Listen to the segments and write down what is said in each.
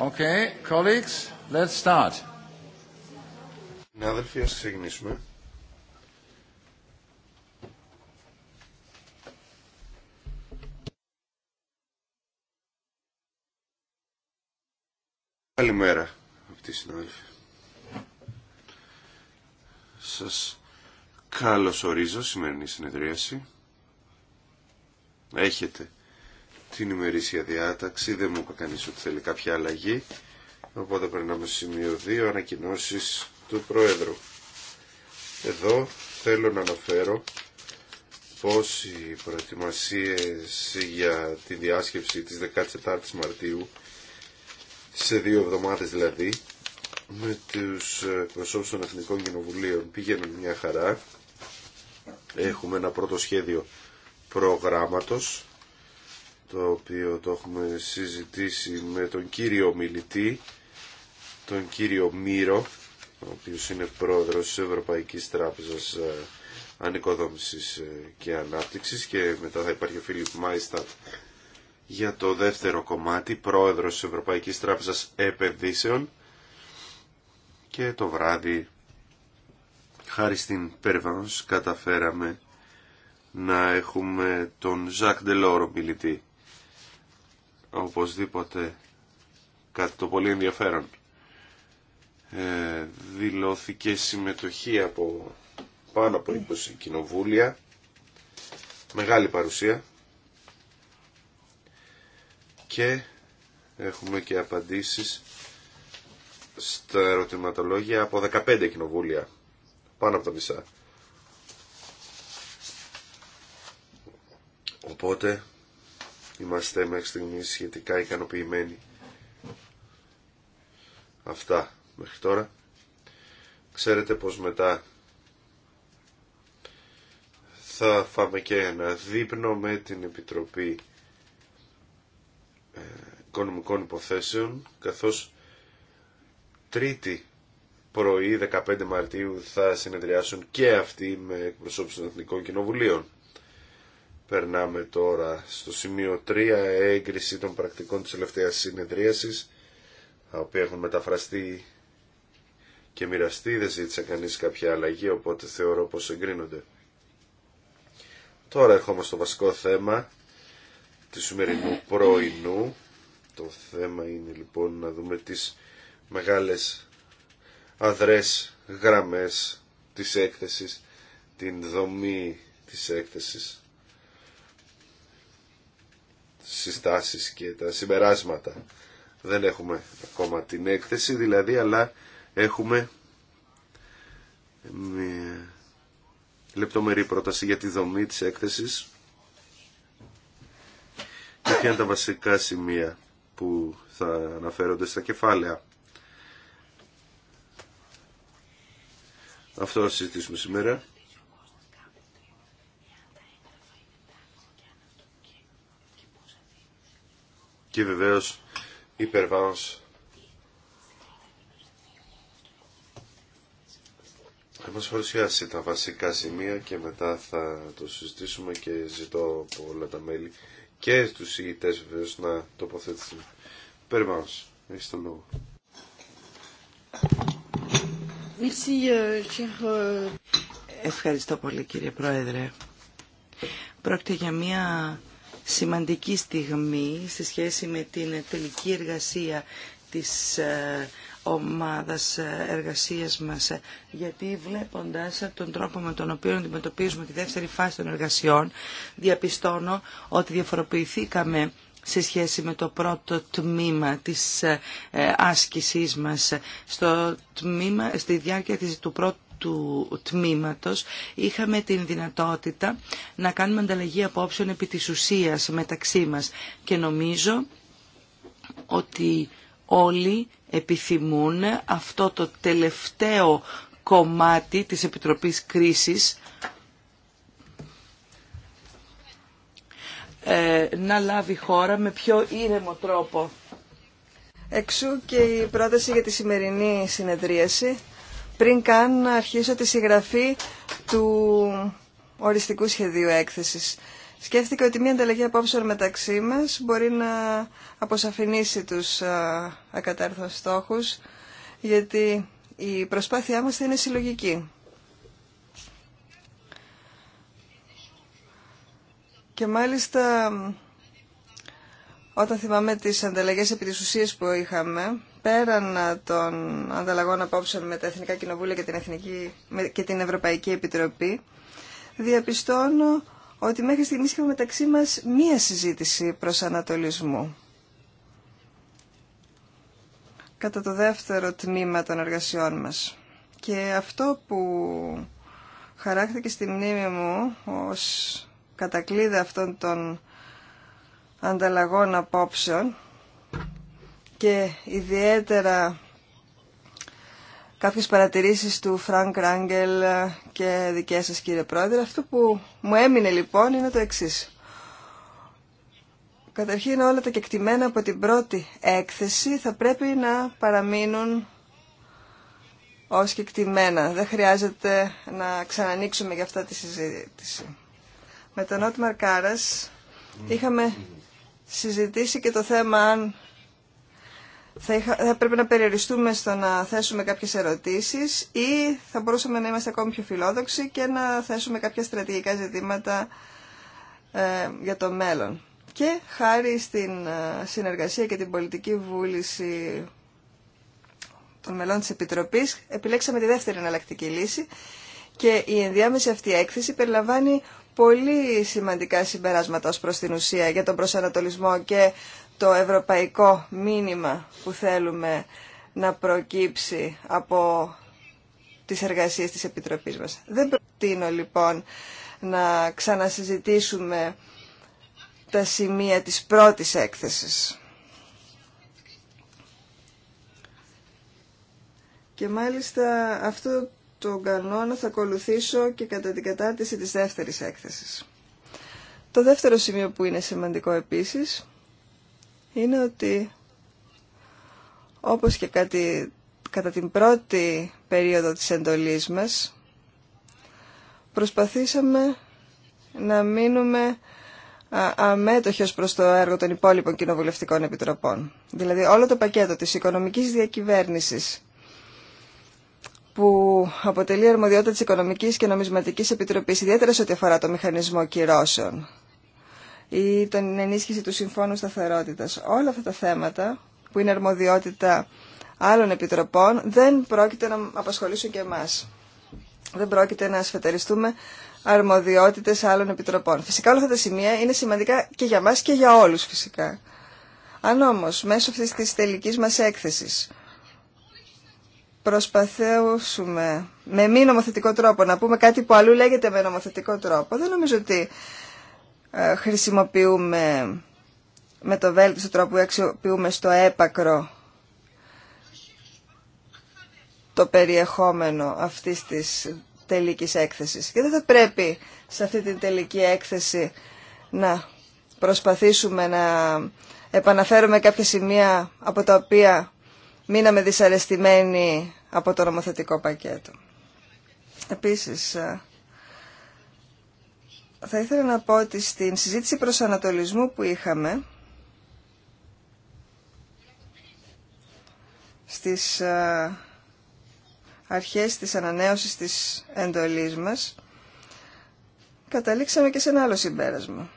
Okay, colleagues, let's start. Συνάδελφοι, ας ξεκινήσουμε. Καλημέρα, αυτοί οι συνάδελφοι. Σας καλωσορίζω σημερινή συνεδρίαση. Έχετε την ημερήσια διάταξη. Δεν μου είπε κανείς ότι θέλει κάποια αλλαγή. Οπότε περνάμε στο σημείο 2, ανακοινώσει του Πρόεδρου. Εδώ θέλω να αναφέρω πως οι προετοιμασίες για τη διάσκεψη της 14ης Μαρτίου, σε δύο εβδομάδες δηλαδή, με τους προσώπους των Εθνικών Κοινοβουλίων πήγαιναν μια χαρά. Έχουμε ένα πρώτο σχέδιο προγράμματος το οποίο το έχουμε συζητήσει με τον κύριο Μιλητή, τον κύριο Μύρο, ο οποίος είναι πρόεδρος της Ευρωπαϊκής Τράπεζας ε, Ανοικοδόμησης ε, και Ανάπτυξης και μετά θα υπάρχει ο Φίλιπ Μάιστατ για το δεύτερο κομμάτι, πρόεδρος της Ευρωπαϊκής Τράπεζας Επενδύσεων και το βράδυ χάρη στην Περβάνς καταφέραμε να έχουμε τον Ζακ Ντελόρο μιλητή οπωσδήποτε κάτι το πολύ ενδιαφέρον. Ε, δηλώθηκε συμμετοχή από πάνω από 20 κοινοβούλια, μεγάλη παρουσία και έχουμε και απαντήσεις στα ερωτηματολόγια από 15 κοινοβούλια, πάνω από τα μισά. Οπότε Είμαστε μέχρι στιγμή σχετικά ικανοποιημένοι. Αυτά μέχρι τώρα. Ξέρετε πως μετά θα φάμε και ένα δείπνο με την Επιτροπή ε, Οικονομικών Υποθέσεων καθώς τρίτη πρωί 15 Μαρτίου θα συνεδριάσουν και αυτοί με εκπροσώπους των Εθνικών Κοινοβουλίων. Περνάμε τώρα στο σημείο 3, έγκριση των πρακτικών της τελευταία συνεδρίασης, τα οποία έχουν μεταφραστεί και μοιραστεί, δεν ζήτησε κανείς κάποια αλλαγή, οπότε θεωρώ πως εγκρίνονται. Τώρα ερχόμαστε στο βασικό θέμα του σημερινού πρωινού. Το θέμα είναι λοιπόν να δούμε τις μεγάλες αδρές γραμμές της έκθεσης, την δομή της έκθεσης συστάσεις και τα συμπεράσματα. Δεν έχουμε ακόμα την έκθεση δηλαδή, αλλά έχουμε μια λεπτομερή πρόταση για τη δομή της έκθεσης και ποια είναι τα βασικά σημεία που θα αναφέρονται στα κεφάλαια. Αυτό συζητήσουμε σήμερα. και βεβαίως υπερβάνος Θα μας τα βασικά σημεία και μετά θα το συζητήσουμε και ζητώ από όλα τα μέλη και τους ηγητές βεβαίως να τοποθετηθούν. Περιμάνος, έχεις τον λόγο. Euh, euh, Ευχαριστώ πολύ κύριε Πρόεδρε. Πρόκειται για μια σημαντική στιγμή στη σχέση με την τελική εργασία της ε, ομάδας ε, εργασίας μας γιατί βλέποντας τον τρόπο με τον οποίο αντιμετωπίζουμε τη δεύτερη φάση των εργασιών διαπιστώνω ότι διαφοροποιηθήκαμε σε σχέση με το πρώτο τμήμα της ε, άσκησής μας. Στο τμήμα, στη διάρκεια του πρώτου του τμήματος είχαμε την δυνατότητα να κάνουμε ανταλλαγή απόψεων επί της ουσίας μεταξύ μας και νομίζω ότι όλοι επιθυμούν αυτό το τελευταίο κομμάτι της Επιτροπής Κρίσης ε, να λάβει χώρα με πιο ήρεμο τρόπο. Εξού και η πρόταση για τη σημερινή συνεδρίαση πριν καν να αρχίσω τη συγγραφή του οριστικού σχεδίου έκθεσης. Σκέφτηκα ότι μια ανταλλαγή απόψεων μεταξύ μας μπορεί να αποσαφηνίσει τους ακατάρθους στόχους, γιατί η προσπάθειά μας θα είναι συλλογική. Και μάλιστα, όταν θυμάμαι τις ανταλλαγές επί που είχαμε, πέραν ε, των ανταλλαγών απόψεων με τα Εθνικά Κοινοβούλια και την, Εθνική, και την Ευρωπαϊκή Επιτροπή, διαπιστώνω ότι μέχρι στιγμής είχαμε μεταξύ μας μία συζήτηση προς ανατολισμού. Κατά το δεύτερο τμήμα των εργασιών μας. Και αυτό που χαράχθηκε στη μνήμη μου ως κατακλείδα αυτών των ανταλλαγών απόψεων και ιδιαίτερα κάποιες παρατηρήσεις του Φρανκ Ράγκελ και δικέ σας κύριε Πρόεδρε. Αυτό που μου έμεινε λοιπόν είναι το εξής. Καταρχήν όλα τα κεκτημένα από την πρώτη έκθεση θα πρέπει να παραμείνουν ως κεκτημένα. Δεν χρειάζεται να ξανανοίξουμε για αυτά τη συζήτηση. Με τον Ότμαρ Κάρας είχαμε συζητήσει και το θέμα αν θα, πρέπει να περιοριστούμε στο να θέσουμε κάποιες ερωτήσεις ή θα μπορούσαμε να είμαστε ακόμη πιο φιλόδοξοι και να θέσουμε κάποια στρατηγικά ζητήματα ε, για το μέλλον. Και χάρη στην ε, συνεργασία και την πολιτική βούληση των μελών της Επιτροπής επιλέξαμε τη δεύτερη εναλλακτική λύση και η ενδιάμεση αυτή έκθεση περιλαμβάνει πολύ σημαντικά συμπεράσματα ως προς την ουσία για τον προσανατολισμό και το ευρωπαϊκό μήνυμα που θέλουμε να προκύψει από τις εργασίες της Επιτροπής μας. Δεν προτείνω λοιπόν να ξανασυζητήσουμε τα σημεία της πρώτης έκθεσης. Και μάλιστα αυτό το κανόνα θα ακολουθήσω και κατά την κατάρτιση της δεύτερης έκθεσης. Το δεύτερο σημείο που είναι σημαντικό επίσης είναι ότι όπως και κάτι, κατά την πρώτη περίοδο της εντολής μας προσπαθήσαμε να μείνουμε ως προς το έργο των υπόλοιπων κοινοβουλευτικών επιτροπών. Δηλαδή όλο το πακέτο της οικονομικής διακυβέρνησης που αποτελεί αρμοδιότητα της Οικονομικής και Νομισματικής Επιτροπής, ιδιαίτερα σε ό,τι αφορά το μηχανισμό κυρώσεων ή την ενίσχυση του Συμφώνου Σταθερότητας. Όλα αυτά τα θέματα που είναι αρμοδιότητα άλλων επιτροπών δεν πρόκειται να απασχολήσουν και εμάς. Δεν πρόκειται να ασφετεριστούμε αρμοδιότητες άλλων επιτροπών. Φυσικά όλα αυτά τα σημεία είναι σημαντικά και για μας και για όλους φυσικά. Αν όμως μέσω αυτής της τελικής μας έκθεσης προσπαθέσουμε με μη νομοθετικό τρόπο να πούμε κάτι που αλλού λέγεται με νομοθετικό τρόπο, δεν νομίζω ότι ε, χρησιμοποιούμε με το βέλτιστο τρόπο αξιοποιούμε στο έπακρο το περιεχόμενο αυτής της τελικής έκθεσης. Και δεν θα πρέπει σε αυτή την τελική έκθεση να προσπαθήσουμε να επαναφέρουμε κάποια σημεία από τα οποία μείναμε δυσαρεστημένοι από το νομοθετικό πακέτο. Επίσης, ε, θα ήθελα να πω ότι στην συζήτηση προσανατολισμού που είχαμε στις αρχές της ανανέωσης της εντολής μας καταλήξαμε και σε ένα άλλο συμπέρασμα.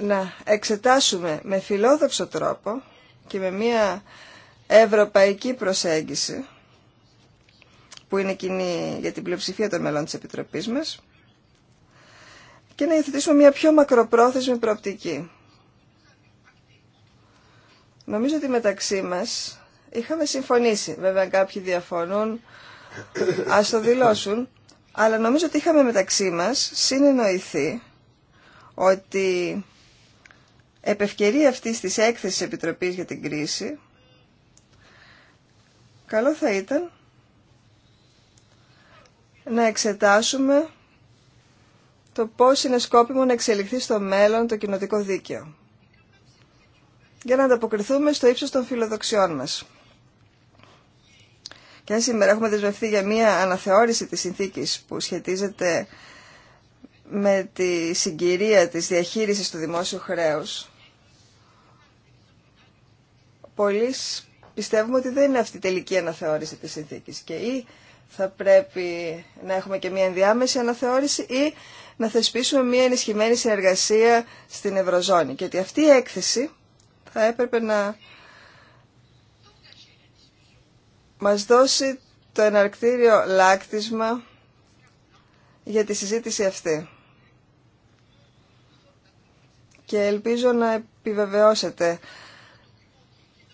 Να εξετάσουμε με φιλόδοξο τρόπο και με μια ευρωπαϊκή προσέγγιση που είναι κοινή για την πλειοψηφία των μελών της Επιτροπής μας και να υιοθετήσουμε μια πιο μακροπρόθεσμη προοπτική. Νομίζω ότι μεταξύ μας είχαμε συμφωνήσει. Βέβαια κάποιοι διαφωνούν, ας το δηλώσουν. Αλλά νομίζω ότι είχαμε μεταξύ μας συνεννοηθεί ότι επευκαιρία αυτή αυτής της έκθεσης Επιτροπής για την κρίση καλό θα ήταν να εξετάσουμε το πώς είναι σκόπιμο να εξελιχθεί στο μέλλον το κοινοτικό δίκαιο για να ανταποκριθούμε στο ύψος των φιλοδοξιών μας. Και αν σήμερα έχουμε δεσμευτεί για μία αναθεώρηση της συνθήκης που σχετίζεται με τη συγκυρία της διαχείρισης του δημόσιου χρέους, πολλοί πιστεύουμε ότι δεν είναι αυτή η τελική αναθεώρηση της συνθήκης και θα πρέπει να έχουμε και μια ενδιάμεση αναθεώρηση ή να θεσπίσουμε μια ενισχυμένη συνεργασία στην Ευρωζώνη. Και ότι αυτή η έκθεση θα έπρεπε να μας δώσει το εναρκτήριο λάκτισμα για τη συζήτηση αυτή. Και ελπίζω να επιβεβαιώσετε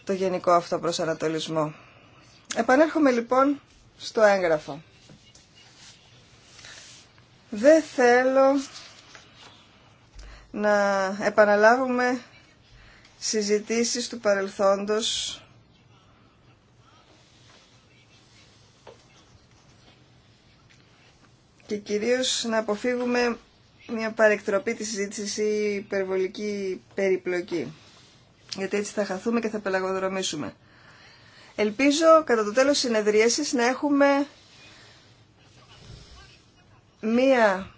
το γενικό αυτό προσανατολισμό. Επανέρχομαι λοιπόν στο έγγραφο. Δεν θέλω να επαναλάβουμε συζητήσεις του παρελθόντος και κυρίως να αποφύγουμε μια παρεκτροπή της συζήτησης ή υπερβολική περιπλοκή. Γιατί έτσι θα χαθούμε και θα πελαγοδρομήσουμε. Ελπίζω κατά το τέλος της συνεδρίασης να έχουμε μία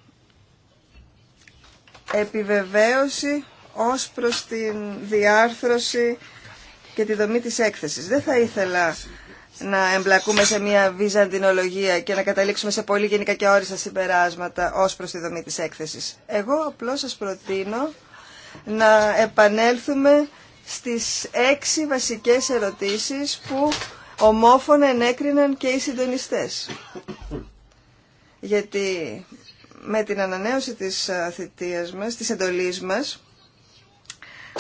επιβεβαίωση ως προς την διάρθρωση και τη δομή της έκθεσης. Δεν θα ήθελα να εμπλακούμε σε μια βυζαντινολογία και να καταλήξουμε σε πολύ γενικά και όριστα συμπεράσματα ως προς τη δομή της έκθεσης. Εγώ απλώς σας προτείνω να επανέλθουμε στις έξι βασικές ερωτήσεις που ομόφωνα ενέκριναν και οι συντονιστές. Γιατί με την ανανέωση της ε, θητείας μας, της εντολής μας,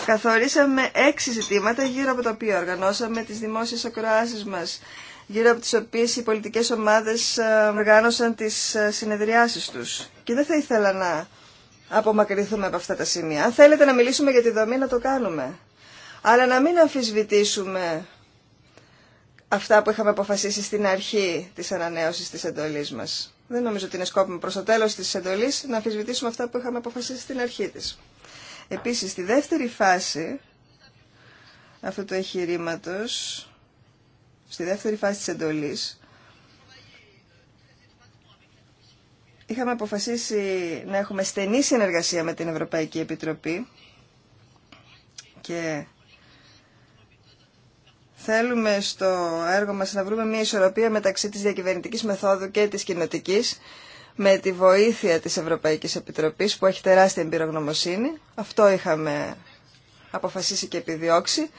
καθορίσαμε έξι ζητήματα γύρω από τα οποία οργανώσαμε τις δημόσιες ακροάσεις μας, γύρω από τις οποίες οι πολιτικές ομάδες ε, οργάνωσαν τις ε, συνεδριάσεις τους. Και δεν θα ήθελα να απομακρυνθούμε από αυτά τα σημεία. Αν θέλετε να μιλήσουμε για τη δομή, να το κάνουμε αλλά να μην αμφισβητήσουμε αυτά που είχαμε αποφασίσει στην αρχή της ανανέωσης της εντολής μας. Δεν νομίζω ότι είναι σκόπιμο προς το τέλος της εντολής να αμφισβητήσουμε αυτά που είχαμε αποφασίσει στην αρχή της. Επίσης, στη δεύτερη φάση αυτού του εγχειρήματο, στη δεύτερη φάση της εντολής, είχαμε αποφασίσει να έχουμε στενή συνεργασία με την Ευρωπαϊκή Επιτροπή και Θέλουμε στο έργο μας να βρούμε μια ισορροπία μεταξύ της διακυβερνητικής μεθόδου και της κοινοτική με τη βοήθεια της Ευρωπαϊκής Επιτροπής που έχει τεράστια εμπειρογνωμοσύνη. Αυτό είχαμε αποφασίσει και επιδιώξει.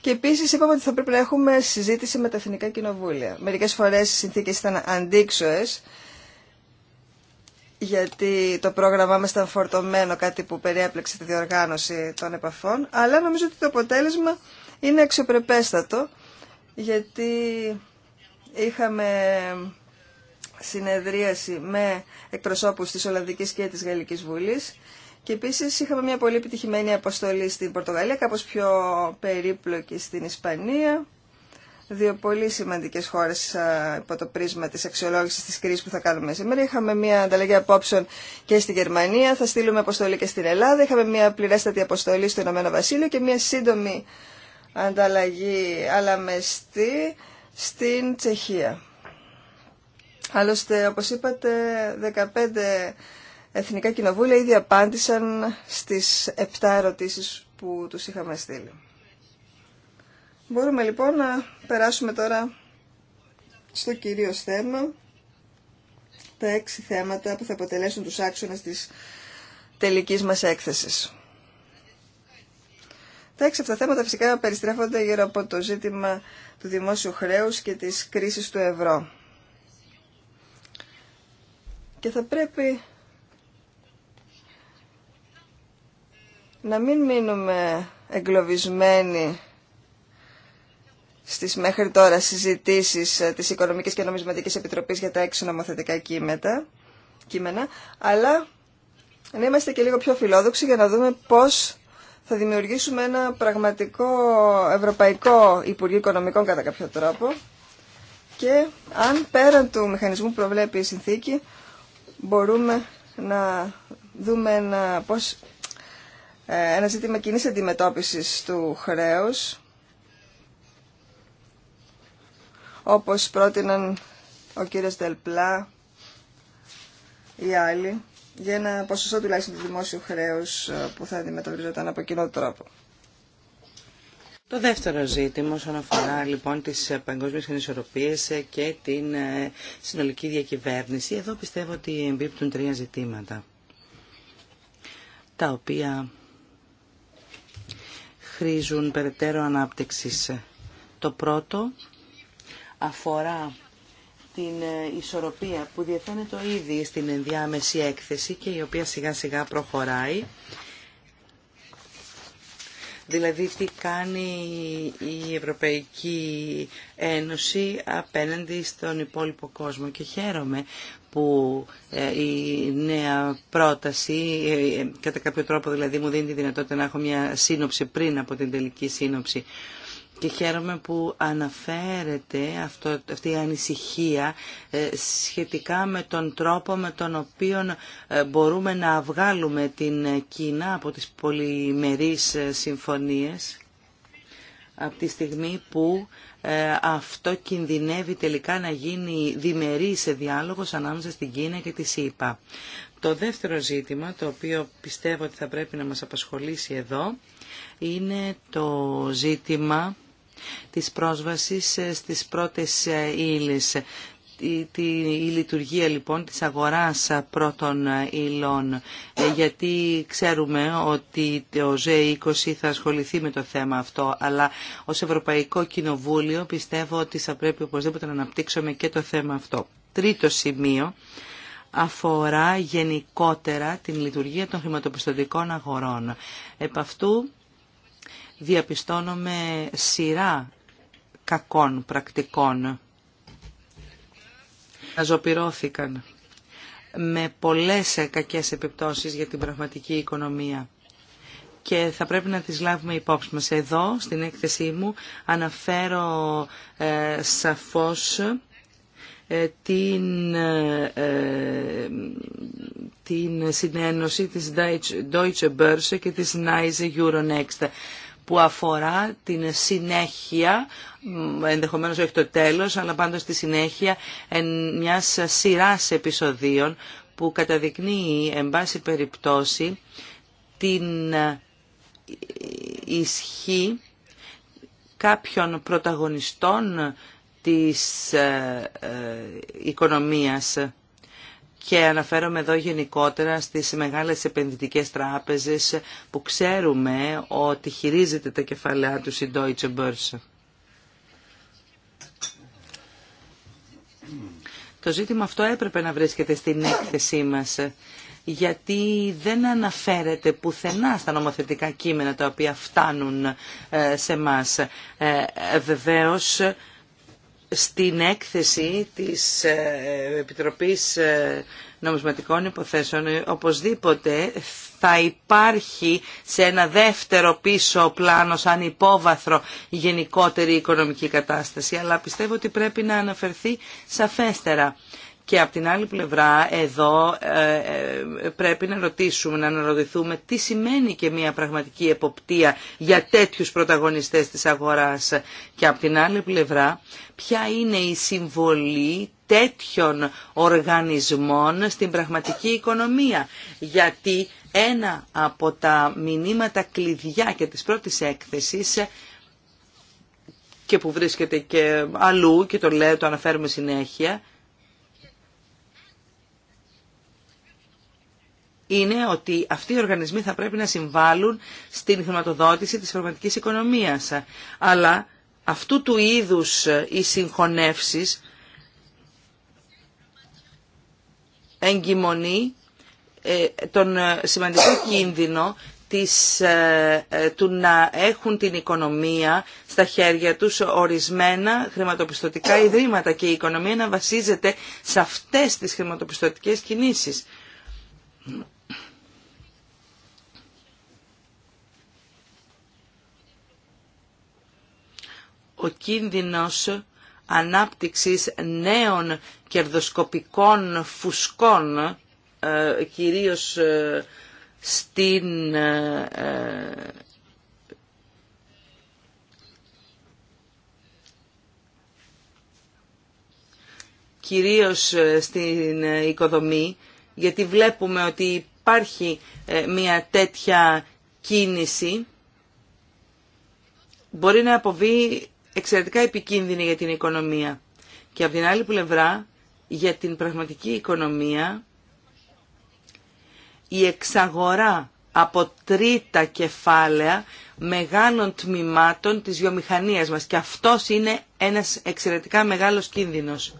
Και επίσης είπαμε ότι θα πρέπει να έχουμε συζήτηση με τα εθνικά κοινοβούλια. Μερικές φορές οι συνθήκες ήταν αντίξωες γιατί το πρόγραμμά μας ήταν φορτωμένο, κάτι που περιέπλεξε τη διοργάνωση των επαφών, αλλά νομίζω ότι το αποτέλεσμα είναι αξιοπρεπέστατο γιατί είχαμε συνεδρίαση με εκπροσώπους της Ολλανδικής και της Γαλλικής Βουλής και επίσης είχαμε μια πολύ επιτυχημένη αποστολή στην Πορτογαλία, κάπως πιο περίπλοκη στην Ισπανία. Δύο πολύ σημαντικές χώρες υπό το πρίσμα της αξιολόγησης της κρίσης που θα κάνουμε σήμερα. Είχαμε μια ανταλλαγή απόψεων και στη Γερμανία, θα στείλουμε αποστολή και στην Ελλάδα. Είχαμε μια πληρέστατη αποστολή στο Ηνωμένο Βασίλειο και μια σύντομη ανταλλαγή αλαμεστή στην Τσεχία. Άλλωστε, όπως είπατε, 15 εθνικά κοινοβούλια ήδη απάντησαν στις 7 ερωτήσεις που τους είχαμε στείλει. Μπορούμε λοιπόν να περάσουμε τώρα στο κυρίω θέμα, τα έξι θέματα που θα αποτελέσουν τους άξονες της τελικής μας έκθεσης έξι αυτά τα θέματα φυσικά περιστρέφονται γύρω από το ζήτημα του δημόσιου χρέους και της κρίσης του ευρώ. Και θα πρέπει να μην μείνουμε εγκλωβισμένοι στις μέχρι τώρα συζητήσεις ε, της Οικονομικής και Νομισματικής Επιτροπής για τα έξι νομοθετικά κείμενα, αλλά να είμαστε και λίγο πιο φιλόδοξοι για να δούμε πώς θα δημιουργήσουμε ένα πραγματικό Ευρωπαϊκό Υπουργείο Οικονομικών κατά κάποιο τρόπο και αν πέραν του μηχανισμού που προβλέπει η συνθήκη μπορούμε να δούμε ένα, πώς, ε, ένα ζήτημα κοινή αντιμετώπισης του χρέους όπως πρότειναν ο κύριος Τελπλά ή άλλοι για ένα ποσοστό τουλάχιστον του δημόσιου χρέους ε, που θα αντιμετωπιζόταν από κοινό τρόπο. Το δεύτερο ζήτημα όσον αφορά λοιπόν τις ε, παγκόσμιες ανισορροπίες ε, και την συνολική διακυβέρνηση, εδώ πιστεύω ότι εμπίπτουν τρία ζητήματα, τα οποία χρήζουν περαιτέρω ανάπτυξης. Το πρώτο αφορά την ε, ισορροπία που διαφαίνεται ήδη στην ενδιάμεση έκθεση και η οποία σιγά σιγά προχωράει. Δηλαδή τι κάνει η Ευρωπαϊκή Ένωση απέναντι στον υπόλοιπο κόσμο και χαίρομαι που ε, η νέα πρόταση, ε, κατά κάποιο τρόπο δηλαδή μου δίνει τη δυνατότητα να έχω μια σύνοψη πριν από την τελική σύνοψη και χαίρομαι που αναφέρεται αυτό, αυτή η ανησυχία ε, σχετικά με τον τρόπο με τον οποίο ε, μπορούμε να βγάλουμε την Κίνα από τις πολυμερείς ε, συμφωνίες από τη στιγμή που αυτό κινδυνεύει τελικά να γίνει σε διάλογος ανάμεσα στην Κίνα και τη ΣΥΠΑ. Το δεύτερο ζήτημα, το οποίο πιστεύω ότι θα πρέπει να μας απασχολήσει εδώ, είναι το ζήτημα της πρόσβασης ε, στις πρώτες ε, ύλες. Η λειτουργία λοιπόν της αγοράς ε, πρώτων υλών γιατί ξέρουμε ότι ο ΖΕ20 θα ασχοληθεί με το θέμα αυτό αλλά ως Ευρωπαϊκό Κοινοβούλιο πιστεύω ότι θα πρέπει οπωσδήποτε να αναπτύξουμε και το θέμα αυτό. Τρίτο σημείο αφορά γενικότερα την λειτουργία των χρηματοπιστωτικών αγορών. Επ' αυτού διαπιστώνουμε σειρά κακών πρακτικών. αζοπυρώθηκαν με πολλές κακές επιπτώσεις για την πραγματική οικονομία και θα πρέπει να τις λάβουμε υπόψη μας. Εδώ, στην έκθεσή μου, αναφέρω ε, σαφώς ε, την, ε, την συνένωση της Deutsche Börse και της Nice Euronext που αφορά την συνέχεια, ενδεχομένως όχι το τέλος, αλλά πάντως τη συνέχεια μιας σειράς επεισοδίων που καταδεικνύει, εν πάση περιπτώσει, την ε, ισχύ κάποιων πρωταγωνιστών της ε, ε, οικονομίας και αναφέρομαι εδώ γενικότερα στις μεγάλες επενδυτικές τράπεζες που ξέρουμε ότι χειρίζεται τα κεφαλαία του η Deutsche Börse. Το ζήτημα αυτό έπρεπε να βρίσκεται στην έκθεσή μας γιατί δεν αναφέρεται πουθενά στα νομοθετικά κείμενα τα οποία φτάνουν ε, σε μας. Ε, ε, βεβαίως στην έκθεση της ε, Επιτροπής ε, Νομισματικών Υποθέσεων οπωσδήποτε θα υπάρχει σε ένα δεύτερο πίσω πλάνο σαν υπόβαθρο γενικότερη οικονομική κατάσταση αλλά πιστεύω ότι πρέπει να αναφερθεί σαφέστερα. Και από την άλλη πλευρά εδώ ε, ε, πρέπει να ρωτήσουμε, να αναρωτηθούμε τι σημαίνει και μια πραγματική εποπτεία για τέτοιους πρωταγωνιστές της αγοράς. Και από την άλλη πλευρά ποια είναι η συμβολή τέτοιων οργανισμών στην πραγματική οικονομία. Γιατί ένα από τα μηνύματα κλειδιά και της πρώτης έκθεσης και που βρίσκεται και αλλού και το λέω, το αναφέρουμε συνέχεια, είναι ότι αυτοί οι οργανισμοί θα πρέπει να συμβάλλουν στην χρηματοδότηση της πραγματικής οικονομίας. Αλλά αυτού του είδους οι συγχωνεύσεις εγκυμονεί τον ε, σημαντικό κίνδυνο της, ε, ε, του να έχουν την οικονομία στα χέρια τους ορισμένα χρηματοπιστωτικά ιδρύματα και η οικονομία να βασίζεται σε αυτές τις χρηματοπιστωτικές κινήσεις. ο κίνδυνος ανάπτυξης νέων κερδοσκοπικών φουσκών, ε, κυρίως ε, στην ε, κυρίως στην οικοδομή, γιατί βλέπουμε ότι υπάρχει μια τέτοια κίνηση, μπορεί να αποβεί εξαιρετικά επικίνδυνη για την οικονομία. Και από την άλλη πλευρά, για την πραγματική οικονομία, η εξαγορά από τρίτα κεφάλαια μεγάλων τμήματων της βιομηχανίας μας. Και αυτός είναι ένας εξαιρετικά μεγάλος κίνδυνος.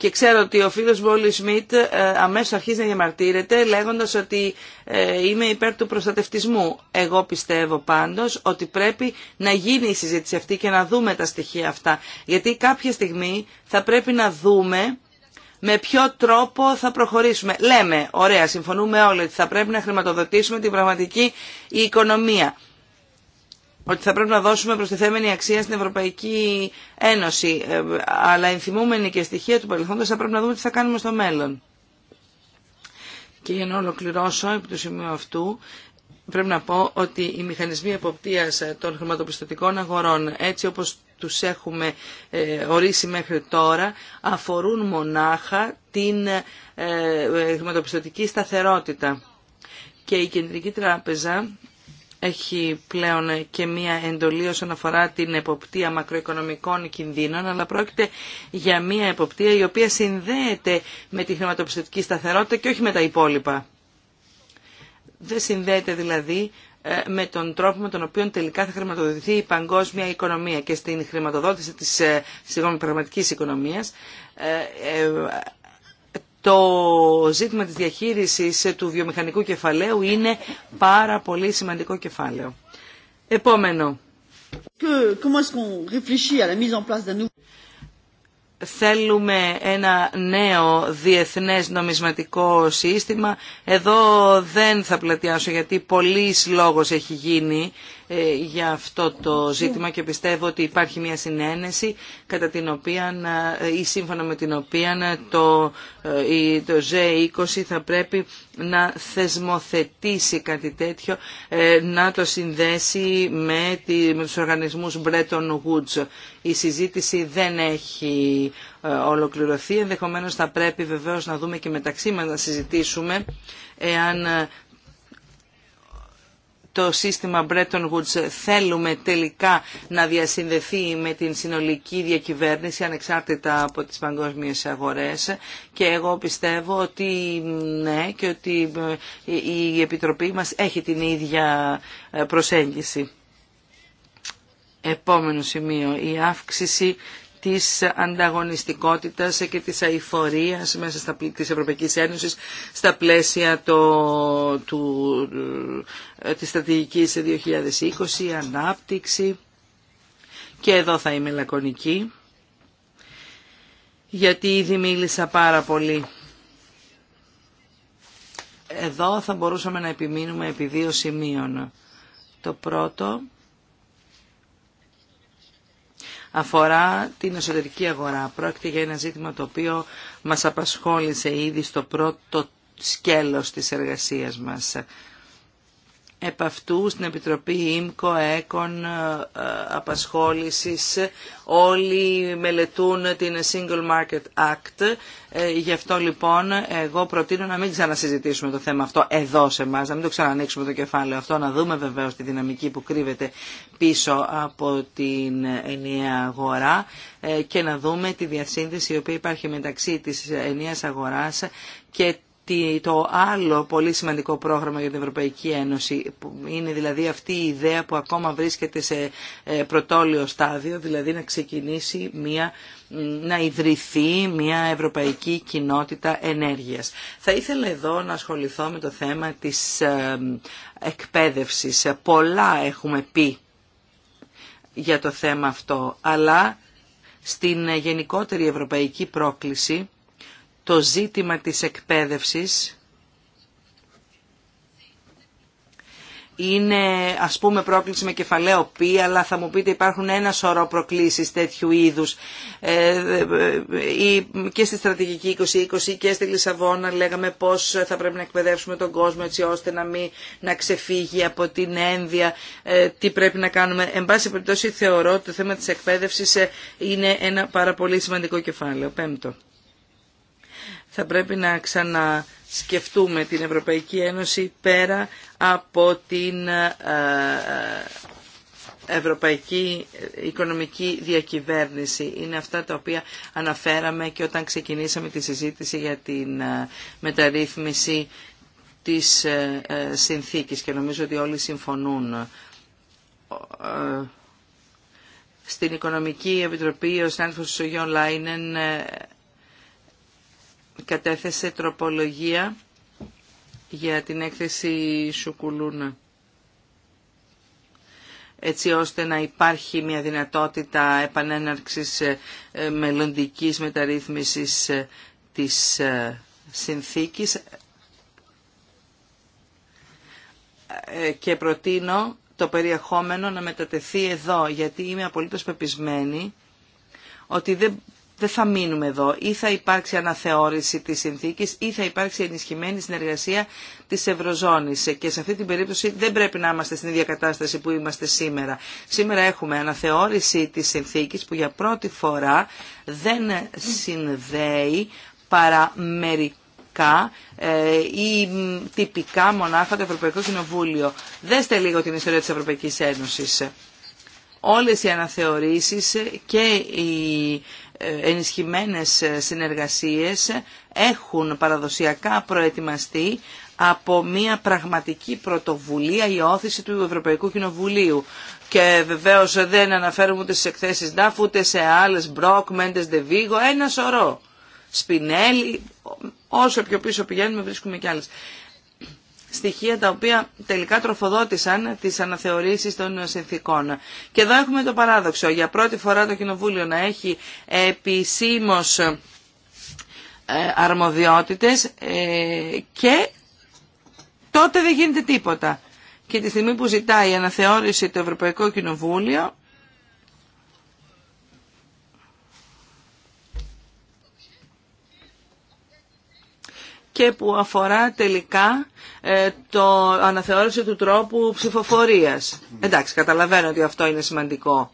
Και ξέρω ότι ο φίλος Βόλι Σμιτ ε, αμέσω αρχίζει να διαμαρτύρεται λέγοντας ότι ε, είμαι υπέρ του προστατευτισμού. Εγώ πιστεύω πάντω, ότι πρέπει να γίνει η συζήτηση αυτή και να δούμε τα στοιχεία αυτά. Γιατί κάποια στιγμή θα πρέπει να δούμε με ποιο τρόπο θα προχωρήσουμε. Λέμε, ωραία, συμφωνούμε όλοι ότι θα πρέπει να χρηματοδοτήσουμε την πραγματική οικονομία ότι θα πρέπει να δώσουμε προστιθέμενη αξία στην Ευρωπαϊκή Ένωση, ε, αλλά ενθυμούμενη και στοιχεία του παρελθόντος θα πρέπει να δούμε τι θα κάνουμε στο μέλλον. Και για να ολοκληρώσω επί του σημείου αυτού, πρέπει να πω ότι οι μηχανισμοί εποπτείας των χρηματοπιστωτικών αγορών, έτσι όπως τους έχουμε ε, ορίσει μέχρι τώρα, αφορούν μονάχα την ε, χρηματοπιστωτική σταθερότητα. Και η Κεντρική Τράπεζα έχει πλέον και μία εντολή όσον αφορά την εποπτεία μακροοικονομικών κινδύνων, αλλά πρόκειται για μία εποπτεία η οποία συνδέεται με τη χρηματοπιστωτική σταθερότητα και όχι με τα υπόλοιπα. Δεν συνδέεται δηλαδή ε, με τον τρόπο με τον οποίο τελικά θα χρηματοδοτηθεί η παγκόσμια οικονομία και στην χρηματοδότηση της ε, συγγνώμη, πραγματικής οικονομίας ε, το ζήτημα της διαχείρισης του βιομηχανικού κεφαλαίου είναι πάρα πολύ σημαντικό κεφάλαιο. Επόμενο. Θέλουμε ένα νέο διεθνές νομισματικό σύστημα. Εδώ δεν θα πλατιάσω γιατί πολλής λόγος έχει γίνει ε, για αυτό το ζήτημα και πιστεύω ότι υπάρχει μια συνένεση κατά την οποία ε, ή σύμφωνα με την οποία ε, το, το G20 θα πρέπει να θεσμοθετήσει κάτι τέτοιο, να το συνδέσει με, τη, με τους οργανισμούς Bretton Woods. Η συζήτηση δεν έχει ολοκληρωθεί, ενδεχομένως θα πρέπει βεβαίως να δούμε και μεταξύ μας να συζητήσουμε εάν το σύστημα Bretton Woods θέλουμε τελικά να διασυνδεθεί με την συνολική διακυβέρνηση ανεξάρτητα από τις παγκόσμιες αγορές και εγώ πιστεύω ότι ναι και ότι ε, η Επιτροπή μας έχει την ίδια ε, προσέγγιση. Επόμενο σημείο, η αύξηση της ανταγωνιστικότητας και της αηφορίας μέσα στα, της Ευρωπαϊκής Ένωσης στα πλαίσια το, του, ε, της στρατηγικής 2020, ανάπτυξη. Και εδώ θα είμαι λακωνική, γιατί ήδη μίλησα πάρα πολύ. Εδώ θα μπορούσαμε να επιμείνουμε επί δύο σημείων. Το πρώτο αφορά την εσωτερική αγορά. Πρόκειται για ένα ζήτημα το οποίο μας απασχόλησε ήδη στο πρώτο σκέλος της εργασίας μας επ' αυτού στην Επιτροπή ΙΜΚΟ, ΕΚΟΝ, ε, ε, απασχόλησης. Όλοι μελετούν την Single Market Act. Ε, γι' αυτό λοιπόν εγώ προτείνω να μην ξανασυζητήσουμε το θέμα αυτό εδώ σε εμά, να μην το ξανανοίξουμε το κεφάλαιο αυτό, να δούμε βεβαίως τη δυναμική που κρύβεται πίσω από την ενιαία αγορά και να δούμε τη διασύνδεση η οποία υπάρχει μεταξύ της ενιαίας αγοράς και το άλλο πολύ σημαντικό πρόγραμμα για την Ευρωπαϊκή Ένωση. Είναι δηλαδή αυτή η ιδέα που ακόμα βρίσκεται σε ε, πρωτόλιο στάδιο, δηλαδή να ξεκινήσει μια να ιδρυθεί μια ευρωπαϊκή κοινότητα ενέργειας. Θα ήθελα εδώ να ασχοληθώ με το θέμα της ε, εκπαίδευσης. Πολλά έχουμε πει για το θέμα αυτό, αλλά στην γενικότερη ευρωπαϊκή πρόκληση το ζήτημα της εκπαίδευσης είναι ας πούμε πρόκληση με κεφαλαίο π, αλλά θα μου πείτε υπάρχουν ένα σωρό προκλήσεις τέτοιου είδους. Ε, ε, ε, και στη στρατηγική 2020 και στη Λισαβόνα λέγαμε πώς θα πρέπει να εκπαιδεύσουμε τον κόσμο έτσι ώστε να μην να ξεφύγει από την ένδια, τι πρέπει να κάνουμε. Εν πάση περιπτώσει θεωρώ ότι το θέμα της εκπαίδευσης είναι ένα πάρα πολύ σημαντικό κεφάλαιο. Πέμπτο θα πρέπει να ξανασκεφτούμε την Ευρωπαϊκή Ένωση πέρα από την ε, ε, ευρωπαϊκή οικονομική διακυβέρνηση. Είναι αυτά τα οποία αναφέραμε και όταν ξεκινήσαμε τη συζήτηση για την ε, μεταρρύθμιση της συνθήκης και νομίζω ότι όλοι συμφωνούν. Στην Οικονομική Επιτροπή ο Στάνφος Σογιών Λάινεν κατέθεσε τροπολογία για την έκθεση Σουκουλούνα έτσι ώστε να υπάρχει μια δυνατότητα επανέναρξης ε, ε, μελλοντικής μεταρρύθμισης ε, της συνθήκης και προτείνω το περιεχόμενο να μετατεθεί εδώ γιατί είμαι απολύτως πεπισμένη ότι δεν δεν θα μείνουμε εδώ. Ή θα υπάρξει αναθεώρηση της συνθήκης ή θα υπάρξει ενισχυμένη συνεργασία της Ευρωζώνης. Και σε αυτή την περίπτωση δεν πρέπει να είμαστε στην ίδια κατάσταση που είμαστε σήμερα. Σήμερα έχουμε αναθεώρηση της συνθήκης που για πρώτη φορά δεν συνδέει παρά μερικά ε, ή τυπικά μονάχα το Ευρωπαϊκό Κοινοβούλιο. Δέστε λίγο την ιστορία της Ευρωπαϊκής Ένωσης. Όλες οι αναθεωρήσεις και ενισχυμένες συνεργασίες έχουν παραδοσιακά προετοιμαστεί από μια πραγματική πρωτοβουλία η όθηση του Ευρωπαϊκού Κοινοβουλίου. Και βεβαίως δεν αναφέρουμε ούτε στις εκθέσεις Νταφ, ούτε σε άλλες Μπροκ, Μέντες, Δεβίγο, ένα σωρό. Σπινέλη, όσο πιο πίσω πηγαίνουμε βρίσκουμε κι άλλες στοιχεία τα οποία τελικά τροφοδότησαν τις αναθεωρήσεις των συνθήκων. Και εδώ έχουμε το παράδοξο. Για πρώτη φορά το Κοινοβούλιο να έχει επισήμως ε, αρμοδιότητες ε, και τότε δεν γίνεται τίποτα. Και τη στιγμή που ζητάει η αναθεώρηση το Ευρωπαϊκό Κοινοβούλιο και που αφορά τελικά ε, το αναθεώρηση του τρόπου ψηφοφορίας. Εντάξει, καταλαβαίνω ότι αυτό είναι σημαντικό.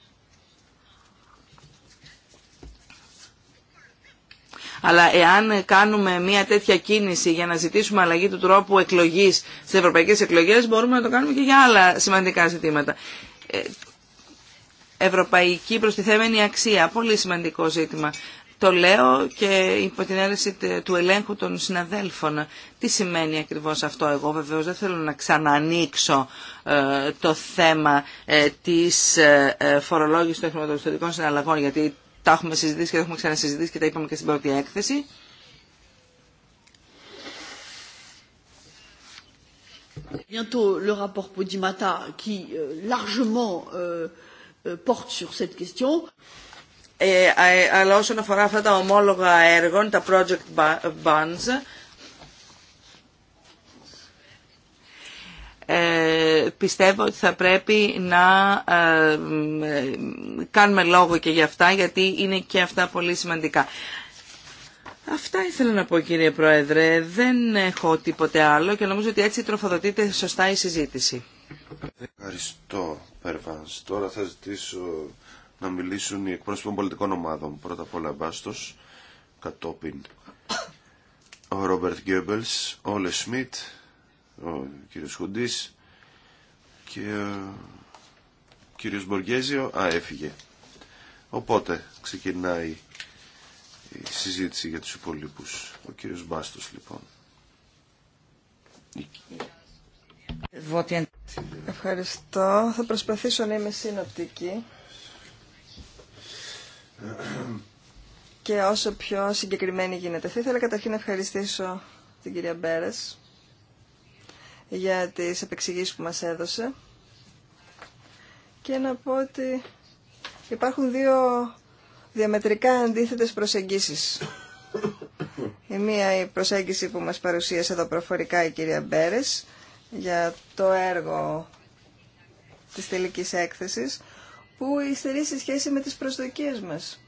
Αλλά εάν κάνουμε μια τέτοια κίνηση για να ζητήσουμε αλλαγή του τρόπου εκλογής στις ευρωπαϊκές εκλογές, μπορούμε να το κάνουμε και για άλλα σημαντικά ζητήματα. Ε, ευρωπαϊκή προστιθέμενη αξία, πολύ σημαντικό ζήτημα. Το λέω και υπό την αίρεση του ελέγχου των συναδέλφων. Τι σημαίνει ακριβώς αυτό. Εγώ βεβαίως δεν θέλω να ξανανοίξω ε, το θέμα ε, της ε, φορολόγησης των χρηματοπιστωτικών συναλλαγών γιατί τα έχουμε συζητήσει και τα έχουμε ξανασυζητήσει και τα είπαμε και στην πρώτη έκθεση. bientôt le rapport Podimata qui euh, largement euh, euh, porte sur cette question. Ε, ε, αλλά όσον αφορά αυτά τα ομόλογα έργων, τα project bonds, ε, πιστεύω ότι θα πρέπει να ε, κάνουμε λόγο και για αυτά γιατί είναι και αυτά πολύ σημαντικά. Αυτά ήθελα να πω κύριε Πρόεδρε. Δεν έχω τίποτε άλλο και νομίζω ότι έτσι τροφοδοτείται σωστά η συζήτηση. Ευχαριστώ Περβάνς. Τώρα θα ζητήσω να μιλήσουν οι εκπρόσωποι των πολιτικών ομάδων. Πρώτα απ' όλα Μπάστος, κατόπιν ο Ρόμπερτ Γκέμπελς, ο Όλε Σμιτ, ο κύριος Χουντής και ο κύριος Μποργέζιο. Α, έφυγε. Οπότε ξεκινάει η συζήτηση για τους υπολείπους. Ο κύριος Μπάστος λοιπόν. Ευχαριστώ. Θα προσπαθήσω να είμαι συνοπτική και όσο πιο συγκεκριμένη γίνεται. Θα ήθελα καταρχήν να ευχαριστήσω την κυρία Μπέρες για τις επεξηγήσεις που μας έδωσε και να πω ότι υπάρχουν δύο διαμετρικά αντίθετες προσεγγίσεις. Η μία η προσέγγιση που μας παρουσίασε εδώ προφορικά η κυρία Μπέρες για το έργο της τελικής έκθεσης που υστερεί σε σχέση με τις προσδοκίες μας.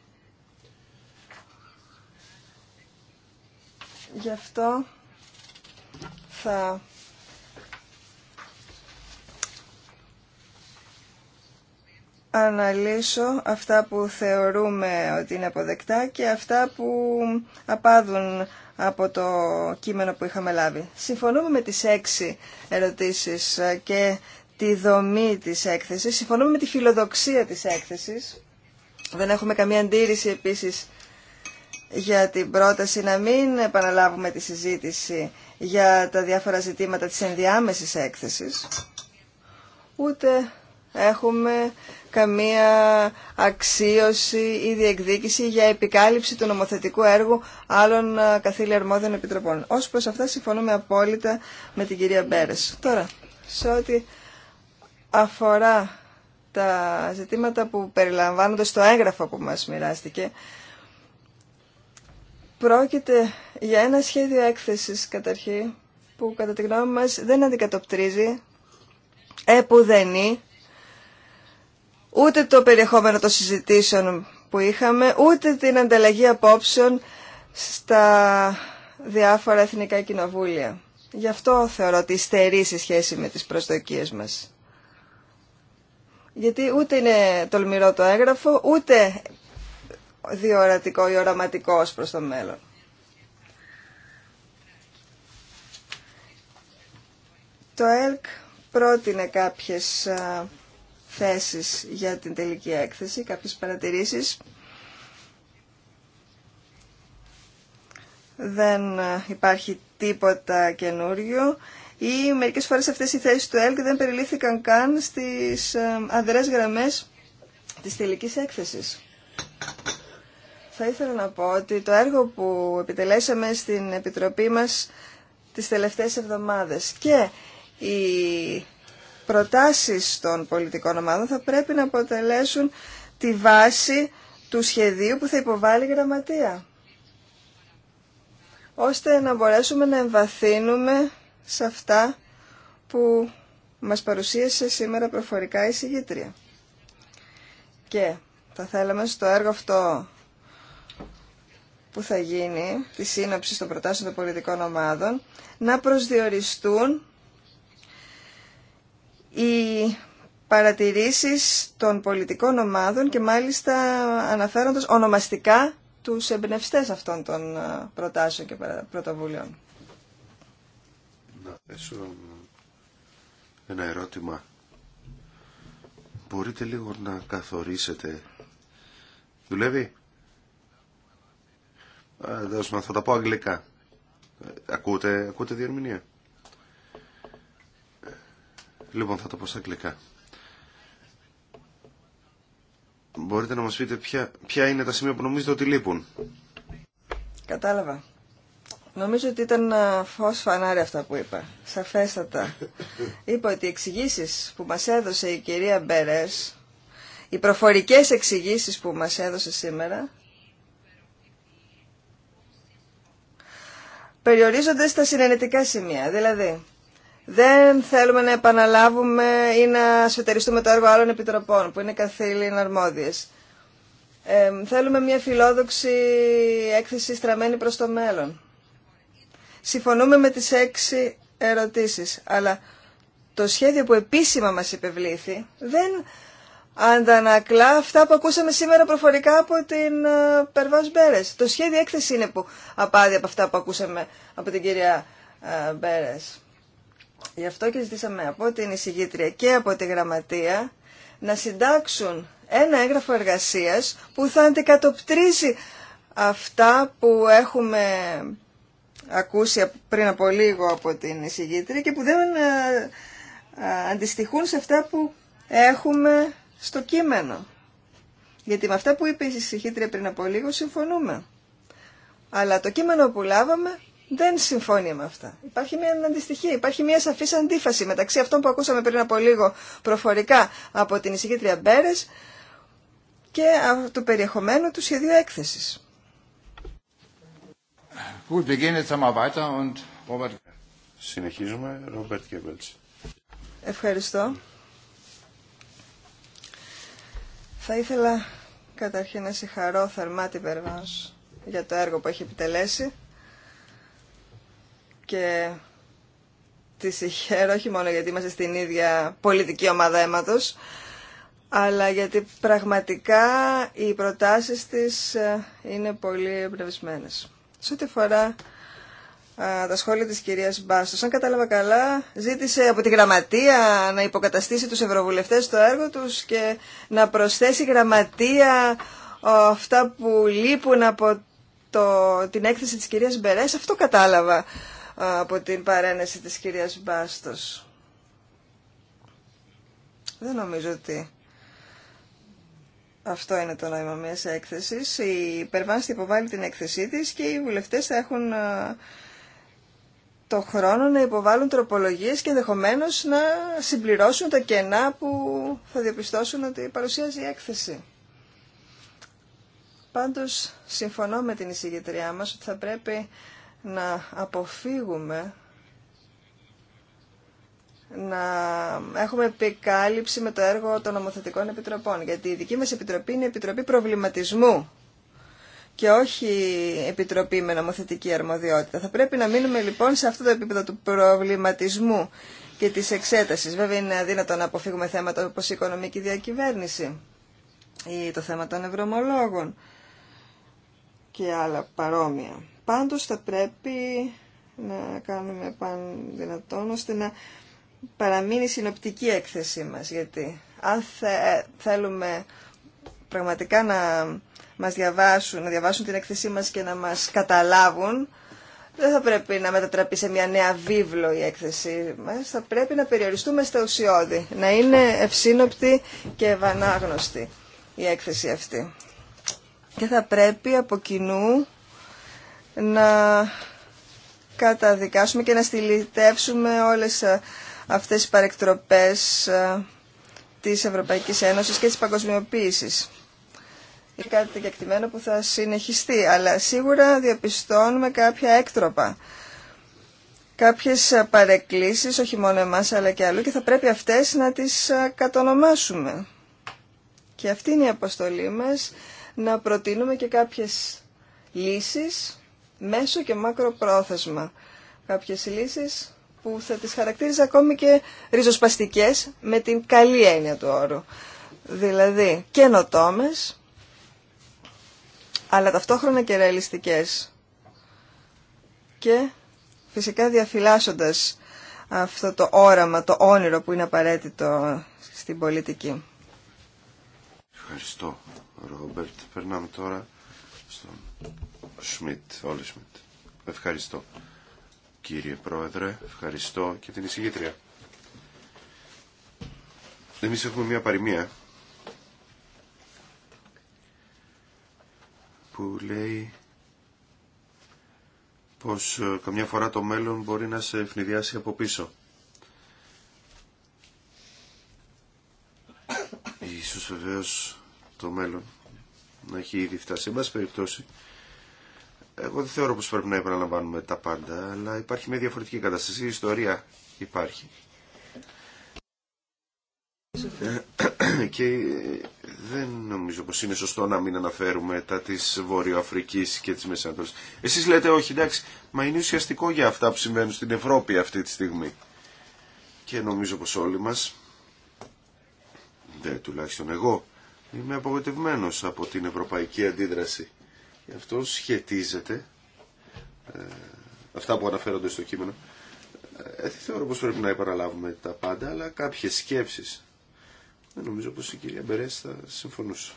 Γι' αυτό θα αναλύσω αυτά που θεωρούμε ότι είναι αποδεκτά και αυτά που απάδουν από το κείμενο που είχαμε λάβει. Συμφωνούμε με τις έξι ερωτήσεις και τη δομή της έκθεσης. Συμφωνούμε με τη φιλοδοξία της έκθεσης. Δεν έχουμε καμία αντίρρηση επίσης για την πρόταση να μην επαναλάβουμε τη συζήτηση για τα διάφορα ζητήματα της ενδιάμεσης έκθεσης. Ούτε έχουμε καμία αξίωση ή διεκδίκηση για επικάλυψη του νομοθετικού έργου άλλων καθήλια αρμόδιων επιτροπών. Ως προς αυτά συμφωνούμε απόλυτα με την κυρία Μπέρες. Τώρα, σε ό,τι αφορά τα ζητήματα που περιλαμβάνονται στο έγγραφο που μας μοιράστηκε. Πρόκειται για ένα σχέδιο έκθεσης καταρχή που κατά τη γνώμη μας δεν αντικατοπτρίζει, επουδενή, ούτε το περιεχόμενο των συζητήσεων που είχαμε, ούτε την ανταλλαγή απόψεων στα διάφορα εθνικά κοινοβούλια. Γι' αυτό θεωρώ ότι στερεί σε σχέση με τις προσδοκίες μας. Γιατί ούτε είναι τολμηρό το έγγραφο, ούτε διορατικό ή οραματικό προς το μέλλον. Το ΕΛΚ πρότεινε κάποιες θέσεις για την τελική έκθεση, κάποιες παρατηρήσεις. Δεν υπάρχει τίποτα καινούριο ή μερικές φορές αυτές οι θέσεις του ΕΛΚ δεν περιλήφθηκαν καν στις ε, αδερές γραμμές της τελικής έκθεσης. Θα ήθελα να πω ότι το έργο που επιτελέσαμε στην Επιτροπή μας τις τελευταίες εβδομάδες και οι προτάσεις των πολιτικών ομάδων θα πρέπει να αποτελέσουν τη βάση του σχεδίου που θα υποβάλει η γραμματεία ώστε να μπορέσουμε να εμβαθύνουμε σε αυτά που μας παρουσίασε σήμερα προφορικά η συγγήτρια. Και θα θέλαμε στο έργο αυτό που θα γίνει, τη σύνοψη των προτάσεων των πολιτικών ομάδων, να προσδιοριστούν οι παρατηρήσεις των πολιτικών ομάδων και μάλιστα αναφέροντας ονομαστικά τους εμπνευστές αυτών των ε, προτάσεων και πρωτοβουλίων. Έσω ένα ερώτημα. Μπορείτε λίγο να καθορίσετε. Δουλεύει. μου, θα τα πω αγγλικά. Ακούτε, ακούτε διερμηνία. Λοιπόν, θα τα πω στα αγγλικά. Μπορείτε να μας πείτε ποια, ποια είναι τα σημεία που νομίζετε ότι λείπουν. Κατάλαβα. Νομίζω ότι ήταν ε, φω φανάρι αυτά που είπα, σαφέστατα. είπα ότι οι εξηγήσει που μας έδωσε η κυρία Μπέρες, οι προφορικές εξηγήσει που μας έδωσε σήμερα, περιορίζονται στα συνενετικά σημεία. Δηλαδή, δεν θέλουμε να επαναλάβουμε ή να σφετεριστούμε το έργο άλλων επιτροπών που είναι καθήλυν αρμόδιες. θέλουμε μια φιλόδοξη έκθεση στραμμένη προς το μέλλον συμφωνούμε με τις έξι ερωτήσεις, αλλά το σχέδιο που επίσημα μας υπευλήθη δεν αντανακλά αυτά που ακούσαμε σήμερα προφορικά από την ε, Περβάς Μπέρες. Το σχέδιο έκθεση είναι που απάδει από αυτά που ακούσαμε από την κυρία ε, Μπέρες. Γι' αυτό και ζητήσαμε από την εισηγήτρια και από τη γραμματεία να συντάξουν ένα έγγραφο εργασίας που θα αντικατοπτρίζει αυτά που έχουμε ακούσει πριν από λίγο από την εισηγήτρια και που δεν ε, ε, αντιστοιχούν σε αυτά που έχουμε στο κείμενο. Γιατί με αυτά που είπε η εισηγήτρια πριν από λίγο συμφωνούμε. Αλλά το κείμενο που λάβαμε δεν συμφωνεί με αυτά. Υπάρχει μια αντιστοιχία, υπάρχει μια σαφή αντίφαση μεταξύ αυτών που ακούσαμε πριν από λίγο προφορικά από την εισηγήτρια Μπέρες και του περιεχομένου του σχεδίου έκθεσης. Συνεχίζουμε, Ευχαριστώ. Θα ήθελα καταρχήν να συγχαρώ θερμά την Περβάνς για το έργο που έχει επιτελέσει και τη συγχαίρω όχι μόνο γιατί είμαστε στην ίδια πολιτική ομάδα αίματος αλλά γιατί πραγματικά οι προτάσεις της ε, είναι πολύ εμπνευσμένες. Σε ό,τι αφορά τα σχόλια της κυρίας Μπάστος. Αν κατάλαβα καλά, ζήτησε από τη γραμματεία να υποκαταστήσει τους ευρωβουλευτές στο έργο τους και να προσθέσει γραμματεία αυτά που λείπουν από το, την έκθεση της κυρίας Μπερές. Αυτό κατάλαβα από την παρένεση της κυρίας Μπάστος. Δεν νομίζω ότι αυτό είναι το νόημα μια έκθεση. Η υπερβάστη υποβάλλει την έκθεσή της και οι βουλευτέ θα έχουν ε, το χρόνο να υποβάλουν τροπολογίες και ενδεχομένω να συμπληρώσουν τα κενά που θα διαπιστώσουν ότι παρουσιάζει η έκθεση. Πάντως συμφωνώ με την εισηγητριά μας ότι θα πρέπει να αποφύγουμε να έχουμε επικάλυψη με το έργο των νομοθετικών επιτροπών, γιατί η δική μας επιτροπή είναι επιτροπή προβληματισμού και όχι επιτροπή με νομοθετική αρμοδιότητα. Θα πρέπει να μείνουμε λοιπόν σε αυτό το επίπεδο του προβληματισμού και της εξέτασης. Βέβαια είναι αδύνατο να αποφύγουμε θέματα όπως η οικονομική διακυβέρνηση ή το θέμα των ευρωμολόγων και άλλα παρόμοια. Πάντως θα πρέπει να κάνουμε πάνω δυνατόν ώστε να παραμείνει συνοπτική έκθεσή μας, γιατί αν ε, θέλουμε πραγματικά να μας διαβάσουν, να διαβάσουν την έκθεσή μας και να μας καταλάβουν, δεν θα πρέπει να μετατραπεί σε μια νέα βίβλο η έκθεσή μας, θα πρέπει να περιοριστούμε στα ουσιώδη, να είναι ευσύνοπτη και ευανάγνωστη η έκθεση αυτή. Και θα πρέπει από κοινού να καταδικάσουμε και να στυλιτεύσουμε όλες ε, αυτές οι παρεκτροπές ε, της Ευρωπαϊκής Ένωσης και της παγκοσμιοποίησης. Είναι κάτι κεκτημένο που θα συνεχιστεί, αλλά σίγουρα διαπιστώνουμε κάποια έκτροπα, κάποιες παρεκκλήσεις, όχι μόνο εμάς αλλά και αλλού και θα πρέπει αυτές να τις ε, κατονομάσουμε. Και αυτή είναι η αποστολή μας, να προτείνουμε και κάποιες λύσεις μέσω και μακροπρόθεσμα. Κάποιες λύσεις που θα τις χαρακτήριζα ακόμη και ριζοσπαστικές με την καλή έννοια του όρου. Δηλαδή καινοτόμε, αλλά ταυτόχρονα και ρεαλιστικές. Και φυσικά διαφυλάσσοντας αυτό το όραμα, το όνειρο που είναι απαραίτητο στην πολιτική. Ευχαριστώ, Ρόμπερτ. Περνάμε τώρα στον Σμιτ, όλοι Σμιτ. Ευχαριστώ κύριε Πρόεδρε. Ευχαριστώ και την εισηγήτρια. Εμείς έχουμε μια παροιμία που λέει πως ε, καμιά φορά το μέλλον μπορεί να σε ευνηδιάσει από πίσω. Ίσως βεβαίως το μέλλον να έχει ήδη φτάσει. Εν πάση περιπτώσει εγώ δεν θεωρώ πως πρέπει να επαναλαμβάνουμε τα πάντα, αλλά υπάρχει μια διαφορετική κατάσταση. Η ιστορία υπάρχει. Ε, και δεν νομίζω πως είναι σωστό να μην αναφέρουμε τα της Βορειοαφρικής και της Μεσανατολής. Εσείς λέτε όχι, εντάξει, μα είναι ουσιαστικό για αυτά που συμβαίνουν στην Ευρώπη αυτή τη στιγμή. Και νομίζω πως όλοι μας, δεν τουλάχιστον εγώ, είμαι απογοητευμένος από την ευρωπαϊκή αντίδραση αυτό σχετίζεται, ε, αυτά που αναφέρονται στο κείμενο, ε, θεωρώ πως πρέπει να επαναλάβουμε τα πάντα, αλλά κάποιες σκέψεις. Δεν νομίζω πως η κυρία Μπερές θα συμφωνούσε.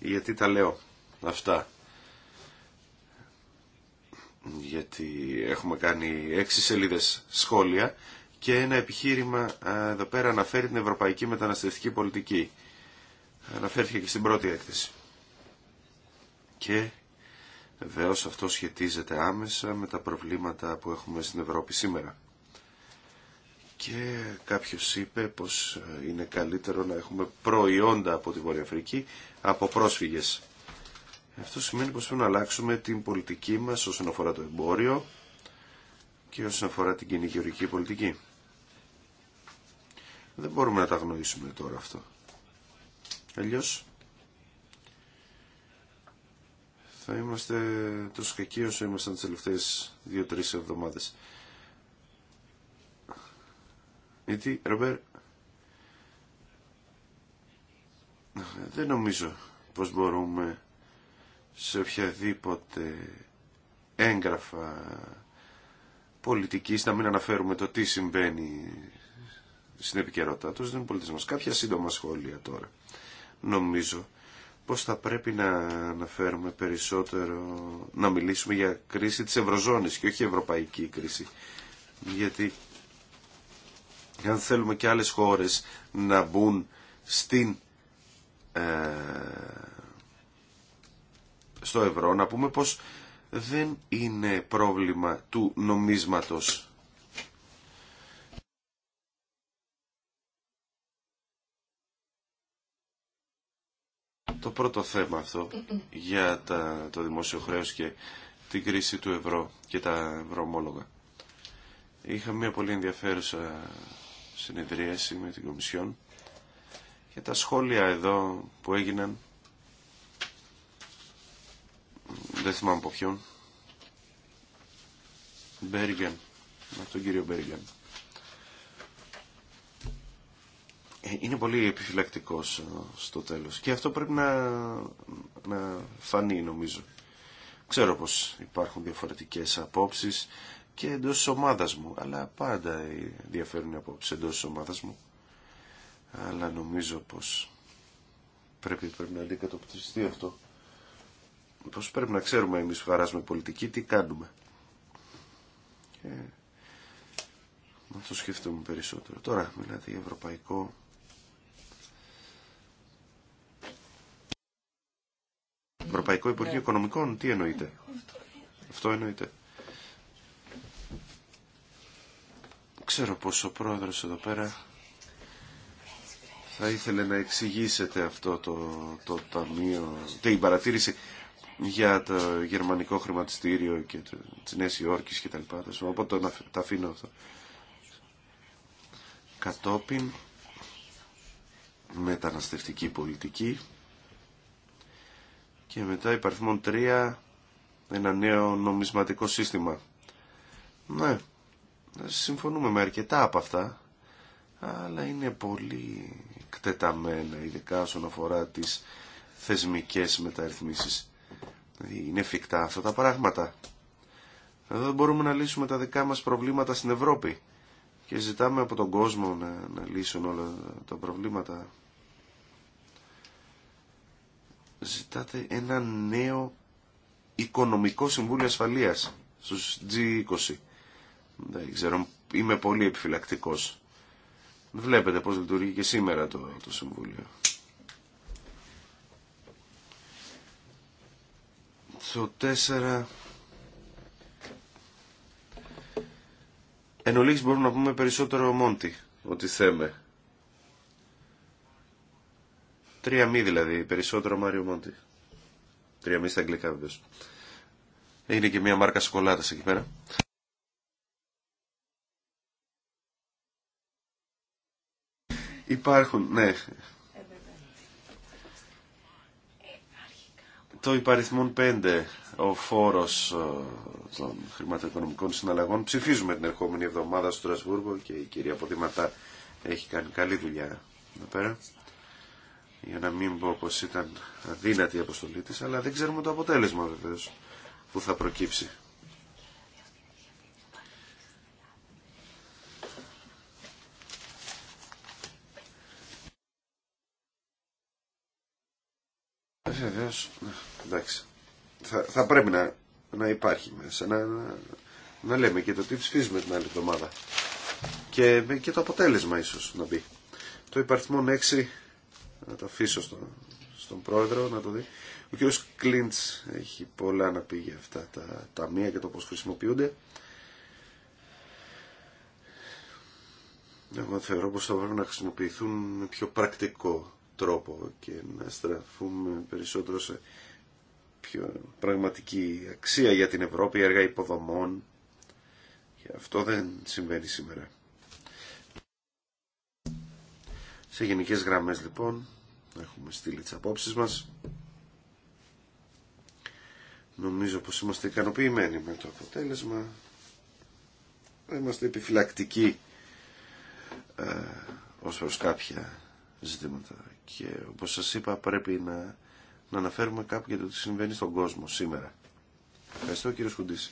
γιατί τα λέω αυτά. Γιατί έχουμε κάνει έξι σελίδες σχόλια και ένα επιχείρημα ε, εδώ πέρα αναφέρει την ευρωπαϊκή μεταναστευτική πολιτική. Αναφέρθηκε και στην πρώτη έκθεση. Και βεβαίω αυτό σχετίζεται άμεσα με τα προβλήματα που έχουμε στην Ευρώπη σήμερα. Και κάποιος είπε πως ε, είναι καλύτερο να έχουμε προϊόντα από τη Βόρεια Αφρική από πρόσφυγες. Αυτό σημαίνει πως πρέπει να αλλάξουμε την πολιτική μας όσον αφορά το εμπόριο και όσον αφορά την κοινή πολιτική. Δεν μπορούμε να τα γνωρίσουμε τώρα αυτό. Αλλιώς θα είμαστε τόσο κακοί όσο ήμασταν τις τελευταίες δύο-τρεις εβδομάδες. Γιατί, Ρομπέρ, δεν νομίζω πως μπορούμε σε οποιαδήποτε έγγραφα πολιτικής να μην αναφέρουμε το τι συμβαίνει στην επικαιρότητα τους, δεν είναι πολιτισμός. Κάποια σύντομα σχόλια τώρα νομίζω πως θα πρέπει να αναφέρουμε περισσότερο, να μιλήσουμε για κρίση της Ευρωζώνης και όχι ευρωπαϊκή κρίση. Γιατί αν θέλουμε και άλλες χώρες να μπουν στην, ε, στο ευρώ, να πούμε πως δεν είναι πρόβλημα του νομίσματος το πρώτο θέμα αυτό για τα, το δημόσιο χρέος και την κρίση του ευρώ και τα ευρωομόλογα. Είχα μια πολύ ενδιαφέρουσα συνεδρίαση με την Κομισιόν και τα σχόλια εδώ που έγιναν δεν θυμάμαι από ποιον Μπέριγκαν, από τον κύριο Μπέριγκαν είναι πολύ επιφυλακτικός ε, στο τέλος και αυτό πρέπει να, να φανεί νομίζω. Ξέρω πως υπάρχουν διαφορετικές απόψεις και εντός της ομάδας μου, αλλά πάντα διαφέρουν οι απόψεις εντός της ομάδας μου. Αλλά νομίζω πως πρέπει, πρέπει να αντικατοπτριστεί αυτό. Πως πρέπει να ξέρουμε εμείς που χαράζουμε πολιτική τι κάνουμε. Και... Ε, να το σκεφτούμε περισσότερο. Τώρα μιλάτε ευρωπαϊκό Ευρωπαϊκό Υπουργείο ναι. Οικονομικών, τι εννοείται. Αυτό εννοείται. Ξέρω πως ο πρόεδρος εδώ πέρα θα ήθελε να εξηγήσετε αυτό το, το ταμείο, την παρατήρηση για το γερμανικό χρηματιστήριο και τη της κτλ. Υόρκης και Οπότε το, το αφήνω αυτό. Κατόπιν μεταναστευτική πολιτική και μετά υπαριθμόν 3 ένα νέο νομισματικό σύστημα. Ναι, συμφωνούμε με αρκετά από αυτά, αλλά είναι πολύ εκτεταμένα, ειδικά όσον αφορά τις θεσμικές μεταρρυθμίσεις. είναι φυκτά αυτά τα πράγματα. Εδώ δεν μπορούμε να λύσουμε τα δικά μας προβλήματα στην Ευρώπη και ζητάμε από τον κόσμο να, να λύσουν όλα τα προβλήματα ζητάτε ένα νέο οικονομικό συμβούλιο ασφαλείας στους G20. Δεν ξέρω, είμαι πολύ επιφυλακτικός. Βλέπετε πώς λειτουργεί και σήμερα το, το Συμβούλιο. Το 4... Εν ολίγης μπορούμε να πούμε περισσότερο ο Μόντι, ότι θέμε. Τρία μη δηλαδή, περισσότερο Μάριο Μόντι. Τρία μη στα αγγλικά βεβαίω. Είναι και μια μάρκα σοκολάτας εκεί πέρα. Υπάρχουν, ναι. Το υπαριθμόν 5, ο φόρος ε, των χρηματοοικονομικών συναλλαγών. Ψηφίζουμε την ερχόμενη εβδομάδα στο Τρασβούργο και η κυρία Ποδηματά έχει κάνει καλή δουλειά εδώ πέρα για να μην πω πως ήταν αδύνατη η αποστολή της, αλλά δεν ξέρουμε το αποτέλεσμα βεβαίως που θα προκύψει. Βεβαίω, εντάξει. Θα, θα πρέπει να, να υπάρχει μέσα, να, να, λέμε και το τι ψηφίζουμε την άλλη εβδομάδα. Και, και το αποτέλεσμα ίσως να μπει. Το υπαριθμόν 6 να το αφήσω στον, στον πρόεδρο να το δει. Ο κύριος Κλίντς έχει πολλά να πει για αυτά τα ταμεία και το πώς χρησιμοποιούνται. Εγώ θεωρώ πως θα πρέπει να χρησιμοποιηθούν με πιο πρακτικό τρόπο και να στραφούμε περισσότερο σε πιο πραγματική αξία για την Ευρώπη, έργα υποδομών. Και αυτό δεν συμβαίνει σήμερα. Σε γενικές γραμμές λοιπόν Έχουμε στείλει τι απόψει μας. Νομίζω πως είμαστε ικανοποιημένοι με το αποτέλεσμα. Είμαστε επιφυλακτικοί ε, ως προς κάποια ζητήματα. Και όπως σας είπα πρέπει να, να αναφέρουμε κάποια το τι συμβαίνει στον κόσμο σήμερα. Ευχαριστώ κύριο Σκουντής.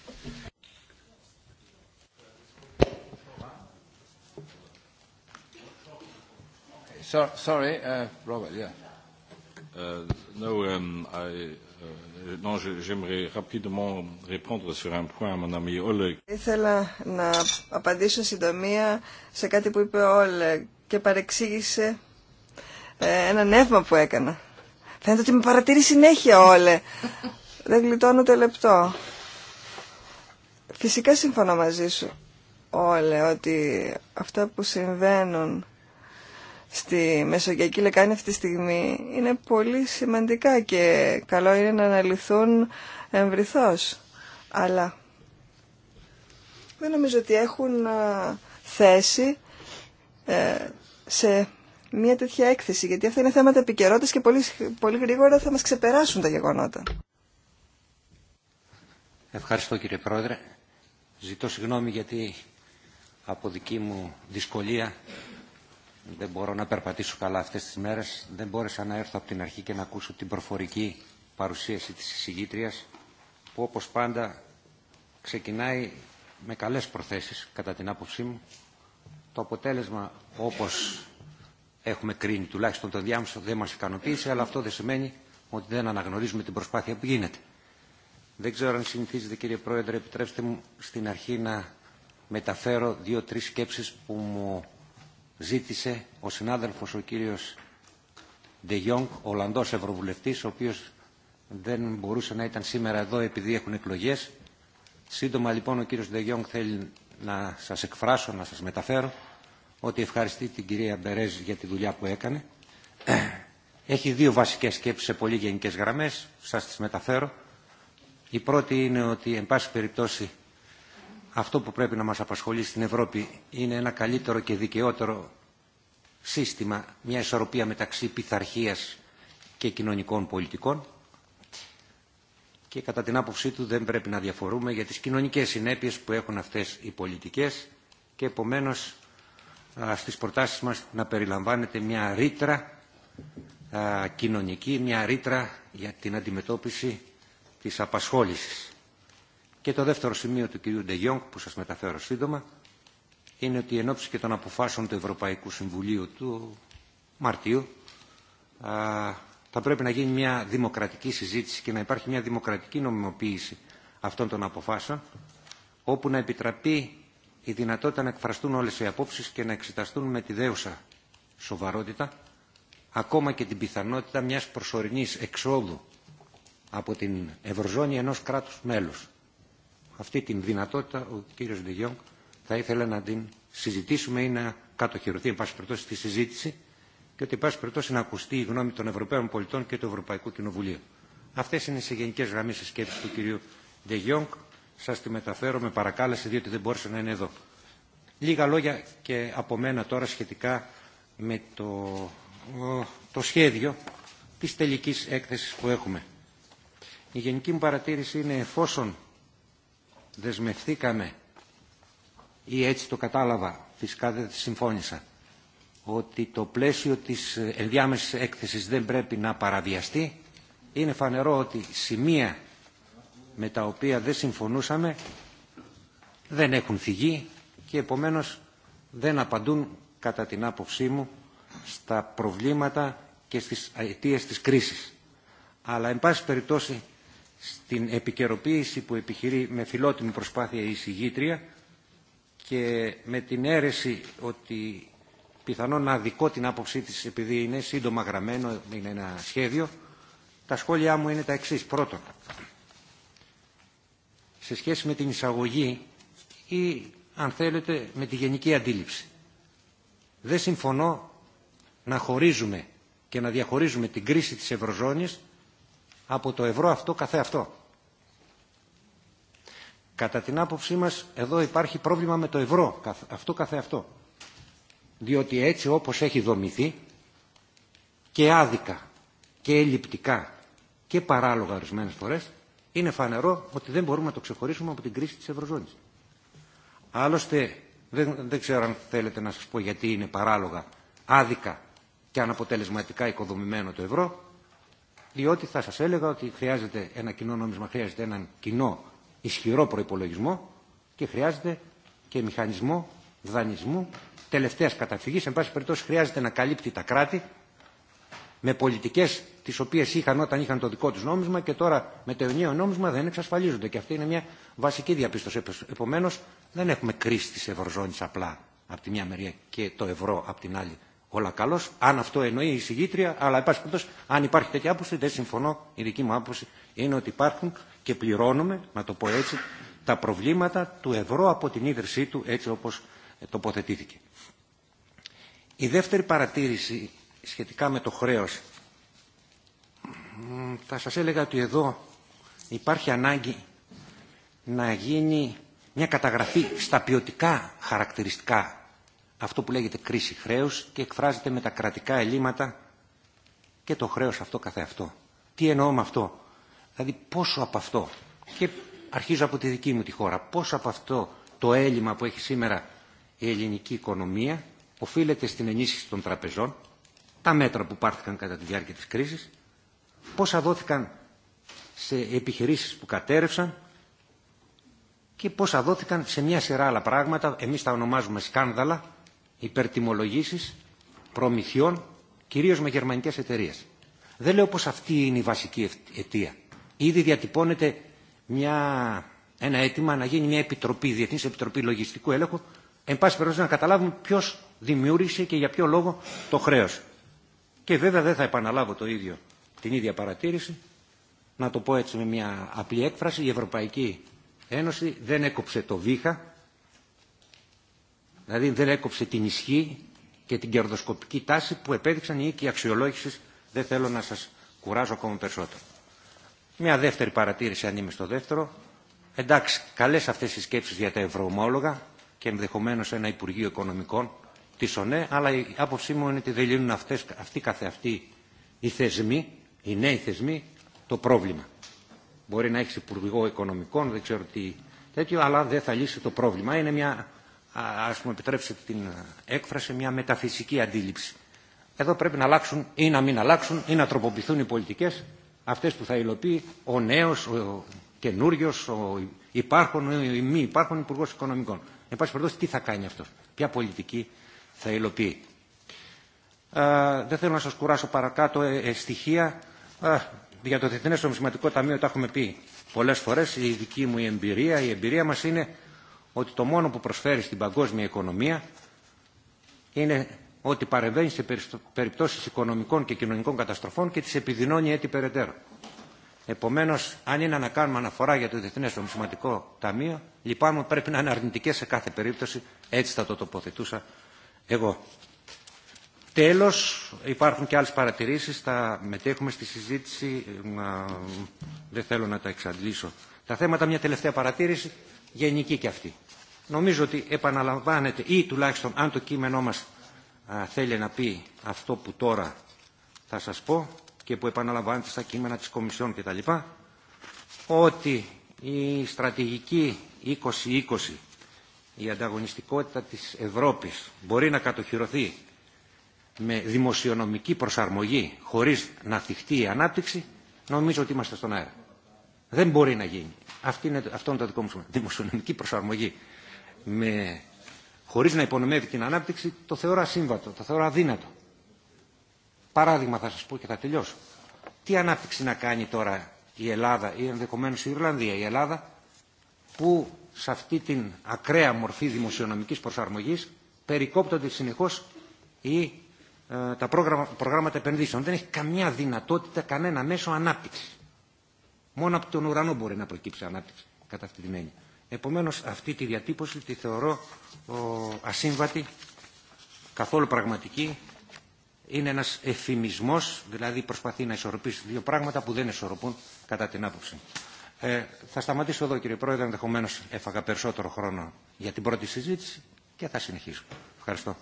Sorry, uh, Robert, yeah. Ήθελα να απαντήσω συντομία σε κάτι που είπε Όλε και παρεξήγησε ε, ένα νεύμα που έκανα. Φαίνεται ότι με παρατηρεί συνέχεια όλε. Δεν γλιτώνω λεπτό. Φυσικά συμφωνώ μαζί σου όλε ότι αυτά που συμβαίνουν στη Μεσογειακή Λεκάνη αυτή τη στιγμή είναι πολύ σημαντικά και καλό είναι να αναλυθούν εμβριθώς. Αλλά δεν νομίζω ότι έχουν θέση ε, σε μια τέτοια έκθεση, γιατί αυτά είναι θέματα επικαιρότητα και πολύ, πολύ γρήγορα θα μας ξεπεράσουν τα γεγονότα. Ευχαριστώ κύριε Πρόεδρε. Ζητώ συγγνώμη γιατί από δική μου δυσκολία δεν μπορώ να περπατήσω καλά αυτές τις μέρες. Δεν μπόρεσα να έρθω από την αρχή και να ακούσω την προφορική παρουσίαση της εισηγήτριας που όπως πάντα ξεκινάει με καλές προθέσεις κατά την άποψή μου. Το αποτέλεσμα όπως έχουμε κρίνει τουλάχιστον το διάμεσο δεν μας ικανοποίησε αλλά αυτό δεν σημαίνει ότι δεν αναγνωρίζουμε την προσπάθεια που γίνεται. Δεν ξέρω αν συνηθίζετε κύριε Πρόεδρε επιτρέψτε μου στην αρχή να μεταφέρω δύο-τρεις σκέψεις που μου ζήτησε ο συνάδελφος ο κύριος Ντε ο Ολλανδός Ευρωβουλευτής, ο οποίος δεν μπορούσε να ήταν σήμερα εδώ επειδή έχουν εκλογές. Σύντομα λοιπόν ο κύριος De θέλει να σας εκφράσω, να σας μεταφέρω ότι ευχαριστεί την κυρία Μπερέζ για τη δουλειά που έκανε. Έχει δύο βασικές σκέψεις σε πολύ γενικές γραμμές, σας τις μεταφέρω. Η πρώτη είναι ότι, εν πάση περιπτώσει, αυτό που πρέπει να μας απασχολεί στην Ευρώπη είναι ένα καλύτερο και δικαιότερο σύστημα, μια ισορροπία μεταξύ πειθαρχία και κοινωνικών πολιτικών και κατά την άποψή του δεν πρέπει να διαφορούμε για τις κοινωνικές συνέπειες που έχουν αυτές οι πολιτικές και επομένως στις προτάσεις μας να περιλαμβάνεται μια ρήτρα κοινωνική, μια ρήτρα για την αντιμετώπιση της απασχόλησης. Και το δεύτερο σημείο του κυρίου Ντεγιόγκ που σας μεταφέρω σύντομα είναι ότι εν ώψη και των αποφάσεων του Ευρωπαϊκού Συμβουλίου του Μαρτίου θα πρέπει να γίνει μια δημοκρατική συζήτηση και να υπάρχει μια δημοκρατική νομιμοποίηση αυτών των αποφάσεων όπου να επιτραπεί η δυνατότητα να εκφραστούν όλες οι απόψεις και να εξεταστούν με τη δέουσα σοβαρότητα ακόμα και την πιθανότητα μιας προσωρινής εξόδου από την Ευρωζώνη ενός κράτους μέλους αυτή την δυνατότητα ο κύριος Ντεγιόγκ θα ήθελε να την συζητήσουμε ή να κατοχυρωθεί εν πάση περιπτώσει στη συζήτηση και ότι εν πάση περιπτώσει να ακουστεί η γνώμη των Ευρωπαίων πολιτών και του Ευρωπαϊκού Κοινοβουλίου. Αυτέ είναι οι γενικέ γραμμέ οι σκέψη του κυρίου Ντεγιόγκ. Σα τη μεταφέρω με παρακάλεση διότι δεν μπόρεσε να είναι εδώ. Λίγα λόγια και από μένα τώρα σχετικά με το, το σχέδιο της τελικής έκθεσης που έχουμε. Η γενική μου παρατήρηση είναι εφόσον δεσμευθήκαμε ή έτσι το κατάλαβα, φυσικά δεν συμφώνησα, ότι το πλαίσιο της ενδιάμεσης έκθεσης δεν πρέπει να παραβιαστεί, είναι φανερό ότι σημεία με τα οποία δεν συμφωνούσαμε δεν έχουν φυγεί και επομένως δεν απαντούν κατά την άποψή μου στα προβλήματα και στις αιτίες της κρίσης. Αλλά, εν πάση περιπτώσει, στην επικαιροποίηση που επιχειρεί με φιλότιμη προσπάθεια η συγγήτρια και με την αίρεση ότι πιθανόν να αδικώ την άποψή της επειδή είναι σύντομα γραμμένο, είναι ένα σχέδιο, τα σχόλιά μου είναι τα εξής. Πρώτον, σε σχέση με την εισαγωγή ή αν θέλετε με τη γενική αντίληψη. Δεν συμφωνώ να χωρίζουμε και να διαχωρίζουμε την κρίση της Ευρωζώνης από το ευρώ αυτό καθεαυτό. Κατά την άποψή μας εδώ υπάρχει πρόβλημα με το ευρώ αυτό καθεαυτό. Διότι έτσι όπως έχει δομηθεί και άδικα και ελλειπτικά και παράλογα ορισμένε φορές είναι φανερό ότι δεν μπορούμε να το ξεχωρίσουμε από την κρίση της Ευρωζώνης. Άλλωστε δεν, δεν ξέρω αν θέλετε να σας πω γιατί είναι παράλογα, άδικα και αναποτελεσματικά οικοδομημένο το ευρώ διότι θα σας έλεγα ότι χρειάζεται ένα κοινό νόμισμα, χρειάζεται έναν κοινό ισχυρό προϋπολογισμό και χρειάζεται και μηχανισμό δανεισμού τελευταίας καταφυγής. Εν πάση περιπτώσει χρειάζεται να καλύπτει τα κράτη με πολιτικές τις οποίες είχαν όταν είχαν το δικό τους νόμισμα και τώρα με το ενιαίο νόμισμα δεν εξασφαλίζονται. Και αυτή είναι μια βασική διαπίστωση. Επομένως δεν έχουμε κρίση της Ευρωζώνης απλά από τη μια μεριά και το ευρώ από την άλλη όλα καλώ, αν αυτό εννοεί η συγγήτρια, αλλά υπάρχει αν υπάρχει τέτοια άποψη, δεν συμφωνώ. Η δική μου άποψη είναι ότι υπάρχουν και πληρώνουμε, να το πω έτσι, τα προβλήματα του ευρώ από την ίδρυσή του, έτσι όπω τοποθετήθηκε. Η δεύτερη παρατήρηση σχετικά με το χρέο. Θα σας έλεγα ότι εδώ υπάρχει ανάγκη να γίνει μια καταγραφή στα ποιοτικά χαρακτηριστικά αυτό που λέγεται κρίση χρέους και εκφράζεται με τα κρατικά ελλείμματα και το χρέος αυτό καθεαυτό. Τι εννοώ με αυτό. Δηλαδή πόσο από αυτό, και αρχίζω από τη δική μου τη χώρα, πόσο από αυτό το έλλειμμα που έχει σήμερα η ελληνική οικονομία οφείλεται στην ενίσχυση των τραπεζών, τα μέτρα που πάρθηκαν κατά τη διάρκεια της κρίσης, πόσα δόθηκαν σε επιχειρήσεις που κατέρευσαν και πόσα δόθηκαν σε μια σειρά άλλα πράγματα, εμείς τα ονομάζουμε σκάνδαλα, υπερτιμολογήσεις προμηθειών, κυρίως με γερμανικές εταιρείες. Δεν λέω πως αυτή είναι η βασική αιτία. Ήδη διατυπώνεται μια, ένα αίτημα να γίνει μια επιτροπή, διεθνή Επιτροπή Λογιστικού Έλεγχου, εν πάση περιπτώσει να καταλάβουμε ποιο δημιούργησε και για ποιο λόγο το χρέο. Και βέβαια δεν θα επαναλάβω το ίδιο, την ίδια παρατήρηση, να το πω έτσι με μια απλή έκφραση, η Ευρωπαϊκή Ένωση δεν έκοψε το βήχα Δηλαδή δεν έκοψε την ισχύ και την κερδοσκοπική τάση που επέδειξαν οι οίκοι αξιολόγηση. Δεν θέλω να σα κουράζω ακόμα περισσότερο. Μια δεύτερη παρατήρηση, αν είμαι στο δεύτερο. Εντάξει, καλέ αυτέ οι σκέψει για τα ευρωομόλογα και ενδεχομένω ένα Υπουργείο Οικονομικών τη ΟΝΕ, αλλά η άποψή μου είναι ότι δεν λύνουν αυτές, αυτοί καθεαυτοί οι θεσμοί, οι νέοι θεσμοί, το πρόβλημα. Μπορεί να έχει Υπουργό Οικονομικών, δεν ξέρω τι τέτοιο, αλλά δεν θα λύσει το πρόβλημα. Είναι μια ας μου επιτρέψετε την ε, έκφραση, μια μεταφυσική αντίληψη. Εδώ πρέπει να αλλάξουν ή να μην αλλάξουν ή να τροποποιηθούν οι πολιτικές αυτές που θα υλοποιεί ο νέος, ο καινούριο, ο υπάρχον ή μη υπάρχον υπουργό οικονομικών. Εν πάση περιπτώσει, τι θα κάνει αυτό, ποια πολιτική θα υλοποιεί. Ε, δεν θέλω να σας κουράσω παρακάτω ε, ε, στοιχεία. για το Διεθνές Νομισματικό Ταμείο τα έχουμε πει πολλές φορές. Η δική μου η εμπειρία, η εμπειρία μας είναι ότι το μόνο που προσφέρει στην παγκόσμια οικονομία είναι ότι παρεμβαίνει σε περιπτώσεις οικονομικών και κοινωνικών καταστροφών και τις επιδεινώνει έτσι περαιτέρω. Επομένως, αν είναι να κάνουμε αναφορά για το Διεθνές Νομισματικό Ταμείο, λυπάμαι πρέπει να είναι αρνητικές σε κάθε περίπτωση, έτσι θα το τοποθετούσα εγώ. Τέλος, υπάρχουν και άλλες παρατηρήσεις, θα μετέχουμε στη συζήτηση, δεν θέλω να τα εξαντλήσω. Τα θέματα, μια τελευταία παρατήρηση, γενική και αυτή. Νομίζω ότι επαναλαμβάνεται ή τουλάχιστον αν το κείμενό μας θέλει να πει αυτό που τώρα θα σας πω και που επαναλαμβάνεται στα κείμενα της Κομισιόν κτλ. Ότι η στρατηγική 2020, η ανταγωνιστικότητα της Ευρώπης μπορεί να κατοχυρωθεί με δημοσιονομική προσαρμογή χωρίς να θυχτεί η ανάπτυξη, νομίζω ότι είμαστε στον αέρα. Δεν μπορεί να γίνει. αυτό είναι το δικό μου Δημοσιονομική προσαρμογή με, χωρίς να υπονομεύει την ανάπτυξη, το θεωρώ ασύμβατο, το θεωρώ αδύνατο. Παράδειγμα θα σας πω και θα τελειώσω. Τι ανάπτυξη να κάνει τώρα η Ελλάδα ή ενδεχομένω η Ιρλανδία. Η Ελλάδα που σε αυτή την ακραία μορφή δημοσιονομικής προσαρμογής περικόπτονται συνεχώς οι, ε, τα προγράμματα επενδύσεων. Δεν έχει καμιά δυνατότητα, κανένα μέσο ανάπτυξη. Μόνο από τον ουρανό μπορεί να προκύψει ανάπτυξη, κατά αυτή την έννοια. Επομένως αυτή τη διατύπωση τη θεωρώ ο, ασύμβατη, καθόλου πραγματική. Είναι ένας εφημισμός, δηλαδή προσπαθεί να ισορροπήσει δύο πράγματα που δεν ισορροπούν κατά την άποψη. Ε, θα σταματήσω εδώ κύριε Πρόεδρε, ενδεχομένω έφαγα περισσότερο χρόνο για την πρώτη συζήτηση και θα συνεχίσω. Ευχαριστώ.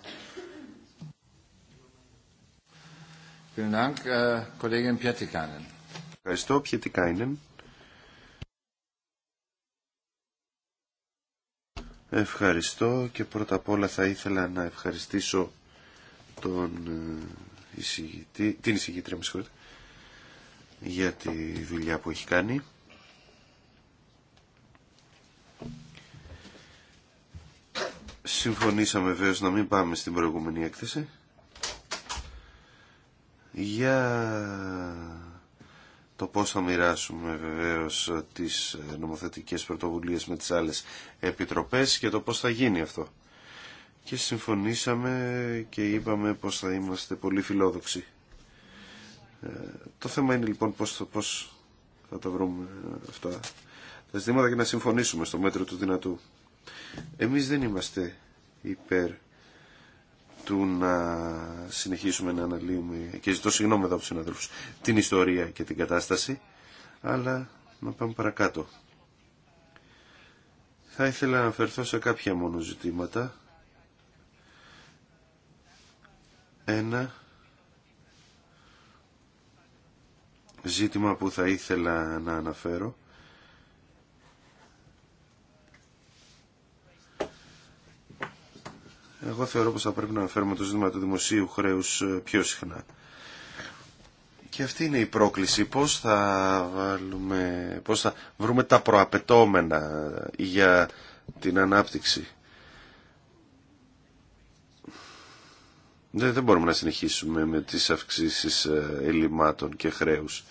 Ευχαριστώ και πρώτα απ' όλα θα ήθελα να ευχαριστήσω τον ε, εισηγητή, την εισηγήτρια για τη δουλειά που έχει κάνει. Συμφωνήσαμε βέβαια να μην πάμε στην προηγούμενη έκθεση για το πώς θα μοιράσουμε βεβαίως τις νομοθετικές πρωτοβουλίες με τις άλλες επιτροπές και το πώς θα γίνει αυτό. Και συμφωνήσαμε και είπαμε πως θα είμαστε πολύ φιλόδοξοι. Ε, το θέμα είναι λοιπόν πώς, πώς θα τα βρούμε αυτά τα ζητήματα και να συμφωνήσουμε στο μέτρο του δυνατού. Εμείς δεν είμαστε υπέρ του να συνεχίσουμε να αναλύουμε και ζητώ συγγνώμη εδώ από τους συναδέλφους την ιστορία και την κατάσταση αλλά να πάμε παρακάτω θα ήθελα να αναφερθώ σε κάποια μόνο ζητήματα ένα ζήτημα που θα ήθελα να αναφέρω Εγώ θεωρώ πως θα πρέπει να αναφέρουμε το ζήτημα του δημοσίου χρέους ε, πιο συχνά. Και αυτή είναι η πρόκληση. Πώς θα, βάλουμε, πώς θα βρούμε τα προαπαιτόμενα ε, για την ανάπτυξη. Δεν, δεν μπορούμε να συνεχίσουμε με τις αυξήσεις ε, ελλημάτων και χρέους.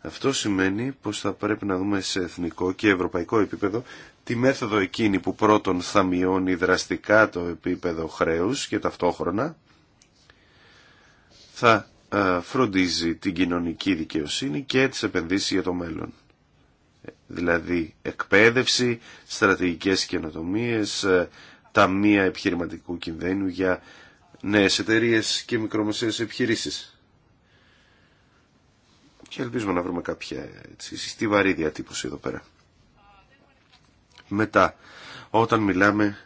Αυτό σημαίνει πως θα βαλουμε πως θα βρουμε τα προαπαιτομενα για την αναπτυξη δεν μπορουμε να δούμε σε εθνικό και ευρωπαϊκό επίπεδο τη μέθοδο εκείνη που πρώτον θα μειώνει δραστικά το επίπεδο χρέους και ταυτόχρονα θα ε, φροντίζει την κοινωνική δικαιοσύνη και τις επενδύσεις για το μέλλον. Δηλαδή εκπαίδευση, στρατηγικές καινοτομίες, ε, ταμεία επιχειρηματικού κινδύνου για νέες εταιρείε και μικρομεσαίες επιχειρήσεις. Και ελπίζουμε να βρούμε κάποια έτσι, διατύπωση εδώ πέρα μετά. Όταν μιλάμε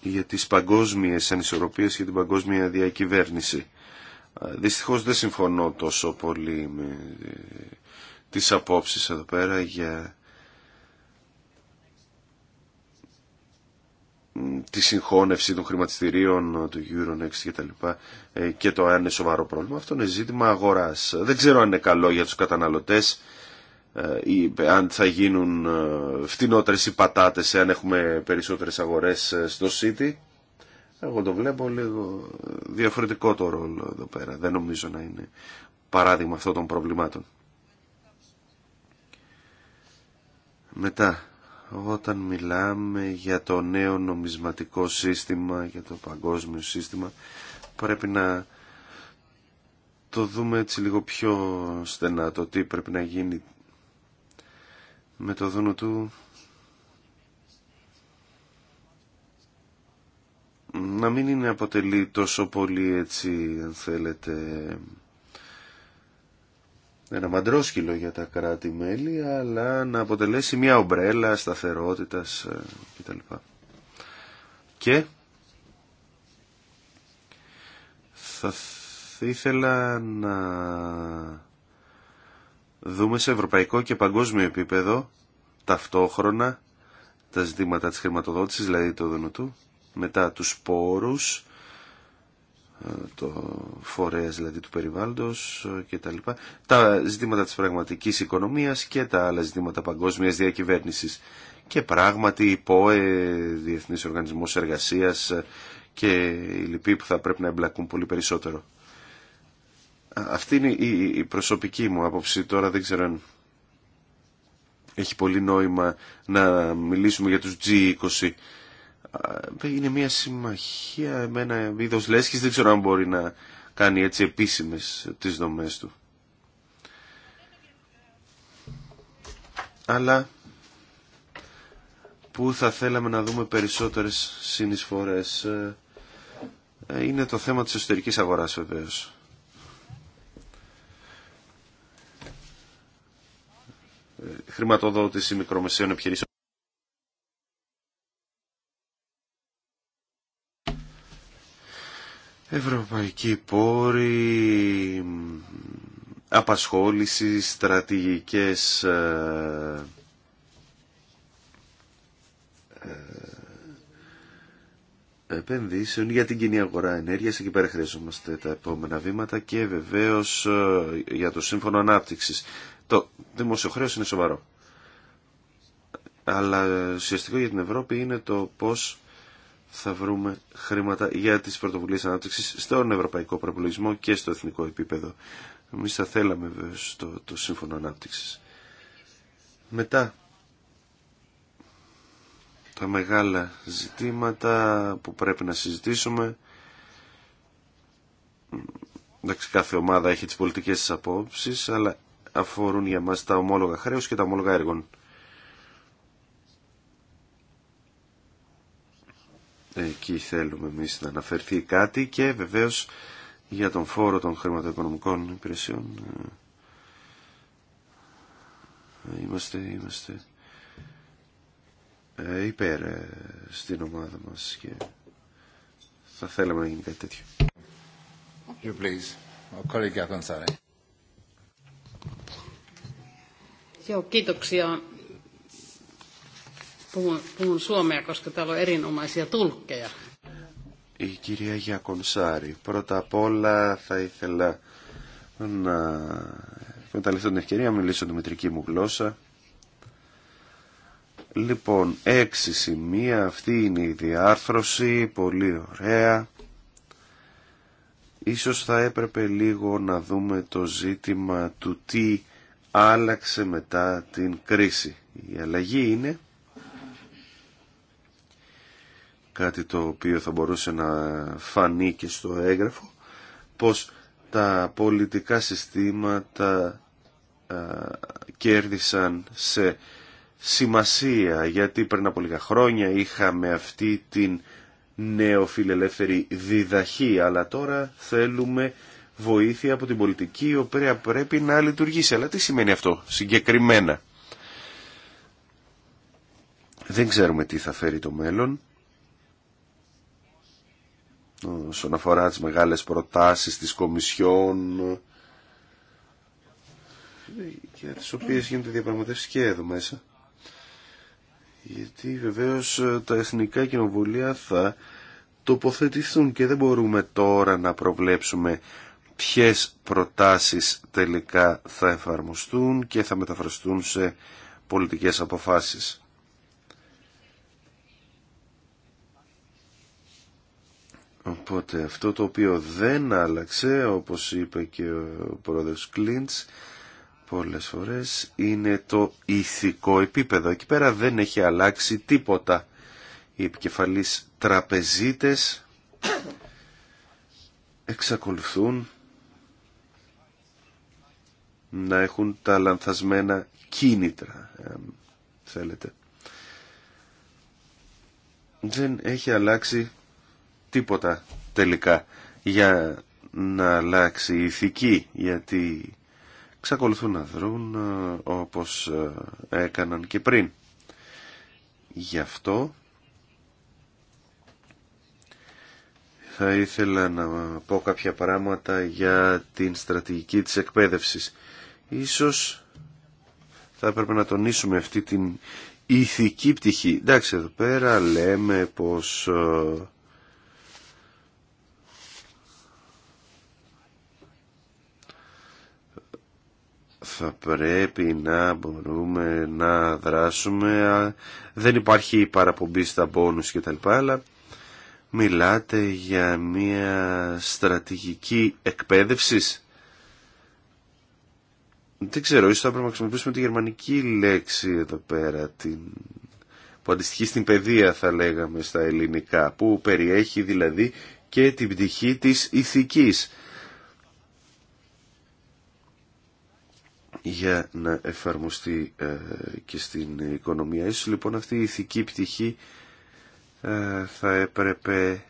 για τις παγκόσμιες ανισορροπίες και την παγκόσμια διακυβέρνηση. Δυστυχώς δεν συμφωνώ τόσο πολύ με ε, τις απόψεις εδώ πέρα για τη συγχώνευση των χρηματιστηρίων ε, του Euronext και τα λοιπά ε, και το αν είναι σοβαρό πρόβλημα. Αυτό είναι ζήτημα αγοράς. Δεν ξέρω αν είναι καλό για τους καταναλωτές ε, αν θα γίνουν ε, φτηνότερες οι πατάτες εάν έχουμε περισσότερες αγορές ε, στο City. Εγώ το βλέπω λίγο διαφορετικό το ρόλο εδώ πέρα. Δεν νομίζω να είναι παράδειγμα αυτών των προβλημάτων. Μετά, όταν μιλάμε για το νέο νομισματικό σύστημα, για το παγκόσμιο σύστημα, πρέπει να το δούμε έτσι λίγο πιο στενά το τι πρέπει να γίνει με το δούνο του να μην είναι αποτελεί τόσο πολύ έτσι αν θέλετε ένα μαντρόσκυλο για τα κράτη-μέλη αλλά να αποτελέσει μια ομπρέλα σταθερότητας ε, κτλ. Και θα ήθελα να δούμε σε ευρωπαϊκό και παγκόσμιο επίπεδο ταυτόχρονα τα ζητήματα της χρηματοδότησης, δηλαδή το δονοτού, μετά τους πόρους, ε, το φορέας δηλαδή του περιβάλλοντος ε, και τα λοιπά, τα ζητήματα της πραγματικής οικονομίας και τα άλλα ζητήματα παγκόσμιας διακυβέρνησης. Και πράγματι η ΠΟΕ, Διεθνής Οργανισμός Εργασίας ε, και οι λοιποί που θα πρέπει να εμπλακούν πολύ περισσότερο. Αυτή είναι η προσωπική μου άποψη. Τώρα δεν ξέρω αν έχει πολύ νόημα να μιλήσουμε για τους G20. Είναι μια συμμαχία με ένα είδος λέσχης. Δεν ξέρω αν μπορεί να κάνει έτσι επίσημες τις δομές του. Αλλά που θα θέλαμε να δούμε περισσότερες συνεισφορές ε, είναι το θέμα της εσωτερικής αγοράς βεβαίως. χρηματοδότηση μικρομεσαίων επιχειρήσεων. Ευρωπαϊκή πόρη απασχόληση, στρατηγικές ε, ε, επενδύσεων για την κοινή αγορά ενέργειας. Εκεί πέρα χρειαζόμαστε τα επόμενα βήματα και βεβαίως ε, για το Σύμφωνο Ανάπτυξης. Το δημόσιο είναι σοβαρό. Αλλά ουσιαστικό για την Ευρώπη είναι το πώς θα βρούμε χρήματα για τις πρωτοβουλίες ανάπτυξης στον ευρωπαϊκό προπολογισμό και στο εθνικό επίπεδο. Εμεί θα θέλαμε βέβαια στο το σύμφωνο ανάπτυξης. Μετά τα μεγάλα ζητήματα που πρέπει να συζητήσουμε. Εντάξει, κάθε ομάδα έχει τις πολιτικές της απόψεις, αλλά αφορούν για μας τα ομόλογα χρέους και τα ομόλογα έργων. Εκεί θέλουμε εμείς να αναφερθεί κάτι και βεβαίως για τον φόρο των χρηματοοικονομικών υπηρεσιών ε, είμαστε, είμαστε ε, υπέρ ε, στην ομάδα μας και θα θέλαμε να γίνει κάτι τέτοιο. You please. Joo, kiitoksia. Puhun, puhun suomea, koska täällä on erinomaisia tulkkeja. Η κυρία Γιακονσάρη, πρώτα απ' όλα θα ήθελα να μεταλληθώ την ευκαιρία να μιλήσω τη μητρική μου γλώσσα. Λοιπόν, έξι σημεία, αυτή είναι η διάρθρωση, πολύ ωραία. Ίσως θα έπρεπε λίγο να δούμε το ζήτημα του τι άλλαξε μετά την κρίση. Η αλλαγή είναι κάτι το οποίο θα μπορούσε να φανεί και στο έγγραφο, πως τα πολιτικά συστήματα κέρδισαν σε σημασία, γιατί πριν από λίγα χρόνια είχαμε αυτή την φιλελεύθερη διδαχή, αλλά τώρα θέλουμε βοήθεια από την πολιτική, η οποία πρέπει να λειτουργήσει. Αλλά τι σημαίνει αυτό συγκεκριμένα. Δεν ξέρουμε τι θα φέρει το μέλλον όσον αφορά τις μεγάλες προτάσεις της Κομισιόν για τις οποίες γίνονται διαπραγματεύσεις και εδώ μέσα γιατί βεβαίως ε, τα εθνικά κοινοβουλία θα τοποθετηθούν και δεν μπορούμε τώρα να προβλέψουμε ποιες προτάσεις τελικά θα εφαρμοστούν και θα μεταφραστούν σε πολιτικές αποφάσεις. Οπότε αυτό το οποίο δεν άλλαξε, όπως είπε και ο πρόεδρος Κλίντς, πολλές φορές είναι το ηθικό επίπεδο. Εκεί πέρα δεν έχει αλλάξει τίποτα. Οι επικεφαλείς τραπεζίτες εξακολουθούν να έχουν τα λανθασμένα κίνητρα, θέλετε. Δεν έχει αλλάξει τίποτα τελικά για να αλλάξει η ηθική, γιατί Ξακολουθούν να δρουν ε, όπως ε, έκαναν και πριν. Γι' αυτό θα ήθελα να πω κάποια πράγματα για την στρατηγική της εκπαίδευσης. Ίσως θα έπρεπε να τονίσουμε αυτή την ηθική πτυχή. Εντάξει, εδώ πέρα λέμε πως ε, θα πρέπει να μπορούμε να δράσουμε. Δεν υπάρχει παραπομπή στα μπόνους λοιπά, Αλλά μιλάτε για μια στρατηγική εκπαίδευση. Δεν ξέρω, ίσως θα πρέπει να χρησιμοποιήσουμε τη γερμανική λέξη εδώ πέρα, την... που αντιστοιχεί στην παιδεία θα λέγαμε στα ελληνικά, που περιέχει δηλαδή και την πτυχή της ηθικής. για να εφαρμοστεί ε, και στην οικονομία. Ίσως λοιπόν αυτή η ηθική πτυχή ε, θα έπρεπε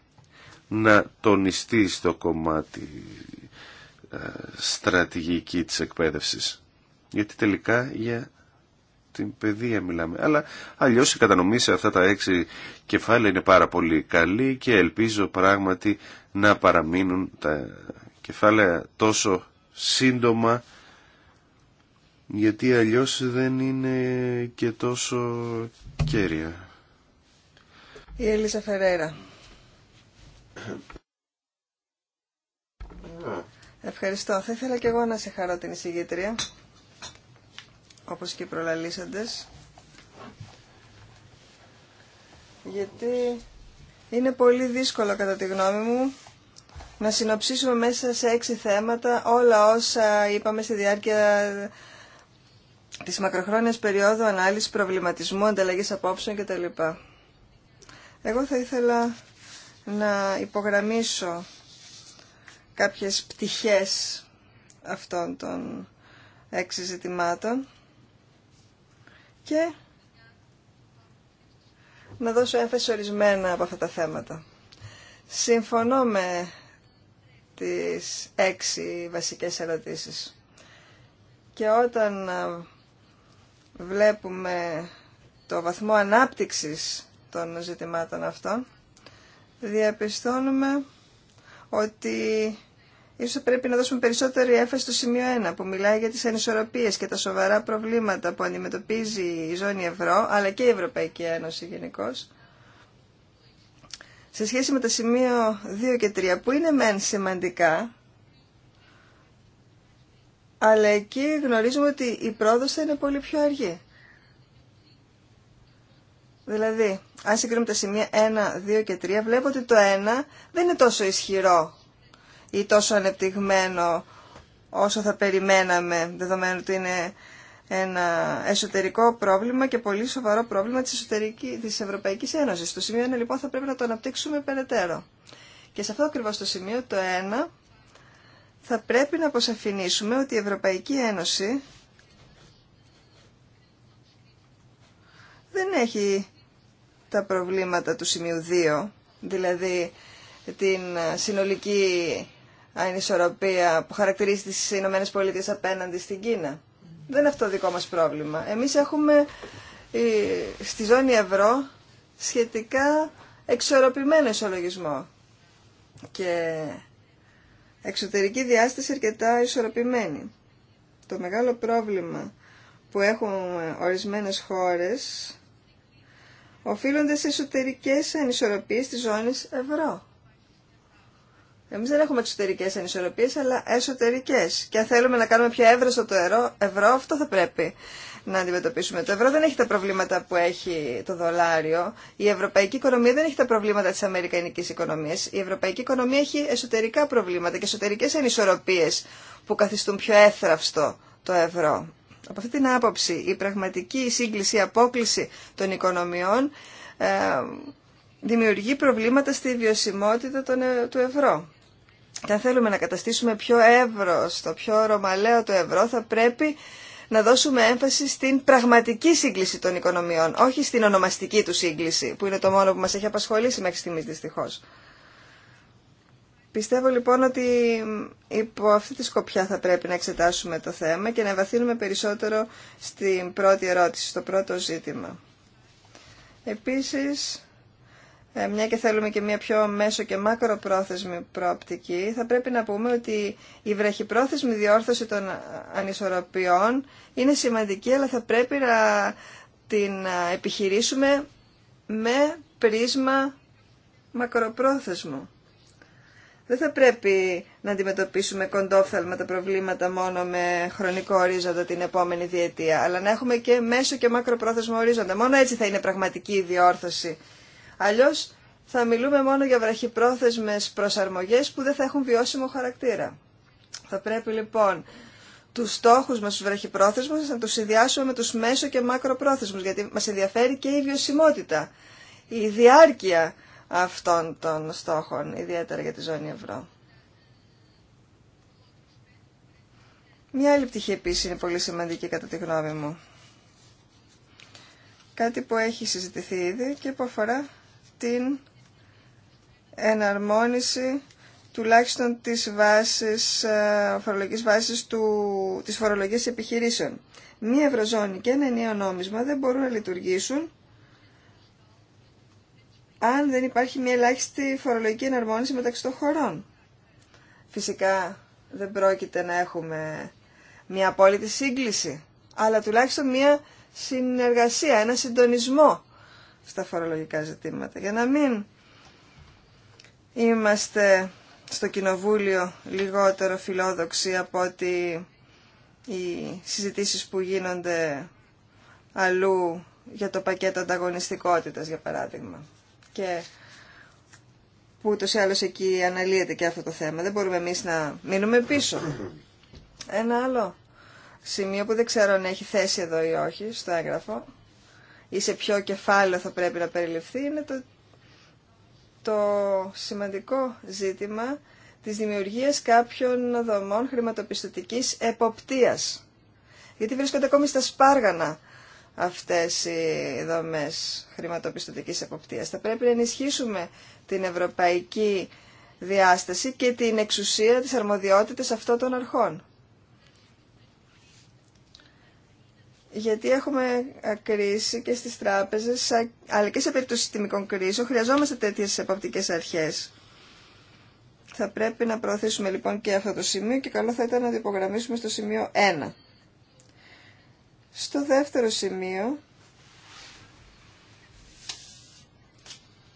να τονιστεί στο κομμάτι ε, στρατηγική της εκπαίδευσης. Γιατί τελικά για την παιδεία μιλάμε. Αλλά αλλιώς η κατανομή σε αυτά τα έξι κεφάλαια είναι πάρα πολύ καλή και ελπίζω πράγματι να παραμείνουν τα κεφάλαια τόσο σύντομα γιατί αλλιώς δεν είναι και τόσο κέρια. Η Ελίζα Φερέρα. Ευχαριστώ. Θα ήθελα και εγώ να σε χαρώ την εισηγήτρια, όπως και οι προλαλήσαντες, γιατί είναι πολύ δύσκολο κατά τη γνώμη μου να συνοψίσουμε μέσα σε έξι θέματα όλα όσα είπαμε στη διάρκεια της μακροχρόνιας περίοδου ανάλυση προβληματισμού, ανταλλαγής απόψεων κτλ. Εγώ θα ήθελα να υπογραμμίσω κάποιες πτυχές αυτών των έξι ζητημάτων και να δώσω έμφαση ορισμένα από αυτά τα θέματα. Συμφωνώ με τις έξι βασικές ερωτήσεις. Και όταν βλέπουμε το βαθμό ανάπτυξης των ζητημάτων αυτών, διαπιστώνουμε ότι ίσως πρέπει να δώσουμε περισσότερη έμφαση στο σημείο 1 που μιλάει για τις ανισορροπίες και τα σοβαρά προβλήματα που αντιμετωπίζει η ζώνη ευρώ αλλά και η Ευρωπαϊκή Ένωση γενικώ. Σε σχέση με το σημείο 2 και 3 που είναι μεν σημαντικά αλλά εκεί γνωρίζουμε ότι η πρόοδος θα είναι πολύ πιο αργή. Δηλαδή, αν συγκρίνουμε τα σημεία 1, 2 και 3, βλέπω ότι το 1 δεν είναι τόσο ισχυρό ή τόσο ανεπτυγμένο όσο θα περιμέναμε, δεδομένου ότι είναι ένα εσωτερικό πρόβλημα και πολύ σοβαρό πρόβλημα της, εσωτερικής, της Ευρωπαϊκής Ένωσης. Το σημείο 1 λοιπόν θα πρέπει να το αναπτύξουμε περαιτέρω. Και σε αυτό ακριβώς το σημείο το 1 θα πρέπει να αποσαφηνίσουμε ότι η Ευρωπαϊκή Ένωση δεν έχει τα προβλήματα του σημείου 2, δηλαδή την συνολική ανισορροπία που χαρακτηρίζει τις Ηνωμένε Πολιτείες απέναντι στην Κίνα. Δεν είναι αυτό δικό μας πρόβλημα. Εμείς έχουμε ε, στη ζώνη ευρώ σχετικά εξορροπημένο ισολογισμό. Και εξωτερική διάσταση αρκετά ισορροπημένη. Το μεγάλο πρόβλημα που έχουν ορισμένες χώρες οφείλονται σε εσωτερικές ανισορροπίες της ζώνης ευρώ. Εμείς δεν έχουμε εξωτερικές ανισορροπίες, αλλά εσωτερικές. Και αν θέλουμε να κάνουμε πιο εύρωστο το ευρώ, αυτό θα πρέπει να αντιμετωπίσουμε. Το ευρώ δεν έχει τα προβλήματα που έχει το δολάριο. Η ευρωπαϊκή οικονομία δεν έχει τα προβλήματα τη αμερικανική οικονομία. Η ευρωπαϊκή οικονομία έχει εσωτερικά προβλήματα και εσωτερικέ ανισορροπίε που καθιστούν πιο έθραυστο το ευρώ. Από αυτή την άποψη η πραγματική σύγκληση, η απόκληση των οικονομιών ε, δημιουργεί προβλήματα στη βιωσιμότητα των, ε, του ευρώ. Και αν θέλουμε να καταστήσουμε πιο το πιο ρωμαλαίο το ευρώ, θα πρέπει να δώσουμε έμφαση στην πραγματική σύγκληση των οικονομιών, όχι στην ονομαστική του σύγκληση, που είναι το μόνο που μας έχει απασχολήσει μέχρι στιγμής δυστυχώς. Πιστεύω λοιπόν ότι υπό αυτή τη σκοπιά θα πρέπει να εξετάσουμε το θέμα και να βαθύνουμε περισσότερο στην πρώτη ερώτηση, στο πρώτο ζήτημα. Επίσης, ε, μια και θέλουμε και μια πιο μέσο και μακροπρόθεσμη προοπτική, θα πρέπει να πούμε ότι η βραχυπρόθεσμη διόρθωση των ανισορροπιών είναι σημαντική, αλλά θα πρέπει να την επιχειρήσουμε με πρίσμα μακροπρόθεσμο. Δεν θα πρέπει να αντιμετωπίσουμε κοντόφθαλμα τα προβλήματα μόνο με χρονικό ορίζοντα την επόμενη διετία, αλλά να έχουμε και μέσο και μακροπρόθεσμο ορίζοντα. Μόνο έτσι θα είναι πραγματική η διόρθωση Αλλιώς θα μιλούμε μόνο για βραχυπρόθεσμες προσαρμογές που δεν θα έχουν βιώσιμο χαρακτήρα. Θα πρέπει λοιπόν τους στόχους μας του βραχυπρόθεσμου, να τους συνδυάσουμε με τους μέσο και μακροπρόθεσμου, γιατί μας ενδιαφέρει και η βιωσιμότητα, η διάρκεια αυτών των στόχων, ιδιαίτερα για τη ζώνη ευρώ. Μια άλλη πτυχή επίση είναι πολύ σημαντική κατά τη γνώμη μου. Κάτι που έχει συζητηθεί ήδη και που αφορά την εναρμόνιση τουλάχιστον της, βάσης, ε, φορολογικής βάσης του, της φορολογίας επιχειρήσεων. Μία ευρωζώνη και ένα νέο νόμισμα δεν μπορούν να λειτουργήσουν αν δεν υπάρχει μια ελάχιστη φορολογική εναρμόνιση μεταξύ των χωρών. Φυσικά δεν πρόκειται να έχουμε μια απόλυτη σύγκληση, αλλά τουλάχιστον μια συνεργασία, ένα συντονισμό στα φορολογικά ζητήματα. Για να μην είμαστε στο Κοινοβούλιο λιγότερο φιλόδοξοι από ότι οι συζητήσεις που γίνονται αλλού για το πακέτο ανταγωνιστικότητας, για παράδειγμα. Και που ούτως ή άλλως εκεί αναλύεται και αυτό το θέμα. Δεν μπορούμε εμείς να μείνουμε πίσω. Ένα άλλο σημείο που δεν ξέρω αν έχει θέση εδώ ή όχι στο έγγραφο ή σε ποιο κεφάλαιο θα πρέπει να περιληφθεί είναι το, το σημαντικό ζήτημα της δημιουργίας κάποιων δομών χρηματοπιστωτικής εποπτείας. Γιατί βρίσκονται ακόμη στα σπάργανα αυτές οι δομές χρηματοπιστωτικής εποπτείας. Θα πρέπει να ενισχύσουμε την ευρωπαϊκή διάσταση και την εξουσία της αρμοδιότητας αυτών των αρχών. γιατί έχουμε κρίση και στις τράπεζες, αλλά και σε περίπτωση συστημικών κρίσεων, χρειαζόμαστε τέτοιες εποπτικές αρχές. Θα πρέπει να προωθήσουμε λοιπόν και αυτό το σημείο και καλό θα ήταν να το στο σημείο 1. Στο δεύτερο σημείο,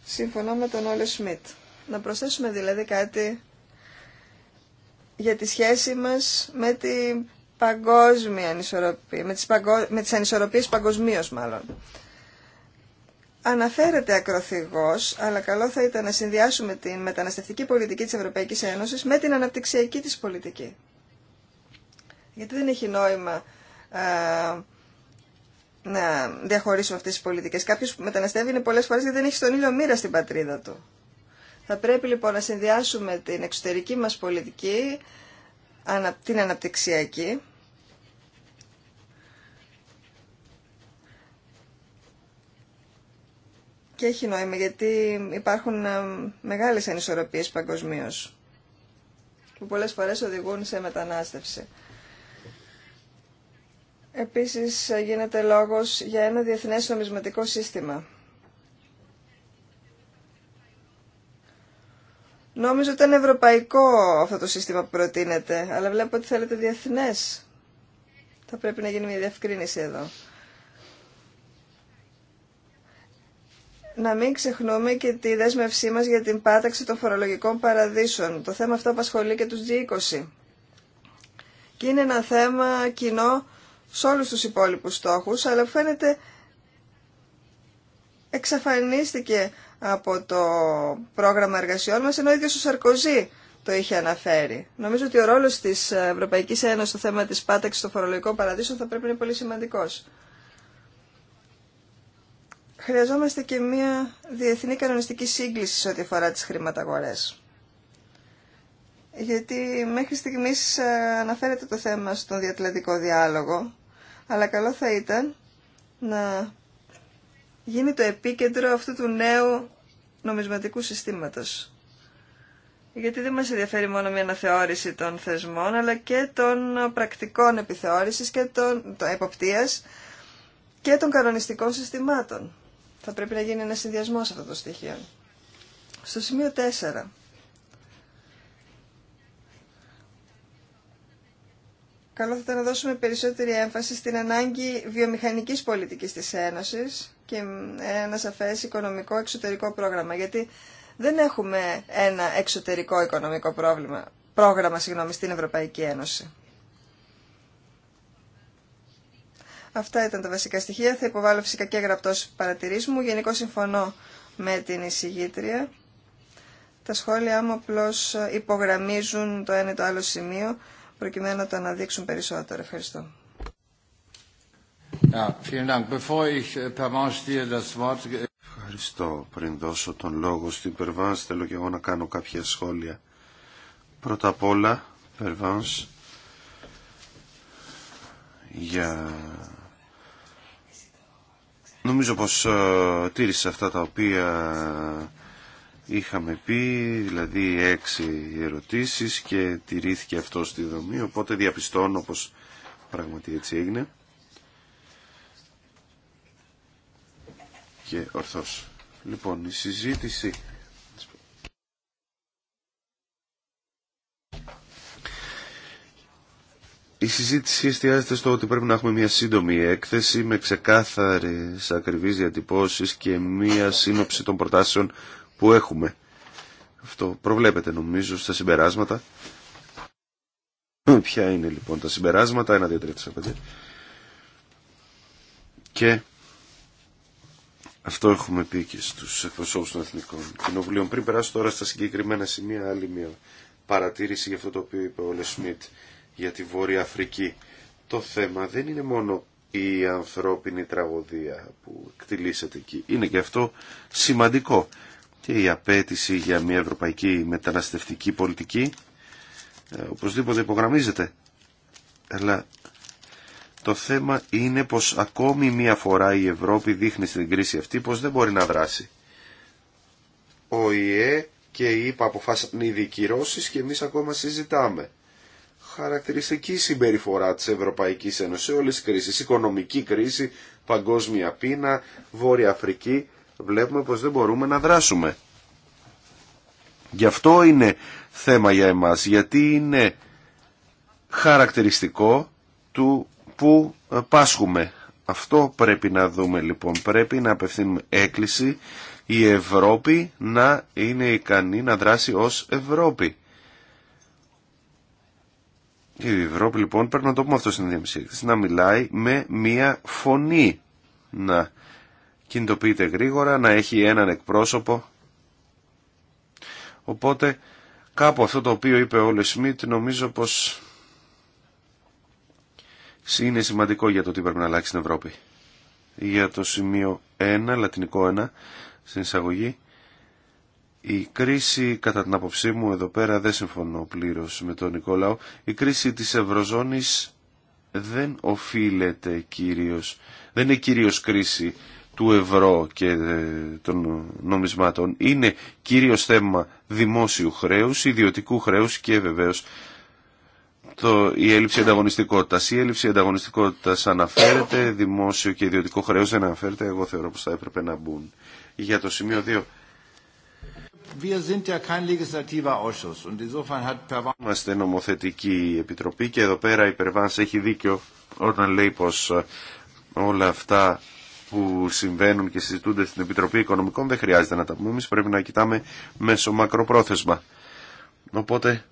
συμφωνώ με τον Όλε Σμιτ. Να προσθέσουμε δηλαδή κάτι για τη σχέση μας με την παγκόσμια ανισορροπία, με τις, παγκο... τις ανισορροπίες παγκοσμίω μάλλον. Αναφέρεται ακροθυγός, αλλά καλό θα ήταν να συνδυάσουμε την μεταναστευτική πολιτική της Ευρωπαϊκής Ένωσης με την αναπτυξιακή της πολιτική. Γιατί δεν έχει νόημα α, ε, να διαχωρίσουμε αυτές τις πολιτικές. Κάποιος που μεταναστεύει είναι πολλές φορές γιατί δεν έχει στον ήλιο μοίρα στην πατρίδα του. Θα πρέπει λοιπόν να συνδυάσουμε την εξωτερική μας πολιτική, την αναπτυξιακή, και έχει νόημα γιατί υπάρχουν ε, μεγάλες ανισορροπίες παγκοσμίω που πολλές φορές οδηγούν σε μετανάστευση. Επίσης γίνεται λόγος για ένα διεθνές νομισματικό σύστημα. Νόμιζα ότι ήταν ευρωπαϊκό αυτό το σύστημα που προτείνεται, αλλά βλέπω ότι θέλετε διεθνές. Θα πρέπει να γίνει μια διευκρίνηση εδώ. να μην ξεχνούμε και τη δέσμευσή μας για την πάταξη των φορολογικών παραδείσων. Το θέμα αυτό απασχολεί και τους G20. Και είναι ένα θέμα κοινό σε όλους τους υπόλοιπους στόχους, αλλά φαίνεται εξαφανίστηκε από το πρόγραμμα εργασιών μας, ενώ ίδιος ο Σαρκοζή το είχε αναφέρει. Νομίζω ότι ο ρόλος της Ευρωπαϊκής Ένωσης στο θέμα της πάταξης των φορολογικών παραδείσων θα πρέπει να είναι πολύ σημαντικός χρειαζόμαστε και μία διεθνή κανονιστική σύγκληση σε ό,τι αφορά τις χρηματαγορές. Γιατί μέχρι στιγμής ε, αναφέρεται το θέμα στον διατλαντικό διάλογο, αλλά καλό θα ήταν να γίνει το επίκεντρο αυτού του νέου νομισματικού συστήματος. Γιατί δεν μας ενδιαφέρει μόνο μια αναθεώρηση των θεσμών, αλλά και των πρακτικών επιθεώρησης και των, και των κανονιστικών συστημάτων. Θα πρέπει να γίνει ένα συνδυασμό αυτών των στοιχείων. Στο σημείο 4. Καλό θα ήταν να δώσουμε περισσότερη έμφαση στην ανάγκη βιομηχανικής πολιτικής της Ένωσης και ένα σαφές οικονομικό εξωτερικό πρόγραμμα, γιατί δεν έχουμε ένα εξωτερικό οικονομικό πρόβλημα, πρόγραμμα συγγνώμη, στην Ευρωπαϊκή Ένωση. Αυτά ήταν τα βασικά στοιχεία. Θα υποβάλω φυσικά και γραπτός παρατηρήσει μου. Γενικώ συμφωνώ με την εισηγήτρια. Τα σχόλια μου απλώ υπογραμμίζουν το ένα ή το άλλο σημείο προκειμένου να το αναδείξουν περισσότερο. Ευχαριστώ. Äh, Ευχαριστώ. Πριν δώσω τον λόγο στην Περβάνς, θέλω και εγώ να κάνω κάποια σχόλια. Πρώτα απ' όλα, Περβάνς, για Νομίζω πως ε, τήρησε αυτά τα οποία είχαμε πει, δηλαδή έξι ερωτήσεις και τηρήθηκε αυτό στη δομή, οπότε διαπιστώνω πως πράγματι έτσι έγινε. Και ορθώς. Λοιπόν, η συζήτηση Η συζήτηση εστιάζεται στο ότι πρέπει να έχουμε μια σύντομη έκθεση με ξεκάθαρες ακριβείς διατυπώσεις και μια σύνοψη των προτάσεων που έχουμε. Αυτό προβλέπεται νομίζω στα συμπεράσματα. Ποια είναι λοιπόν τα συμπεράσματα, ένα, δύο, τρία, τέσσερα, Και αυτό έχουμε πει και στους εκπροσώπους των Εθνικών Κοινοβουλίων. Πριν περάσω τώρα στα συγκεκριμένα σημεία, άλλη μια παρατήρηση για αυτό το οποίο είπε ο Λεσμίτ για τη Βόρεια Αφρική. Το θέμα δεν είναι μόνο η ανθρώπινη τραγωδία που εκτιλήσεται εκεί. Είναι και αυτό σημαντικό. Και η απέτηση για μια ευρωπαϊκή μεταναστευτική πολιτική ε, οπωσδήποτε υπογραμμίζεται. Αλλά το θέμα είναι πως ακόμη μία φορά η Ευρώπη δείχνει στην κρίση αυτή πως δεν μπορεί να δράσει. Ο ΙΕ και η ΕΠΑ αποφάσισαν ήδη κυρώσεις και εμείς ακόμα συζητάμε χαρακτηριστική συμπεριφορά της Ευρωπαϊκής Ένωσης σε όλες τις κρίσεις. Οικονομική κρίση, παγκόσμια πείνα, Βόρεια Αφρική. Βλέπουμε πως δεν μπορούμε να δράσουμε. Γι' αυτό είναι θέμα για εμάς, γιατί είναι χαρακτηριστικό του που πάσχουμε. Αυτό πρέπει να δούμε λοιπόν. Πρέπει να απευθύνουμε έκκληση η Ευρώπη να είναι ικανή να δράσει ως Ευρώπη. Η Ευρώπη λοιπόν πρέπει να το πούμε αυτό στην διαμισή να μιλάει με μία φωνή, να κινητοποιείται γρήγορα, να έχει έναν εκπρόσωπο. Οπότε κάπου αυτό το οποίο είπε ο Λεσμίτ νομίζω πως είναι σημαντικό για το τι πρέπει να αλλάξει στην Ευρώπη. Για το σημείο 1, λατινικό 1, στην εισαγωγή, η κρίση, κατά την άποψή μου, εδώ πέρα δεν συμφωνώ πλήρως με τον Νικόλαο, η κρίση της Ευρωζώνης δεν οφείλεται κυρίως, δεν είναι κυρίως κρίση του ευρώ και ε, των νομισμάτων. Είναι κυρίως θέμα δημόσιου χρέους, ιδιωτικού χρέους και βεβαίως το, η έλλειψη ανταγωνιστικότητας. Η έλλειψη ανταγωνιστικότητας αναφέρεται, δημόσιο και ιδιωτικό χρέος δεν αναφέρεται, εγώ θεωρώ πως θα έπρεπε να μπουν. Για το σημείο 2 Είμαστε νομοθετική επιτροπή και εδώ πέρα η Περβάνς έχει δίκιο όταν λέει πως ε, όλα αυτά που συμβαίνουν και συζητούνται στην Επιτροπή Οικονομικών δεν χρειάζεται να τα πούμε. Εμείς πρέπει να κοιτάμε μέσω μακροπρόθεσμα. Οπότε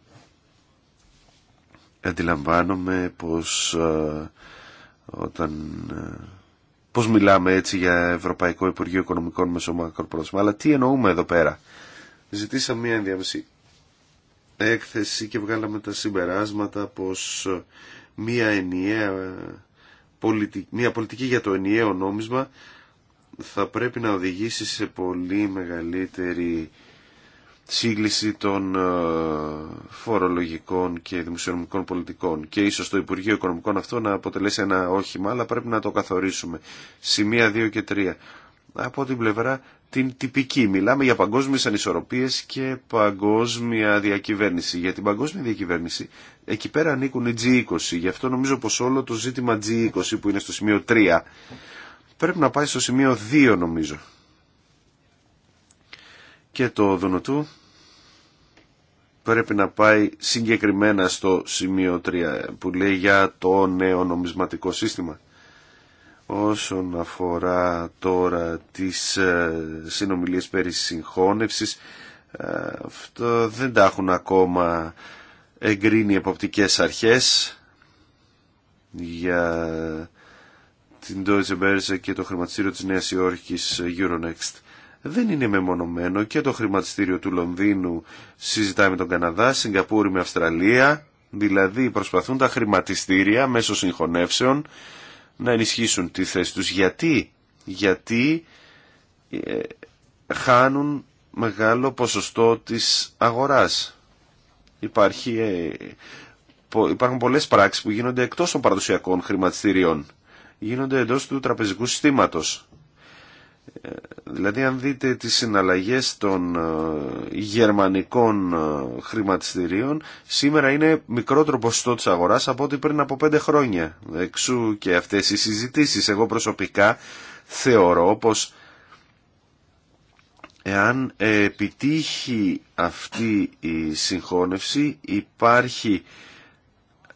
αντιλαμβάνομαι πως ε, όταν ε, πως μιλάμε έτσι για Ευρωπαϊκό Υπουργείο Οικονομικών μέσω μακροπρόθεσμα αλλά τι εννοούμε εδώ πέρα ζητήσαμε μια ενδιάμεση έκθεση και βγάλαμε τα συμπεράσματα πως μια ενιαία πολιτική, μια πολιτική για το ενιαίο νόμισμα θα πρέπει να οδηγήσει σε πολύ μεγαλύτερη σύγκληση των ε, φορολογικών και δημοσιονομικών πολιτικών και ίσως το Υπουργείο Οικονομικών αυτό να αποτελέσει ένα όχημα αλλά πρέπει να το καθορίσουμε σημεία 2 και 3 από την πλευρά την τυπική. Μιλάμε για παγκόσμιε ανισορροπίε και παγκόσμια διακυβέρνηση. Για την παγκόσμια διακυβέρνηση εκεί πέρα ανήκουν οι G20. Γι' αυτό νομίζω πω όλο το ζήτημα G20 που είναι στο σημείο 3 πρέπει να πάει στο σημείο 2 νομίζω. Και το Δουνουτού πρέπει να πάει συγκεκριμένα στο σημείο 3 που λέει για το νέο νομισματικό σύστημα. Όσον αφορά τώρα τις ε, συνομιλίες περί συγχώνευσης, ε, αυτό δεν τα έχουν ακόμα εγκρίνει εποπτικές αρχές για την Deutsche Börse και το χρηματιστήριο της Νέας Υόρκης Euronext. Δεν είναι μεμονωμένο και το χρηματιστήριο του Λονδίνου συζητάει με τον Καναδά, Συγκαπούρη με Αυστραλία, δηλαδή προσπαθούν τα χρηματιστήρια μέσω συγχωνεύσεων να ενισχύσουν τη θέση τους. Γιατί, γιατί ε, χάνουν μεγάλο ποσοστό της αγοράς. Υπάρχει, ε, υπάρχουν πολλές πράξεις που γίνονται εκτός των παραδοσιακών χρηματιστηριών. Γίνονται εντός του τραπεζικού συστήματος. Δηλαδή αν δείτε τις συναλλαγές των ε, γερμανικών ε, χρηματιστηρίων σήμερα είναι μικρότερο ποσοστό της αγοράς από ό,τι πριν από πέντε χρόνια. Εξού και αυτές οι συζητήσεις. Εγώ προσωπικά θεωρώ πως εάν επιτύχει αυτή η συγχώνευση υπάρχει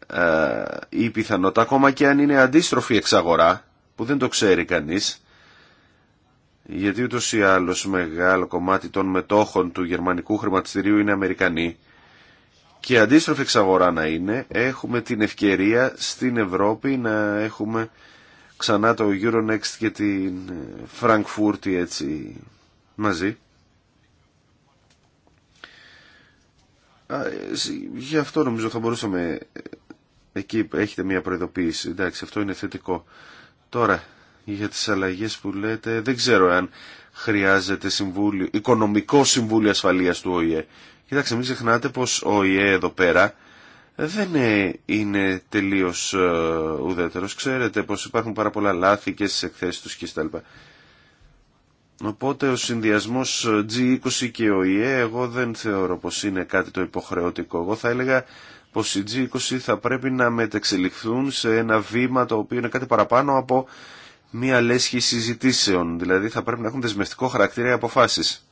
ε, η πιθανότητα ακόμα και αν είναι αντίστροφη εξαγορά που δεν το ξέρει κανείς γιατί ούτω ή άλλω μεγάλο κομμάτι των μετόχων του γερμανικού χρηματιστηρίου είναι Αμερικανοί και αντίστροφη εξαγορά να είναι, έχουμε την ευκαιρία στην Ευρώπη να έχουμε ξανά το Euronext και την Frankfurt έτσι μαζί. Γι' αυτό νομίζω θα μπορούσαμε ε, εκεί έχετε μια προειδοποίηση. Εντάξει, αυτό είναι θετικό. Τώρα, για τις αλλαγές που λέτε. Δεν ξέρω αν χρειάζεται συμβούλιο, οικονομικό συμβούλιο ασφαλείας του ΟΗΕ. Κοιτάξτε, μην ξεχνάτε πως ο ΟΗΕ εδώ πέρα δεν ε, είναι τελείως ε, ουδέτερος. Ξέρετε πως υπάρχουν πάρα πολλά λάθη και στις εκθέσεις τους και στα Οπότε ο συνδυασμός ε, G20 και ο ΟΗΕ εγώ δεν θεωρώ πως είναι κάτι το υποχρεωτικό. Εγώ θα έλεγα πως οι G20 θα πρέπει να μετεξελιχθούν σε ένα βήμα το οποίο είναι κάτι παραπάνω από μία λέσχη συζητήσεων. Δηλαδή θα πρέπει να έχουν δεσμευτικό χαρακτήρα οι αποφάσεις.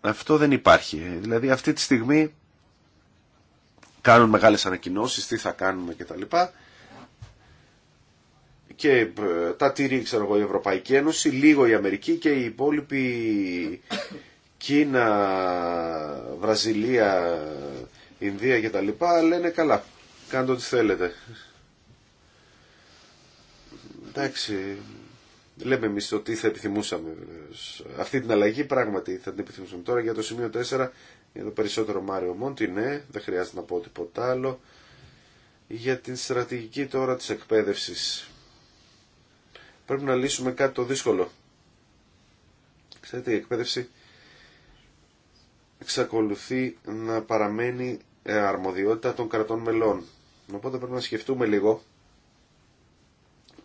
Αυτό δεν υπάρχει. Δηλαδή αυτή τη στιγμή κάνουν μεγάλες ανακοινώσεις, τι θα κάνουμε κτλ. Και ε, τα τηρεί, ξέρω εγώ, η Ευρωπαϊκή Ένωση, λίγο η Αμερική και οι υπόλοιποι Κίνα, Βραζιλία, Ινδία κτλ. λένε καλά, κάντε ό,τι θέλετε. Εντάξει, λέμε εμεί το θα επιθυμούσαμε. Αυτή την αλλαγή πράγματι θα την επιθυμούσαμε. Τώρα για το σημείο 4, για το περισσότερο Μάριο Μόντι, ναι, δεν χρειάζεται να πω τίποτα άλλο. Για την στρατηγική τώρα τη εκπαίδευση. Πρέπει να λύσουμε κάτι το δύσκολο. Ξέρετε, η εκπαίδευση εξακολουθεί να παραμένει αρμοδιότητα των κρατών μελών. Οπότε πρέπει να σκεφτούμε λίγο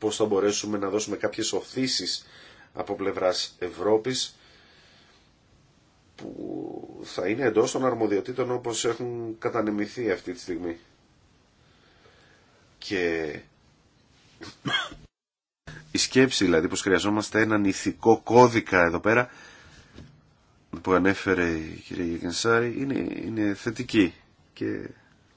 πώς θα μπορέσουμε να δώσουμε κάποιες οθήσεις από πλευράς Ευρώπης που θα είναι εντός των αρμοδιοτήτων όπως έχουν κατανεμηθεί αυτή τη στιγμή. Και η σκέψη δηλαδή πως χρειαζόμαστε έναν ηθικό κώδικα εδώ πέρα που ανέφερε η κυρία Γεγενσάρη είναι, είναι θετική και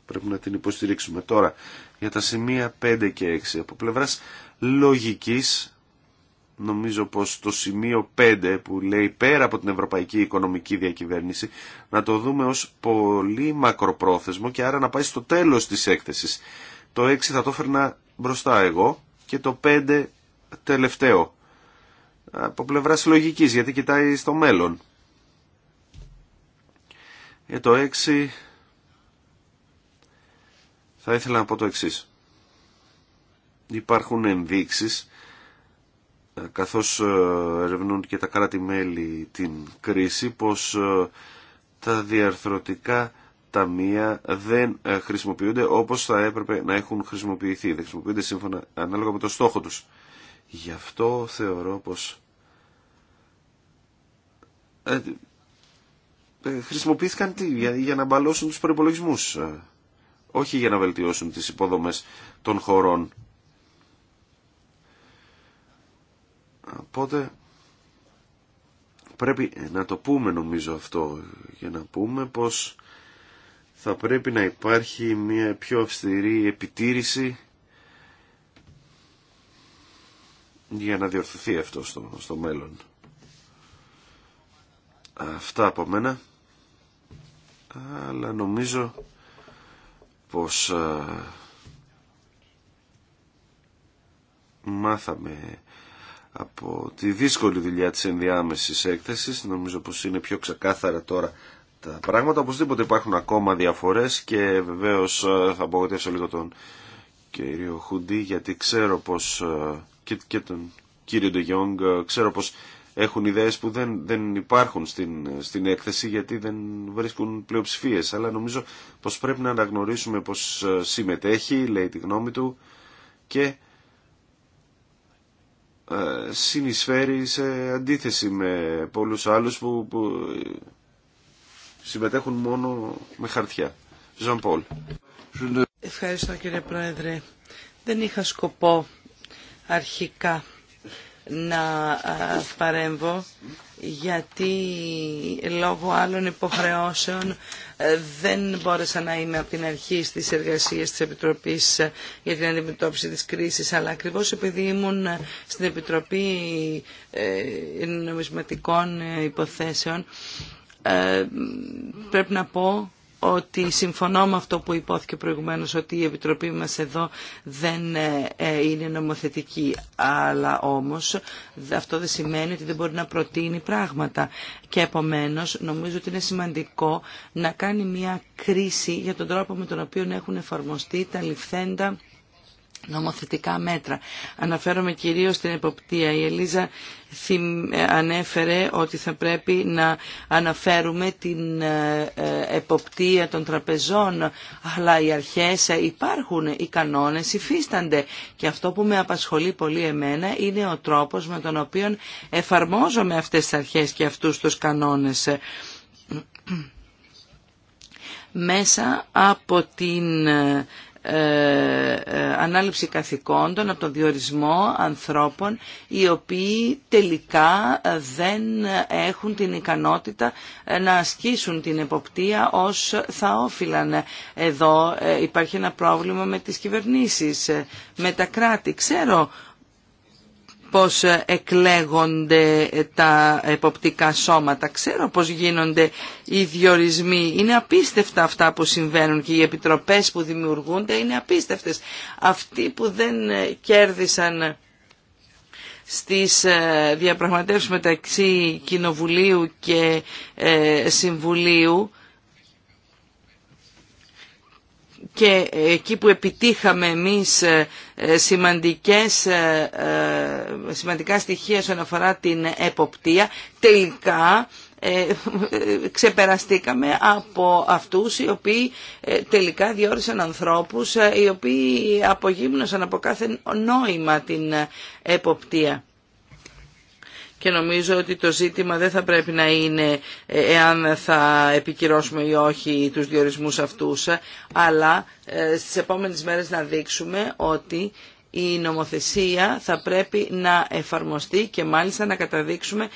Πρέπει να την υποστηρίξουμε. Τώρα, για τα σημεία 5 και 6, από πλευράς λογικής, νομίζω πως το σημείο 5 που λέει πέρα από την ευρωπαϊκή οικονομική διακυβέρνηση, να το δούμε ως πολύ μακροπρόθεσμο και άρα να πάει στο τέλος της έκθεσης. Το 6 θα το φέρνα μπροστά εγώ και το 5 τελευταίο. Από πλευράς λογικής, γιατί κοιτάει στο μέλλον. Για ε, το 6 θα ήθελα να πω το εξής. Υπάρχουν ενδείξεις, ε, καθώς ε, ερευνούν και τα κράτη-μέλη την κρίση, πως ε, τα διαρθρωτικά ταμεία δεν χρησιμοποιούνται όπως θα έπρεπε να έχουν χρησιμοποιηθεί. Δεν χρησιμοποιούνται σύμφωνα ανάλογα με το στόχο τους. Γι' αυτό θεωρώ πως χρησιμοποιήθηκαν τι, για, για να μπαλώσουν τους προπολογισμού όχι για να βελτιώσουν τις υποδομές των χωρών. Οπότε πρέπει να το πούμε νομίζω αυτό για να πούμε πως θα πρέπει να υπάρχει μια πιο αυστηρή επιτήρηση για να διορθωθεί αυτό στο, στο μέλλον. Αυτά από μένα. Αλλά νομίζω πως ε, μάθαμε από τη δύσκολη δουλειά της ενδιάμεσης έκθεσης. Νομίζω πως είναι πιο ξεκάθαρα τώρα τα πράγματα. Οπωσδήποτε υπάρχουν ακόμα διαφορές και βεβαίως ε, θα απογοητεύσω λίγο τον κύριο Χουντή γιατί ξέρω πως ε, και, τον κύριο Ντεγιόγκ ξέρω πως έχουν ιδέες που δεν, δεν υπάρχουν στην, στην έκθεση γιατί δεν βρίσκουν πλειοψηφίες. Αλλά νομίζω πως πρέπει να αναγνωρίσουμε πως ε, συμμετέχει, λέει τη γνώμη του και ε, συνεισφέρει σε αντίθεση με πολλούς άλλους που, που συμμετέχουν μόνο με χαρτιά. Ζαν Πολ. Ευχαριστώ κύριε Πρόεδρε. Δεν είχα σκοπό αρχικά να παρέμβω γιατί λόγω άλλων υποχρεώσεων ε, δεν μπόρεσα να είμαι από την αρχή στις εργασίες της Επιτροπής ε, για την αντιμετώπιση της κρίσης, αλλά ακριβώς επειδή ήμουν ε, στην Επιτροπή Νομισματικών Υποθέσεων πρέπει να πω ότι συμφωνώ με αυτό που υπόθηκε προηγουμένως ότι η Επιτροπή μας εδώ δεν ε, ε, είναι νομοθετική αλλά όμως αυτό δεν σημαίνει ότι δεν μπορεί να προτείνει πράγματα και επομένως νομίζω ότι είναι σημαντικό να κάνει μια κρίση για τον τρόπο με τον οποίο έχουν εφαρμοστεί τα ληφθέντα νομοθετικά μέτρα. Αναφέρομαι κυρίως στην εποπτεία. Η Ελίζα ανέφερε ότι θα πρέπει να αναφέρουμε την ε, ε, εποπτεία των τραπεζών, αλλά οι αρχές ε, υπάρχουν, οι κανόνες υφίστανται. Και αυτό που με απασχολεί πολύ εμένα είναι ο τρόπος με τον οποίο εφαρμόζομαι αυτές τις αρχές και αυτούς τους κανόνες μέσα από την ε, ε, ανάληψη καθηκόντων, από τον διορισμό ανθρώπων οι οποίοι τελικά ε, δεν έχουν την ικανότητα να ασκήσουν την εποπτεία ως θα όφυλαν. Εδώ υπάρχει ένα πρόβλημα με τις κυβερνήσεις, με τα κράτη. Ξέρω πώς ε, εκλέγονται τα εποπτικά σώματα. Ξέρω πώς γίνονται οι διορισμοί. Είναι απίστευτα αυτά που συμβαίνουν και οι επιτροπές που δημιουργούνται είναι απίστευτες. Αυτοί που δεν ε, κέρδισαν στις ε, διαπραγματεύσεις μεταξύ Κοινοβουλίου και Συμβουλίου και εκεί που επιτύχαμε εμείς ε, ε, σημαντικές, ε, σημαντικά στοιχεία όσον αφορά την εποπτεία, τελικά ξεπεραστήκαμε από αυτούς οι οποίοι τελικά διόρισαν ανθρώπους οι οποίοι απογύμνωσαν από κάθε νόημα την εποπτεία και νομίζω ότι το ζήτημα δεν θα πρέπει να είναι ε, εάν θα επικυρώσουμε ή όχι τους διορισμούς αυτούς, αλλά ε, στις επόμενες μέρες να δείξουμε ότι η νομοθεσία θα πρέπει να εφαρμοστεί και μάλιστα να καταδείξουμε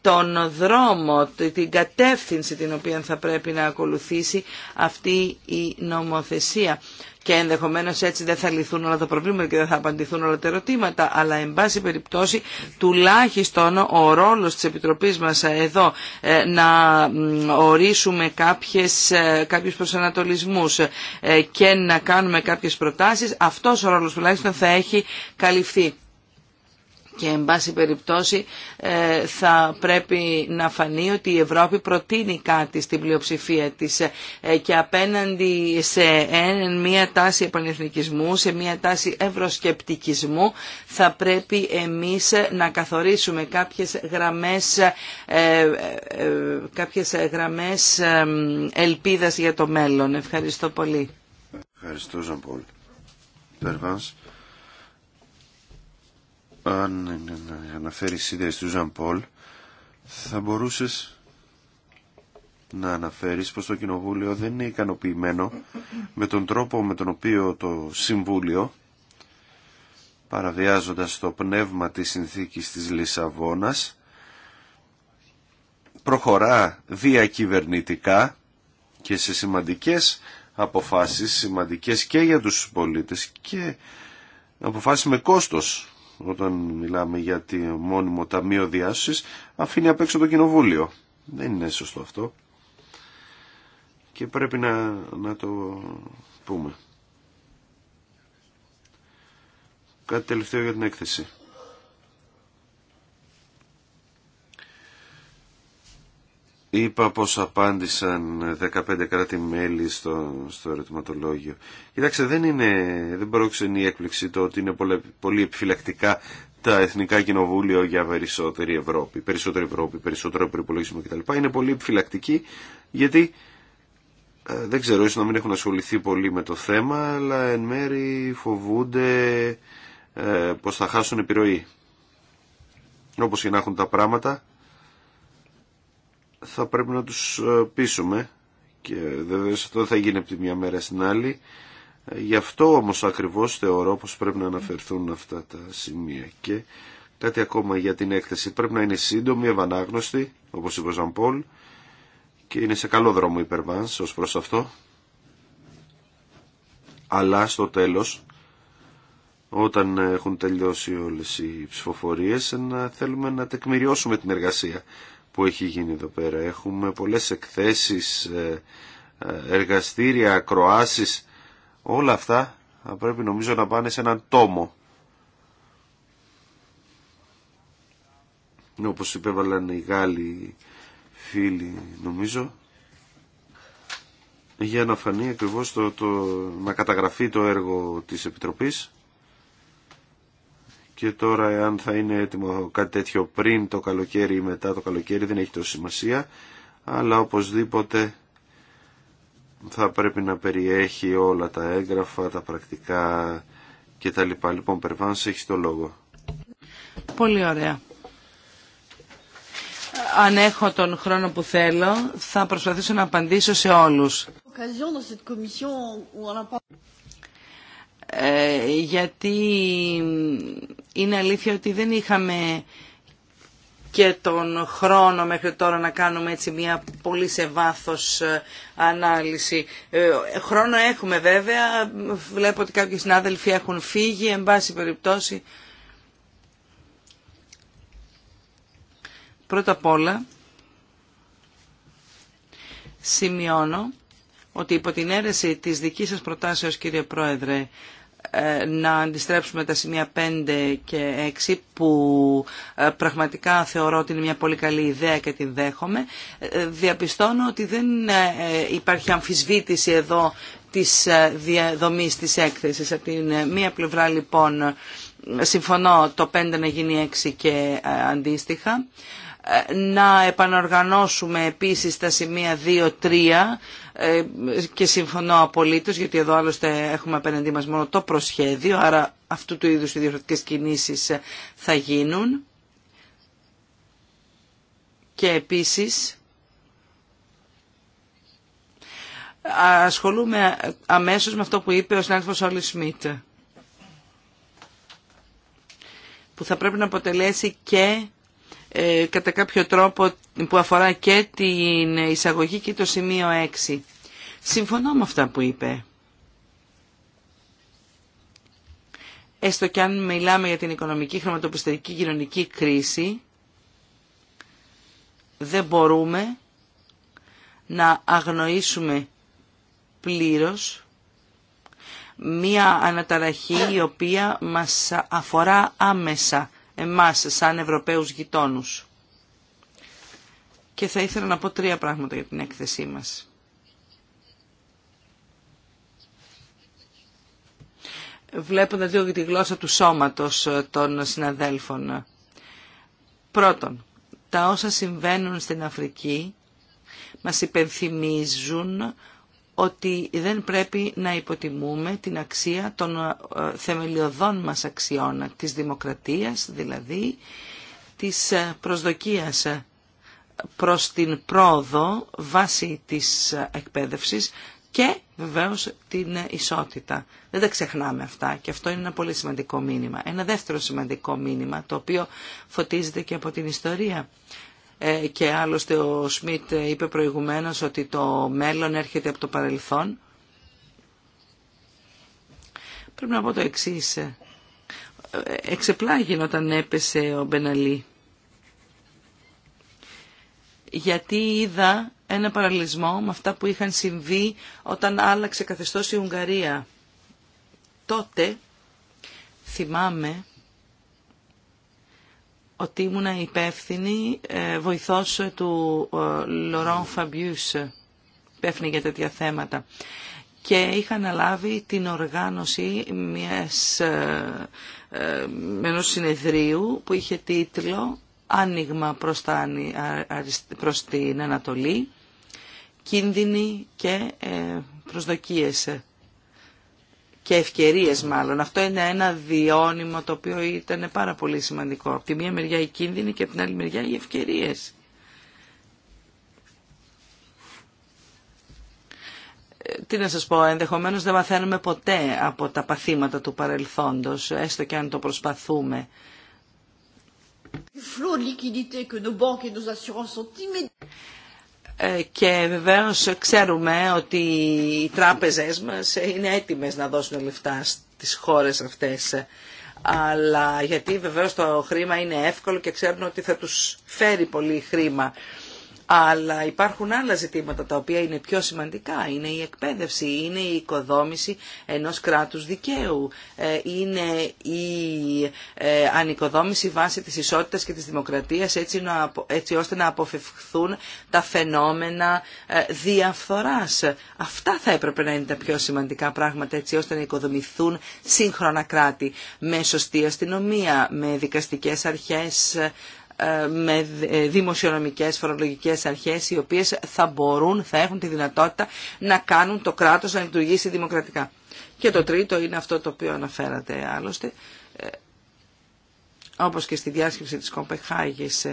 τον δρόμο, την κατεύθυνση την οποία θα πρέπει να ακολουθήσει αυτή η νομοθεσία και ενδεχομένω έτσι δεν θα λυθούν όλα τα προβλήματα και δεν θα απαντηθούν όλα τα ερωτήματα, αλλά εν πάση περιπτώσει τουλάχιστον ο ρόλο τη Επιτροπής μα εδώ ε, να ορίσουμε ε, κάποιου προσανατολισμού προσανατολισμούς ε, και να κάνουμε κάποιε προτάσει, αυτό ο ρόλο τουλάχιστον θα έχει καλυφθεί και εν πάση περιπτώσει ε, θα πρέπει να φανεί ότι η Ευρώπη προτείνει κάτι στην πλειοψηφία της ε, και απέναντι σε μια τάση επανεθνικισμού, σε μια τάση ευρωσκεπτικισμού θα πρέπει εμείς να καθορίσουμε κάποιες γραμμές, ε, κάποιες γραμμές ελπίδας για το μέλλον. Ευχαριστώ πολύ. Ευχαριστώ Ζαμπόλ αν ναι, ναι, ναι, αναφέρει σύνδεση του Ζαν Πολ, θα μπορούσες να αναφέρεις πω το Κοινοβούλιο δεν είναι ικανοποιημένο με τον τρόπο με τον οποίο το Συμβούλιο, παραδιάζοντας το πνεύμα τη συνθήκης της Λισαβόνας, προχωρά διακυβερνητικά και σε σημαντικές αποφάσεις, σημαντικές και για τους πολίτες και αποφάσεις με κόστος όταν μιλάμε για τη μόνιμο ταμείο διάσωση, αφήνει απ' έξω το κοινοβούλιο. Δεν είναι σωστό αυτό. Και πρέπει να, να το πούμε. Κάτι τελευταίο για την έκθεση. Είπα πως απάντησαν 15 κράτη-μέλη στο, στο ερωτηματολόγιο. Κοιτάξτε, δεν, είναι, δεν πρόξενη η έκπληξη το ότι είναι πολύ, πολύ επιφυλακτικά τα Εθνικά Κοινοβούλια για περισσότερη Ευρώπη, περισσότερη Ευρώπη, περισσότερο προπολογισμό κτλ. Είναι πολύ επιφυλακτική γιατί ε, δεν ξέρω, ίσως να μην έχουν ασχοληθεί πολύ με το θέμα, αλλά εν μέρη φοβούνται ε, πως θα χάσουν επιρροή. Όπως και να έχουν τα πράγματα, θα πρέπει να τους ε, πείσουμε και βέβαια αυτό θα γίνει από τη μια μέρα στην άλλη. Ε, γι' αυτό όμως ακριβώς θεωρώ πως πρέπει να αναφερθούν αυτά τα σημεία. Και κάτι ακόμα για την έκθεση. Πρέπει να είναι σύντομη, ευανάγνωστη, όπως είπε ο Ζαμπόλ, και είναι σε καλό δρόμο η ως προς αυτό. Αλλά στο τέλος, όταν έχουν τελειώσει όλες οι ψηφοφορίες, να θέλουμε να τεκμηριώσουμε την εργασία που έχει γίνει εδώ πέρα. Έχουμε πολλές εκθέσεις, ε, ε, εργαστήρια, ακροάσεις, όλα αυτά θα πρέπει νομίζω να πάνε σε έναν τόμο. Όπως υπέβαλαν οι Γάλλοι φίλοι νομίζω, για να φανεί ακριβώς το, να καταγραφεί το έργο της Επιτροπής και τώρα εάν θα είναι έτοιμο κάτι τέτοιο πριν το καλοκαίρι ή μετά το καλοκαίρι δεν έχει τόσο σημασία αλλά οπωσδήποτε θα πρέπει να περιέχει όλα τα έγγραφα, τα πρακτικά και τα λοιπά. Λοιπόν, Περβάνς, έχει το λόγο. Πολύ ωραία. Αν έχω τον χρόνο που θέλω, θα προσπαθήσω να απαντήσω σε όλους. Ε, γιατί είναι αλήθεια ότι δεν είχαμε και τον χρόνο μέχρι τώρα να κάνουμε έτσι μια πολύ σε βάθος ε, ανάλυση. Ε, χρόνο έχουμε βέβαια, βλέπω ότι κάποιοι συνάδελφοι έχουν φύγει, εν πάση περιπτώσει. Πρώτα απ' όλα, σημειώνω ότι υπό την αίρεση της δικής σας προτάσεως κύριε Πρόεδρε ε, να αντιστρέψουμε τα σημεία 5 και 6 που ε, πραγματικά θεωρώ ότι είναι μια πολύ καλή ιδέα και την δέχομαι. Ε, διαπιστώνω ότι δεν υπάρχει αμφισβήτηση εδώ της διαδομής της έκθεσης. Από την μία πλευρά λοιπόν συμφωνώ το 5 να γίνει 6 και αντίστοιχα να επαναοργανώσουμε επίσης τα σημεία 2-3 ε, και συμφωνώ απολύτως γιατί εδώ άλλωστε έχουμε απέναντί μας μόνο το προσχέδιο άρα αυτού του είδους οι διαφορετικές κινήσεις ε, θα γίνουν και επίσης ασχολούμαι αμέσως με αυτό που είπε ο συνάδελφος Όλη Σμιτ που θα πρέπει να αποτελέσει και ε, κατά κάποιο τρόπο που αφορά και την εισαγωγή και το σημείο 6. Συμφωνώ με αυτά που είπε. Έστω και αν μιλάμε για την οικονομική, χρηματοπιστωτική, κοινωνική κρίση, δεν μπορούμε να αγνοήσουμε πλήρως μία αναταραχή η οποία μας αφορά άμεσα εμάς σαν Ευρωπαίους γειτόνους. Και θα ήθελα να πω τρία πράγματα για την έκθεσή μας. Βλέποντα για τη γλώσσα του σώματος ε, των συναδέλφων. Πρώτον, τα όσα συμβαίνουν στην Αφρική μας υπενθυμίζουν ότι δεν πρέπει να υποτιμούμε την αξία των ε, θεμελιωδών μας αξιών, της δημοκρατίας δηλαδή, της ε, προσδοκίας ε, προς την πρόοδο βάσει της εκπαίδευσης και βεβαίως την ισότητα. Δεν τα ξεχνάμε αυτά και αυτό είναι ένα πολύ σημαντικό μήνυμα. Ένα δεύτερο σημαντικό μήνυμα το οποίο φωτίζεται και από την ιστορία ε, και άλλωστε ο Σμιτ ε, είπε προηγουμένως ότι το μέλλον έρχεται από το παρελθόν. Πρέπει να πω το εξής. Ε. Εξεπλάγει όταν έπεσε ο Μπεναλή. Γιατί είδα ένα παραλυσμό με αυτά που είχαν συμβεί όταν άλλαξε καθεστώς η Ουγγαρία. Τότε θυμάμαι ότι ήμουνα υπεύθυνη ε, βοηθός του Λορόν Φαμπιούς, υπεύθυνη για τέτοια θέματα. Και είχα αναλάβει την οργάνωση μιας, ε, ε, ενός συνεδρίου που είχε τίτλο «Άνοιγμα προς, προς την Ανατολή, κίνδυνοι και προσδοκίες» και ευκαιρίες μάλλον. Αυτό είναι ένα διώνυμο το οποίο ήταν πάρα πολύ σημαντικό. Από τη μία μεριά οι κίνδυνοι και από την άλλη μεριά οι ευκαιρίες. Ε, τι να σας πω, ενδεχομένως δεν μαθαίνουμε ποτέ από τα παθήματα του παρελθόντος, έστω και αν το προσπαθούμε. Ε, και βεβαίως ξέρουμε ότι οι τράπεζες μας είναι έτοιμες να δώσουν λεφτά στις χώρες αυτές αλλά γιατί βεβαίως το χρήμα είναι εύκολο και ξέρουν ότι θα τους φέρει πολύ χρήμα αλλά υπάρχουν άλλα ζητήματα τα οποία είναι πιο σημαντικά. Είναι η εκπαίδευση, είναι η οικοδόμηση ενός κράτους δικαίου, ε, είναι η ε, ανοικοδόμηση βάσει της ισότητας και της δημοκρατίας έτσι ώστε να αποφευχθούν τα φαινόμενα ε, διαφθοράς. Αυτά θα έπρεπε να είναι τα πιο σημαντικά πράγματα έτσι ώστε να οικοδομηθούν σύγχρονα κράτη με σωστή αστυνομία, με δικαστικές αρχές, ε, με ε, δημοσιονομικές φορολογικές αρχές οι οποίες θα μπορούν, θα έχουν τη δυνατότητα να κάνουν το κράτος να λειτουργήσει δημοκρατικά. Και το τρίτο είναι αυτό το οποίο αναφέρατε άλλωστε, ε, όπως και στη διάσκεψη της Κομπεχάγης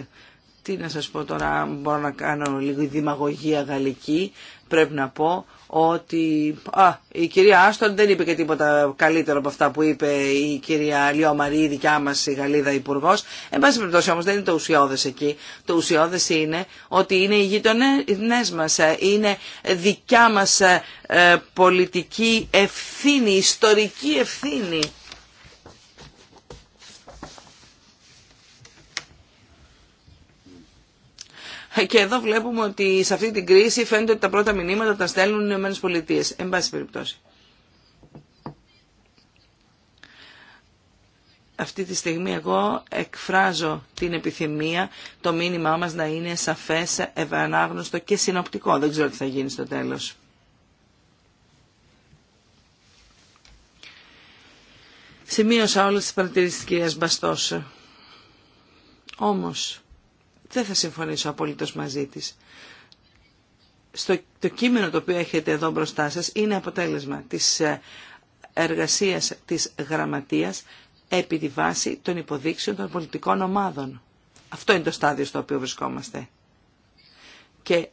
τι να σας πω τώρα, μπορώ να κάνω λίγο δημαγωγία γαλλική, πρέπει να πω ότι α, η κυρία Άστον δεν είπε και τίποτα καλύτερο από αυτά που είπε η κυρία Λιώμαρη, η δικιά μας η Γαλλίδα υπουργό. Εν πάση περιπτώσει όμως δεν είναι το ουσιώδες εκεί. Το ουσιώδες είναι ότι είναι οι γειτονές μας, ε, είναι δικιά μας ε, ε, πολιτική ευθύνη, ιστορική ευθύνη. Και εδώ βλέπουμε ότι σε αυτή την κρίση φαίνεται ότι τα πρώτα μηνύματα τα στέλνουν οι ΗΠΑ. Εν πάση περιπτώσει. αυτή τη στιγμή εγώ εκφράζω την επιθυμία το μήνυμά μας να είναι σαφές, ευανάγνωστο και συνοπτικό. Δεν ξέρω τι θα γίνει στο τέλος. Σημείωσα όλες τις παρατηρήσεις της κυρίας Μπαστός. Όμως, δεν θα συμφωνήσω απολύτως μαζί της. Στο, το κείμενο το οποίο έχετε εδώ μπροστά σας είναι αποτέλεσμα της ε, εργασίας της γραμματείας επί τη βάση των υποδείξεων των πολιτικών ομάδων. Αυτό είναι το στάδιο στο οποίο βρισκόμαστε. Και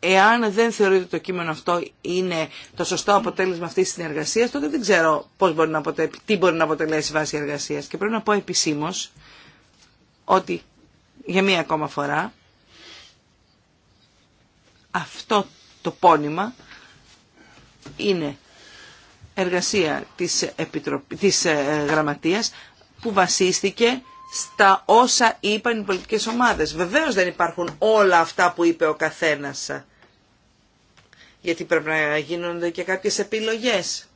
εάν δεν θεωρείτε το κείμενο αυτό είναι το σωστό αποτέλεσμα αυτής της συνεργασίας, τότε δεν ξέρω πώς να τι μπορεί να αποτελέσει βάση εργασίας. Και πρέπει να πω επισήμως ότι για μία ακόμα φορά αυτό το πόνημα είναι εργασία της, Επιτροπ... της ε, Γραμματείας που βασίστηκε στα όσα είπαν οι πολιτικές ομάδες. Βεβαίως δεν υπάρχουν όλα αυτά που είπε ο καθένας, γιατί πρέπει να γίνονται και κάποιες επιλογές.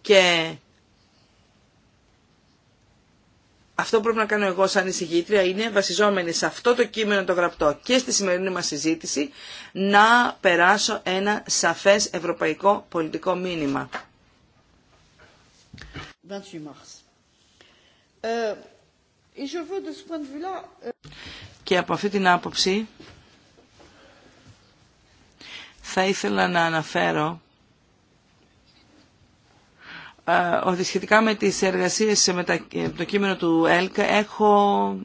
Και αυτό που πρέπει να κάνω εγώ σαν εισηγήτρια είναι βασιζόμενη σε αυτό το κείμενο το γραπτό και στη σημερινή μας συζήτηση να περάσω ένα σαφές ευρωπαϊκό πολιτικό μήνυμα. 28 euh, euh, και από αυτή την άποψη θα ήθελα να αναφέρω ότι σχετικά με τις εργασίες με το κείμενο του ΕΛΚ έχω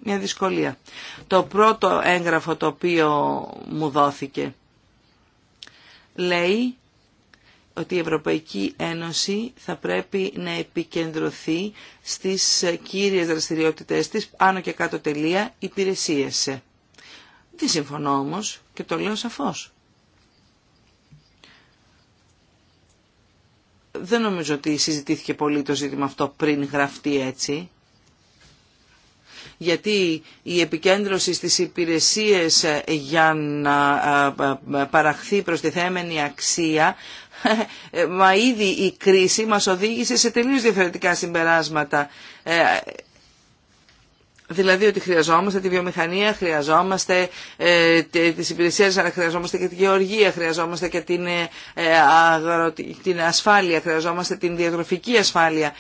μια δυσκολία. Το πρώτο έγγραφο το οποίο μου δόθηκε λέει ότι η Ευρωπαϊκή Ένωση θα πρέπει να επικεντρωθεί στις κύριες δραστηριότητες της, άνω και κάτω τελεία, υπηρεσίες. Δεν συμφωνώ όμως και το λέω σαφώς. δεν νομίζω ότι συζητήθηκε πολύ το ζήτημα αυτό πριν γραφτεί έτσι. Γιατί η επικέντρωση στις υπηρεσίες για να παραχθεί τη θέμενη αξία μα ήδη η κρίση μας οδήγησε σε τελείως διαφορετικά συμπεράσματα. Ε, Δηλαδή ότι χρειαζόμαστε τη βιομηχανία, χρειαζόμαστε ε, τις υπηρεσίες, αλλά χρειαζόμαστε και τη γεωργία, χρειαζόμαστε και ε, ε, την, ασφάλεια, χρειαζόμαστε την διατροφική ασφάλεια.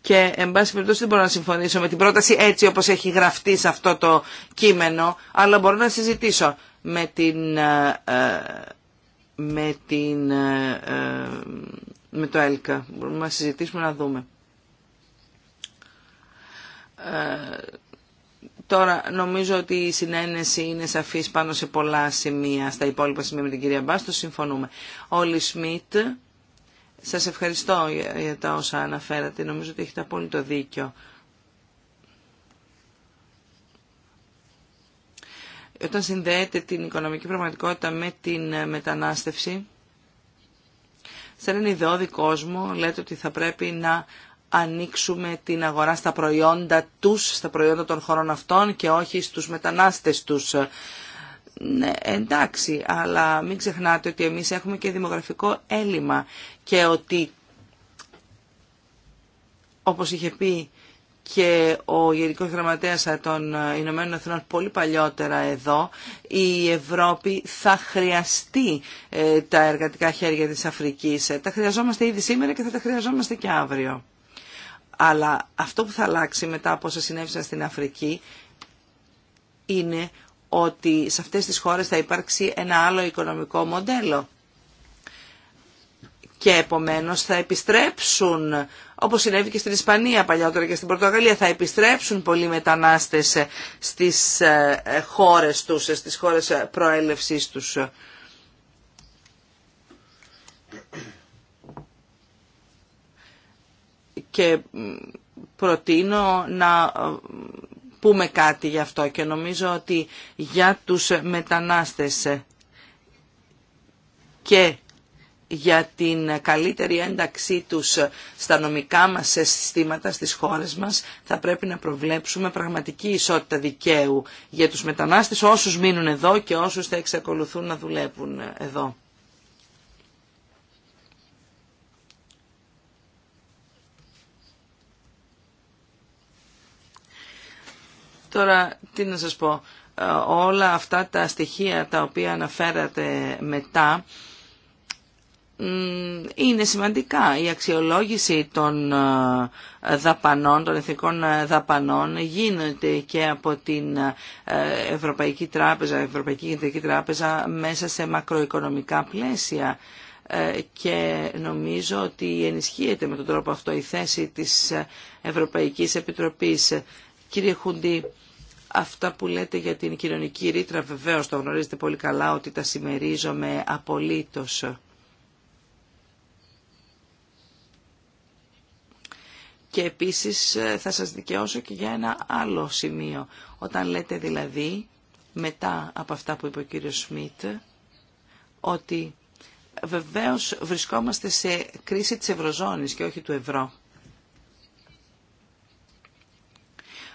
Και, εν πάση περιπτώσει, δεν μπορώ να συμφωνήσω με την πρόταση έτσι όπως έχει γραφτεί σε αυτό το κείμενο, αλλά μπορώ να συζητήσω με ε, το ΕΛΚΑ. Μπορούμε να συζητήσουμε να δούμε. Ε, τώρα νομίζω ότι η συνένεση είναι σαφής πάνω σε πολλά σημεία. Στα υπόλοιπα σημεία με την κυρία Μπάστο συμφωνούμε. Όλοι Σμιτ, σας ευχαριστώ για τα όσα αναφέρατε. Νομίζω ότι έχετε απόλυτο δίκιο. Όταν συνδέεται την οικονομική πραγματικότητα με την ε, μετανάστευση, σε έναν ιδεώδη κόσμο λέτε ότι θα πρέπει να ανοίξουμε την αγορά στα προϊόντα τους, στα προϊόντα των χωρών αυτών και όχι στους μετανάστες τους. Ναι, εντάξει, αλλά μην ξεχνάτε ότι εμείς έχουμε και δημογραφικό έλλειμμα και ότι, όπως είχε πει και ο Γενικός Γραμματέας των Ηνωμένων Εθνών πολύ παλιότερα εδώ, η Ευρώπη θα χρειαστεί ε, τα εργατικά χέρια της Αφρικής. Ε, τα χρειαζόμαστε ήδη σήμερα και θα τα χρειαζόμαστε και αύριο. Αλλά αυτό που θα αλλάξει μετά από όσα συνέβησαν στην Αφρική είναι ότι σε αυτές τις χώρες θα υπάρξει ένα άλλο οικονομικό μοντέλο. Και επομένως θα επιστρέψουν, όπως συνέβη και στην Ισπανία παλιότερα και στην Πορτογαλία, θα επιστρέψουν πολλοί μετανάστες στις ε, χώρες τους, στις χώρες προέλευσής τους. και προτείνω να ε, πούμε κάτι γι' αυτό και νομίζω ότι για τους μετανάστες και για την καλύτερη ένταξή τους στα νομικά μας συστήματα στις χώρες μας θα πρέπει να προβλέψουμε πραγματική ισότητα δικαίου για τους μετανάστες όσους μείνουν εδώ και όσους θα εξακολουθούν να δουλεύουν εδώ. Τώρα, τι να σας πω, ε, όλα αυτά τα στοιχεία τα οποία αναφέρατε μετά είναι σημαντικά. Η αξιολόγηση των ε, δαπανών, των εθνικών ε, δαπανών γίνεται και από την Ευρωπαϊκή Τράπεζα, Ευρωπαϊκή Κεντρική Τράπεζα μέσα σε μακροοικονομικά πλαίσια και νομίζω ότι ενισχύεται με τον τρόπο αυτό η θέση της Ευρωπαϊκής Επιτροπής. Κύριε Χουντή, Αυτά που λέτε για την κοινωνική ρήτρα βεβαίω, το γνωρίζετε πολύ καλά ότι τα συμμερίζομαι απολύτω. Και επίσης ε, θα σας δικαιώσω και για ένα άλλο σημείο. Όταν λέτε δηλαδή, μετά από αυτά που είπε ο κύριος Σμιτ, ότι βεβαίως βρισκόμαστε σε κρίση της Ευρωζώνης και όχι του Ευρώ.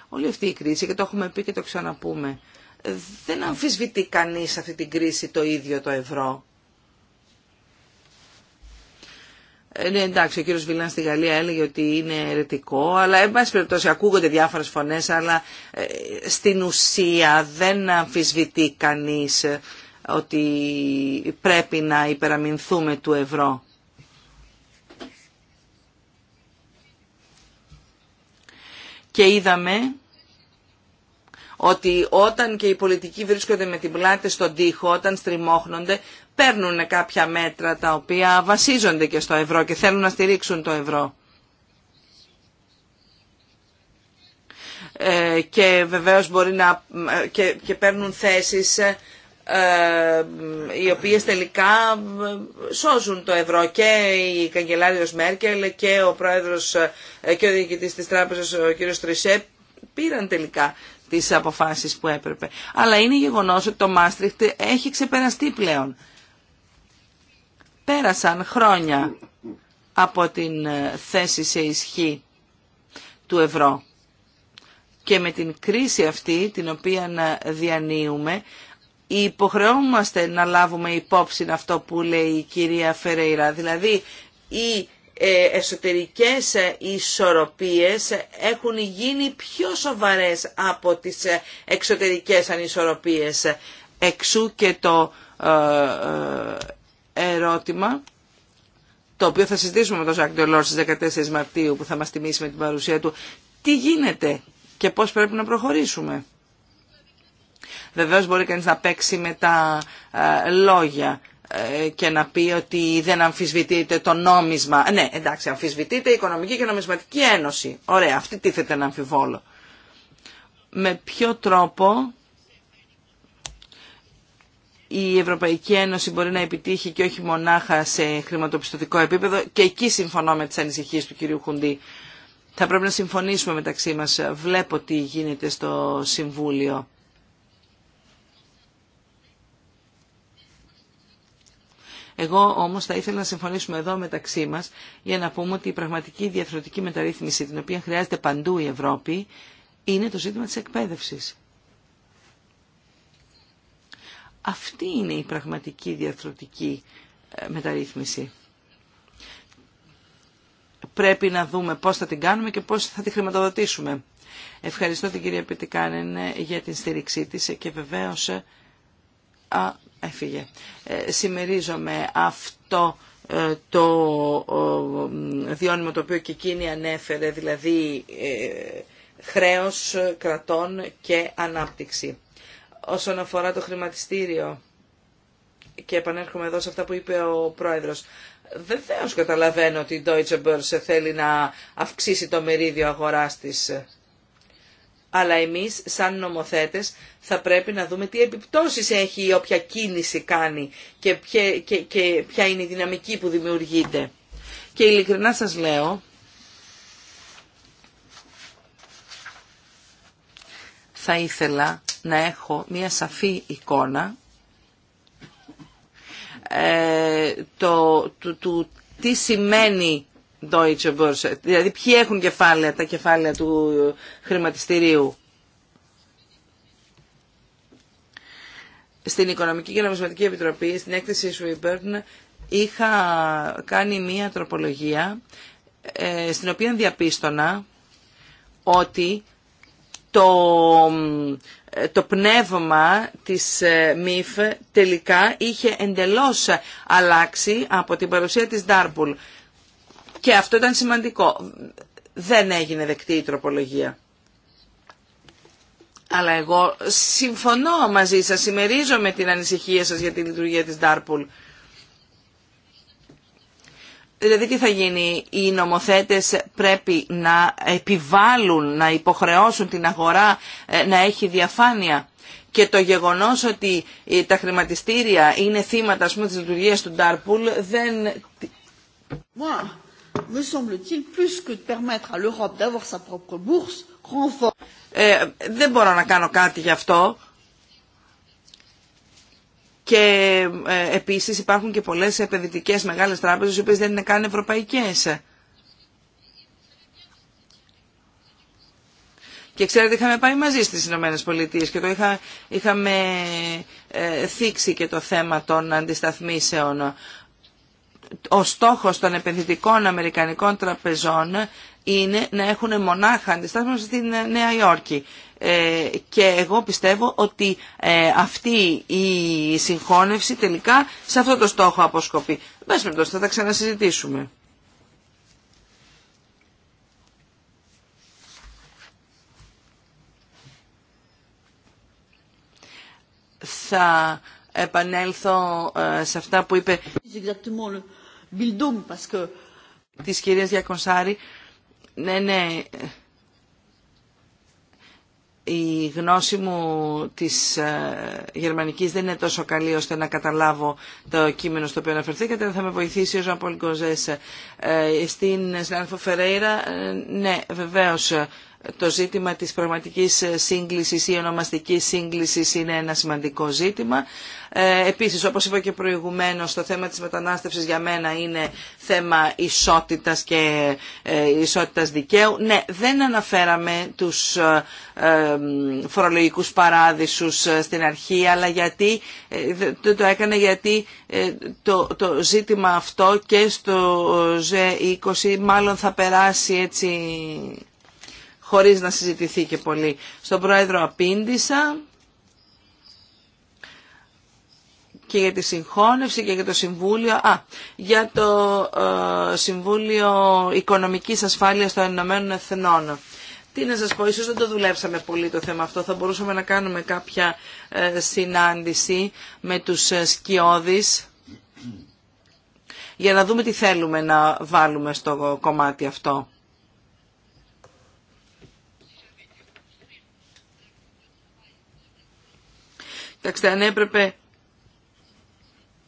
Όλη αυτή η κρίση, και το έχουμε πει και το ξαναπούμε, δεν αμφισβητεί κανείς αυτή την κρίση το ίδιο το ευρώ. Ε, ναι, εντάξει, ο κύριος Βιλάν στη Γαλλία έλεγε ότι είναι ερετικό, αλλά εν πάση περιπτώσει ακούγονται διάφορες φωνές, αλλά ε, στην ουσία δεν αμφισβητεί κανείς ε, ότι πρέπει να υπεραμεινθούμε του ευρώ. και είδαμε ότι όταν και οι πολιτικοί βρίσκονται με την πλάτη στον τοίχο, όταν στριμώχνονται, παίρνουν κάποια μέτρα τα οποία βασίζονται και στο ευρώ και θέλουν να στηρίξουν το ευρώ. Ε, και βεβαίως μπορεί να ε, και, και παίρνουν θέσεις ε, ε, οι οποίες τελικά ε, σώζουν το ευρώ και η καγκελάριος Μέρκελ και ο πρόεδρος ε, και ο διοικητής της τράπεζας ο κύριος Τρισέ πήραν τελικά τις αποφάσεις που έπρεπε. Αλλά είναι γεγονός ότι το Μάστριχτ έχει ξεπεραστεί πλέον. Πέρασαν χρόνια από την θέση σε ισχύ του ευρώ. Και με την κρίση αυτή την οποία διανύουμε υποχρεώμαστε να λάβουμε υπόψη αυτό που λέει η κυρία Φερέιρα. Δηλαδή, οι ε, εσωτερικές ε, ισορροπίες έχουν γίνει πιο σοβαρές από τις ε, εξωτερικές ανισορροπίες. Εξού και το ερώτημα το οποίο θα συζητήσουμε με τον Ζακ Ντελόρ στις 14 Μαρτίου που θα μας τιμήσει με την παρουσία του. Τι γίνεται και πώς πρέπει να προχωρήσουμε. Βεβαίως μπορεί κανείς να παίξει με τα ε, λόγια ε, και να πει ότι δεν αμφισβητείται το νόμισμα. Ε, ναι, εντάξει, αμφισβητείται η Οικονομική και Νομισματική Ένωση. Ωραία, αυτή τίθεται να αμφιβόλω. Με ποιο τρόπο η Ευρωπαϊκή Ένωση μπορεί να επιτύχει και όχι μονάχα σε χρηματοπιστωτικό επίπεδο και εκεί συμφωνώ με τις ανησυχίες του κυρίου Χουντή. Θα πρέπει να συμφωνήσουμε μεταξύ μας. Βλέπω τι γίνεται στο Συμβούλιο. Εγώ όμως θα ήθελα να συμφωνήσουμε εδώ μεταξύ μα για να πούμε ότι η πραγματική διαθροτική μεταρρύθμιση την οποία χρειάζεται παντού η Ευρώπη είναι το ζήτημα της εκπαίδευσης. Αυτή είναι η πραγματική διαθροτική ε, μεταρρύθμιση. Πρέπει να δούμε πώς θα την κάνουμε και πώς θα τη χρηματοδοτήσουμε. Ευχαριστώ την κυρία Πιτικάνεν για την στήριξή της και βεβαίως ε, έφυγε. Ε, αυτό ε, το διόνυμο το οποίο και εκείνη ανέφερε, δηλαδή ε, χρέος κρατών και ανάπτυξη. Όσον αφορά το χρηματιστήριο, και επανέρχομαι εδώ σε αυτά που είπε ο πρόεδρος, βεβαίως καταλαβαίνω ότι η Deutsche Börse θέλει να αυξήσει το μερίδιο αγοράς της αλλά εμείς σαν νομοθέτες θα πρέπει να δούμε τι επιπτώσεις έχει η όποια κίνηση κάνει και ποια, και, και είναι η δυναμική που δημιουργείται. Και ειλικρινά σας λέω, θα ήθελα να έχω μια σαφή εικόνα ε, του, του τι σημαίνει Deutsche Börse. Δηλαδή ποιοι έχουν κεφάλαια, τα κεφάλαια του χρηματιστηρίου. Στην Οικονομική και Νομισματική Επιτροπή, στην έκθεση Σουιμπέρν, είχα κάνει μία τροπολογία ε, στην οποία διαπίστωνα ότι το, ε, το πνεύμα της ε, ΜΥΦ τελικά είχε εντελώς αλλάξει από την παρουσία της Ντάρπουλ. Και αυτό ήταν σημαντικό. Δεν έγινε δεκτή η τροπολογία. Αλλά εγώ συμφωνώ μαζί σας, συμμερίζομαι την ανησυχία σας για τη λειτουργία της Ντάρπουλ. Δηλαδή τι θα γίνει, οι νομοθέτες πρέπει να επιβάλλουν, να υποχρεώσουν την αγορά ε, να έχει διαφάνεια. Και το γεγονός ότι ε, τα χρηματιστήρια είναι θύματα ας πούμε, της λειτουργίας του Ντάρπουλ δεν δεν μπορώ να κάνω κάτι γι' αυτό. Και ε, επίσης υπάρχουν και πολλές επενδυτικές μεγάλες τράπεζες, οι οποίες δεν είναι καν ευρωπαϊκές. Και ξέρετε, είχαμε πάει μαζί στις Ηνωμένε Πολιτείε και το είχαμε ε, και το θέμα των αντισταθμίσεων ο στόχος των επενδυτικών Αμερικανικών τραπεζών είναι να έχουν μονάχα αντιστάσματα στην Νέα Υόρκη. Ε, και εγώ πιστεύω ότι ε, αυτή η συγχώνευση τελικά σε αυτό το στόχο αποσκοπεί. Μπες με θα τα ξανασυζητήσουμε. Θα επανέλθω ε, σε αυτά που είπε... Bildung, parce que... ναι, ναι, η γνώση μου της ε, γερμανικής δεν είναι τόσο καλή ώστε να καταλάβω το κείμενο στο οποίο αναφερθήκατε. Θα με βοηθήσει ο Ζαμπολ κοζέ. Ε, στην συνάδελφο Φερέιρα, ε, ναι, βεβαίως το ζήτημα της πραγματικής σύγκλησης ή ονομαστικής σύγκλησης είναι ένα σημαντικό ζήτημα. Ε, επίσης, όπως είπα και προηγουμένως, το θέμα της μετανάστευσης για μένα είναι θέμα ισότητας και ε, ισότητας δικαίου. Ναι, δεν αναφέραμε τους ε, φορολογικούς παράδεισους στην αρχή, αλλά γιατί το έκανα γιατί το, το ζήτημα αυτό και στο ΖΕ20 μάλλον θα περάσει έτσι χωρίς να συζητηθεί και πολύ. Στον Πρόεδρο απήντησα και για τη συγχώνευση και για το Συμβούλιο, α, για το ε, Συμβούλιο Οικονομικής Ασφάλειας των Ηνωμένων Εθνών. Τι να σας πω, ίσως δεν το δουλέψαμε πολύ το θέμα αυτό, θα μπορούσαμε να κάνουμε κάποια ε, συνάντηση με τους ε, για να δούμε τι θέλουμε να βάλουμε στο κομμάτι αυτό. Κοιτάξτε, αν έπρεπε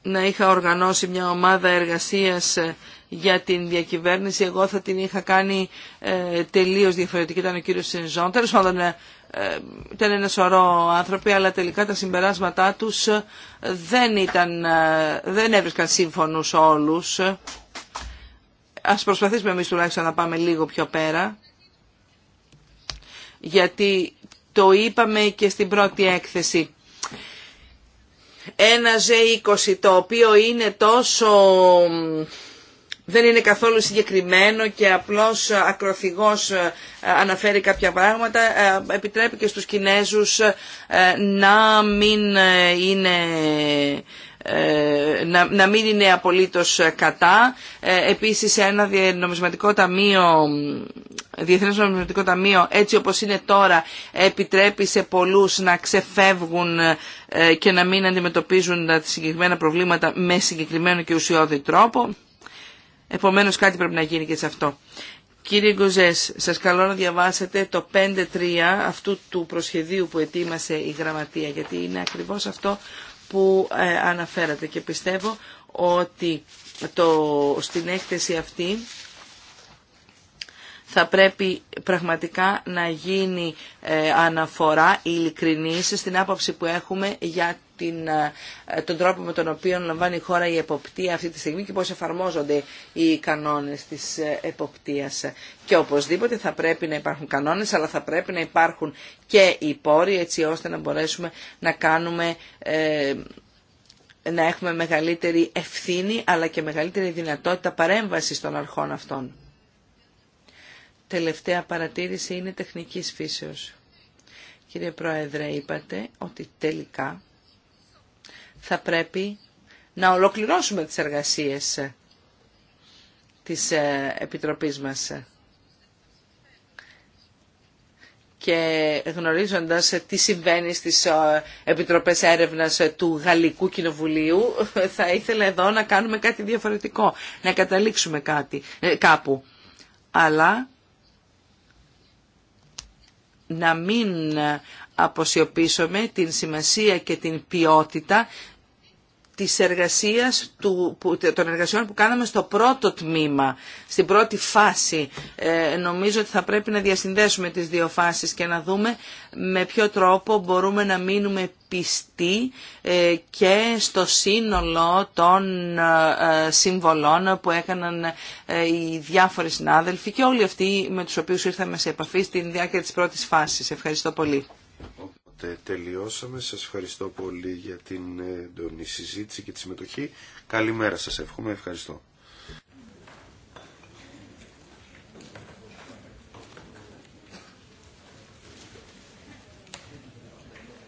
να είχα οργανώσει μια ομάδα εργασίας ε, για την διακυβέρνηση, εγώ θα την είχα κάνει ε, τελείως διαφορετική. Ήταν ο κύριος Σενζόν. Τέλος πάντων, ε, ε, ήταν ένα σωρό άνθρωποι, αλλά τελικά τα συμπεράσματά τους δεν, ήταν, δεν έβρισκαν σύμφωνους όλους. Ας προσπαθήσουμε εμείς τουλάχιστον να πάμε λίγο πιο πέρα, γιατί το είπαμε και στην πρώτη έκθεση ενα z G20 το οποίο είναι τόσο δεν είναι καθόλου συγκεκριμένο και απλώς ακροθυγός ε, αναφέρει κάποια πράγματα, ε, επιτρέπει και στους Κινέζους ε, να μην είναι ε, να, να μην είναι απολύτως ε, κατά. Ε, επίσης ένα νομισματικό ταμείο, διεθνές νομισματικό ταμείο έτσι όπως είναι τώρα επιτρέπει σε πολλούς να ξεφεύγουν και να μην αντιμετωπίζουν τα συγκεκριμένα προβλήματα με συγκεκριμένο και ουσιώδη τρόπο. Επομένως κάτι πρέπει να γίνει και σε αυτό. Κύριε Γκοζές, σας καλώ να διαβάσετε το 5-3 αυτού του προσχεδίου που ετοίμασε η Γραμματεία, γιατί είναι ακριβώς αυτό που ε, αναφέρατε και πιστεύω ότι το, στην έκθεση αυτή θα πρέπει πραγματικά να γίνει ε, αναφορά ειλικρινής στην άποψη που έχουμε για την, ε, τον τρόπο με τον οποίο λαμβάνει η χώρα η εποπτεία αυτή τη στιγμή και πώς εφαρμόζονται οι κανόνες της ε, εποπτείας. Και οπωσδήποτε θα πρέπει να υπάρχουν κανόνες, αλλά θα πρέπει να υπάρχουν και οι πόροι έτσι ώστε να μπορέσουμε να κάνουμε... Ε, να έχουμε μεγαλύτερη ευθύνη αλλά και μεγαλύτερη δυνατότητα παρέμβασης των αρχών αυτών. Τελευταία παρατήρηση είναι τεχνικής φύσεως. Κύριε Πρόεδρε, είπατε ότι τελικά θα πρέπει να ολοκληρώσουμε τις εργασίες της ε, Επιτροπής μας. Και γνωρίζοντας τι συμβαίνει στις ε, Επιτροπές Έρευνας του Γαλλικού Κοινοβουλίου, θα ήθελα εδώ να κάνουμε κάτι διαφορετικό, να καταλήξουμε κάτι, ε, κάπου. Αλλά να μην αποσιωπήσουμε την σημασία και την ποιότητα της εργασίας του, των εργασιών που κάναμε στο πρώτο τμήμα, στην πρώτη φάση. Ε, νομίζω ότι θα πρέπει να διασυνδέσουμε τις δύο φάσεις και να δούμε με ποιο τρόπο μπορούμε να μείνουμε πιστοί ε, και στο σύνολο των ε, συμβολών που έκαναν οι διάφοροι συνάδελφοι και όλοι αυτοί με τους οποίους ήρθαμε σε επαφή στην διάρκεια της πρώτης φάσης. Ευχαριστώ πολύ τελειώσαμε. Σας ευχαριστώ πολύ για την έντονη συζήτηση και τη συμμετοχή. Καλημέρα σας εύχομαι. Ευχαριστώ.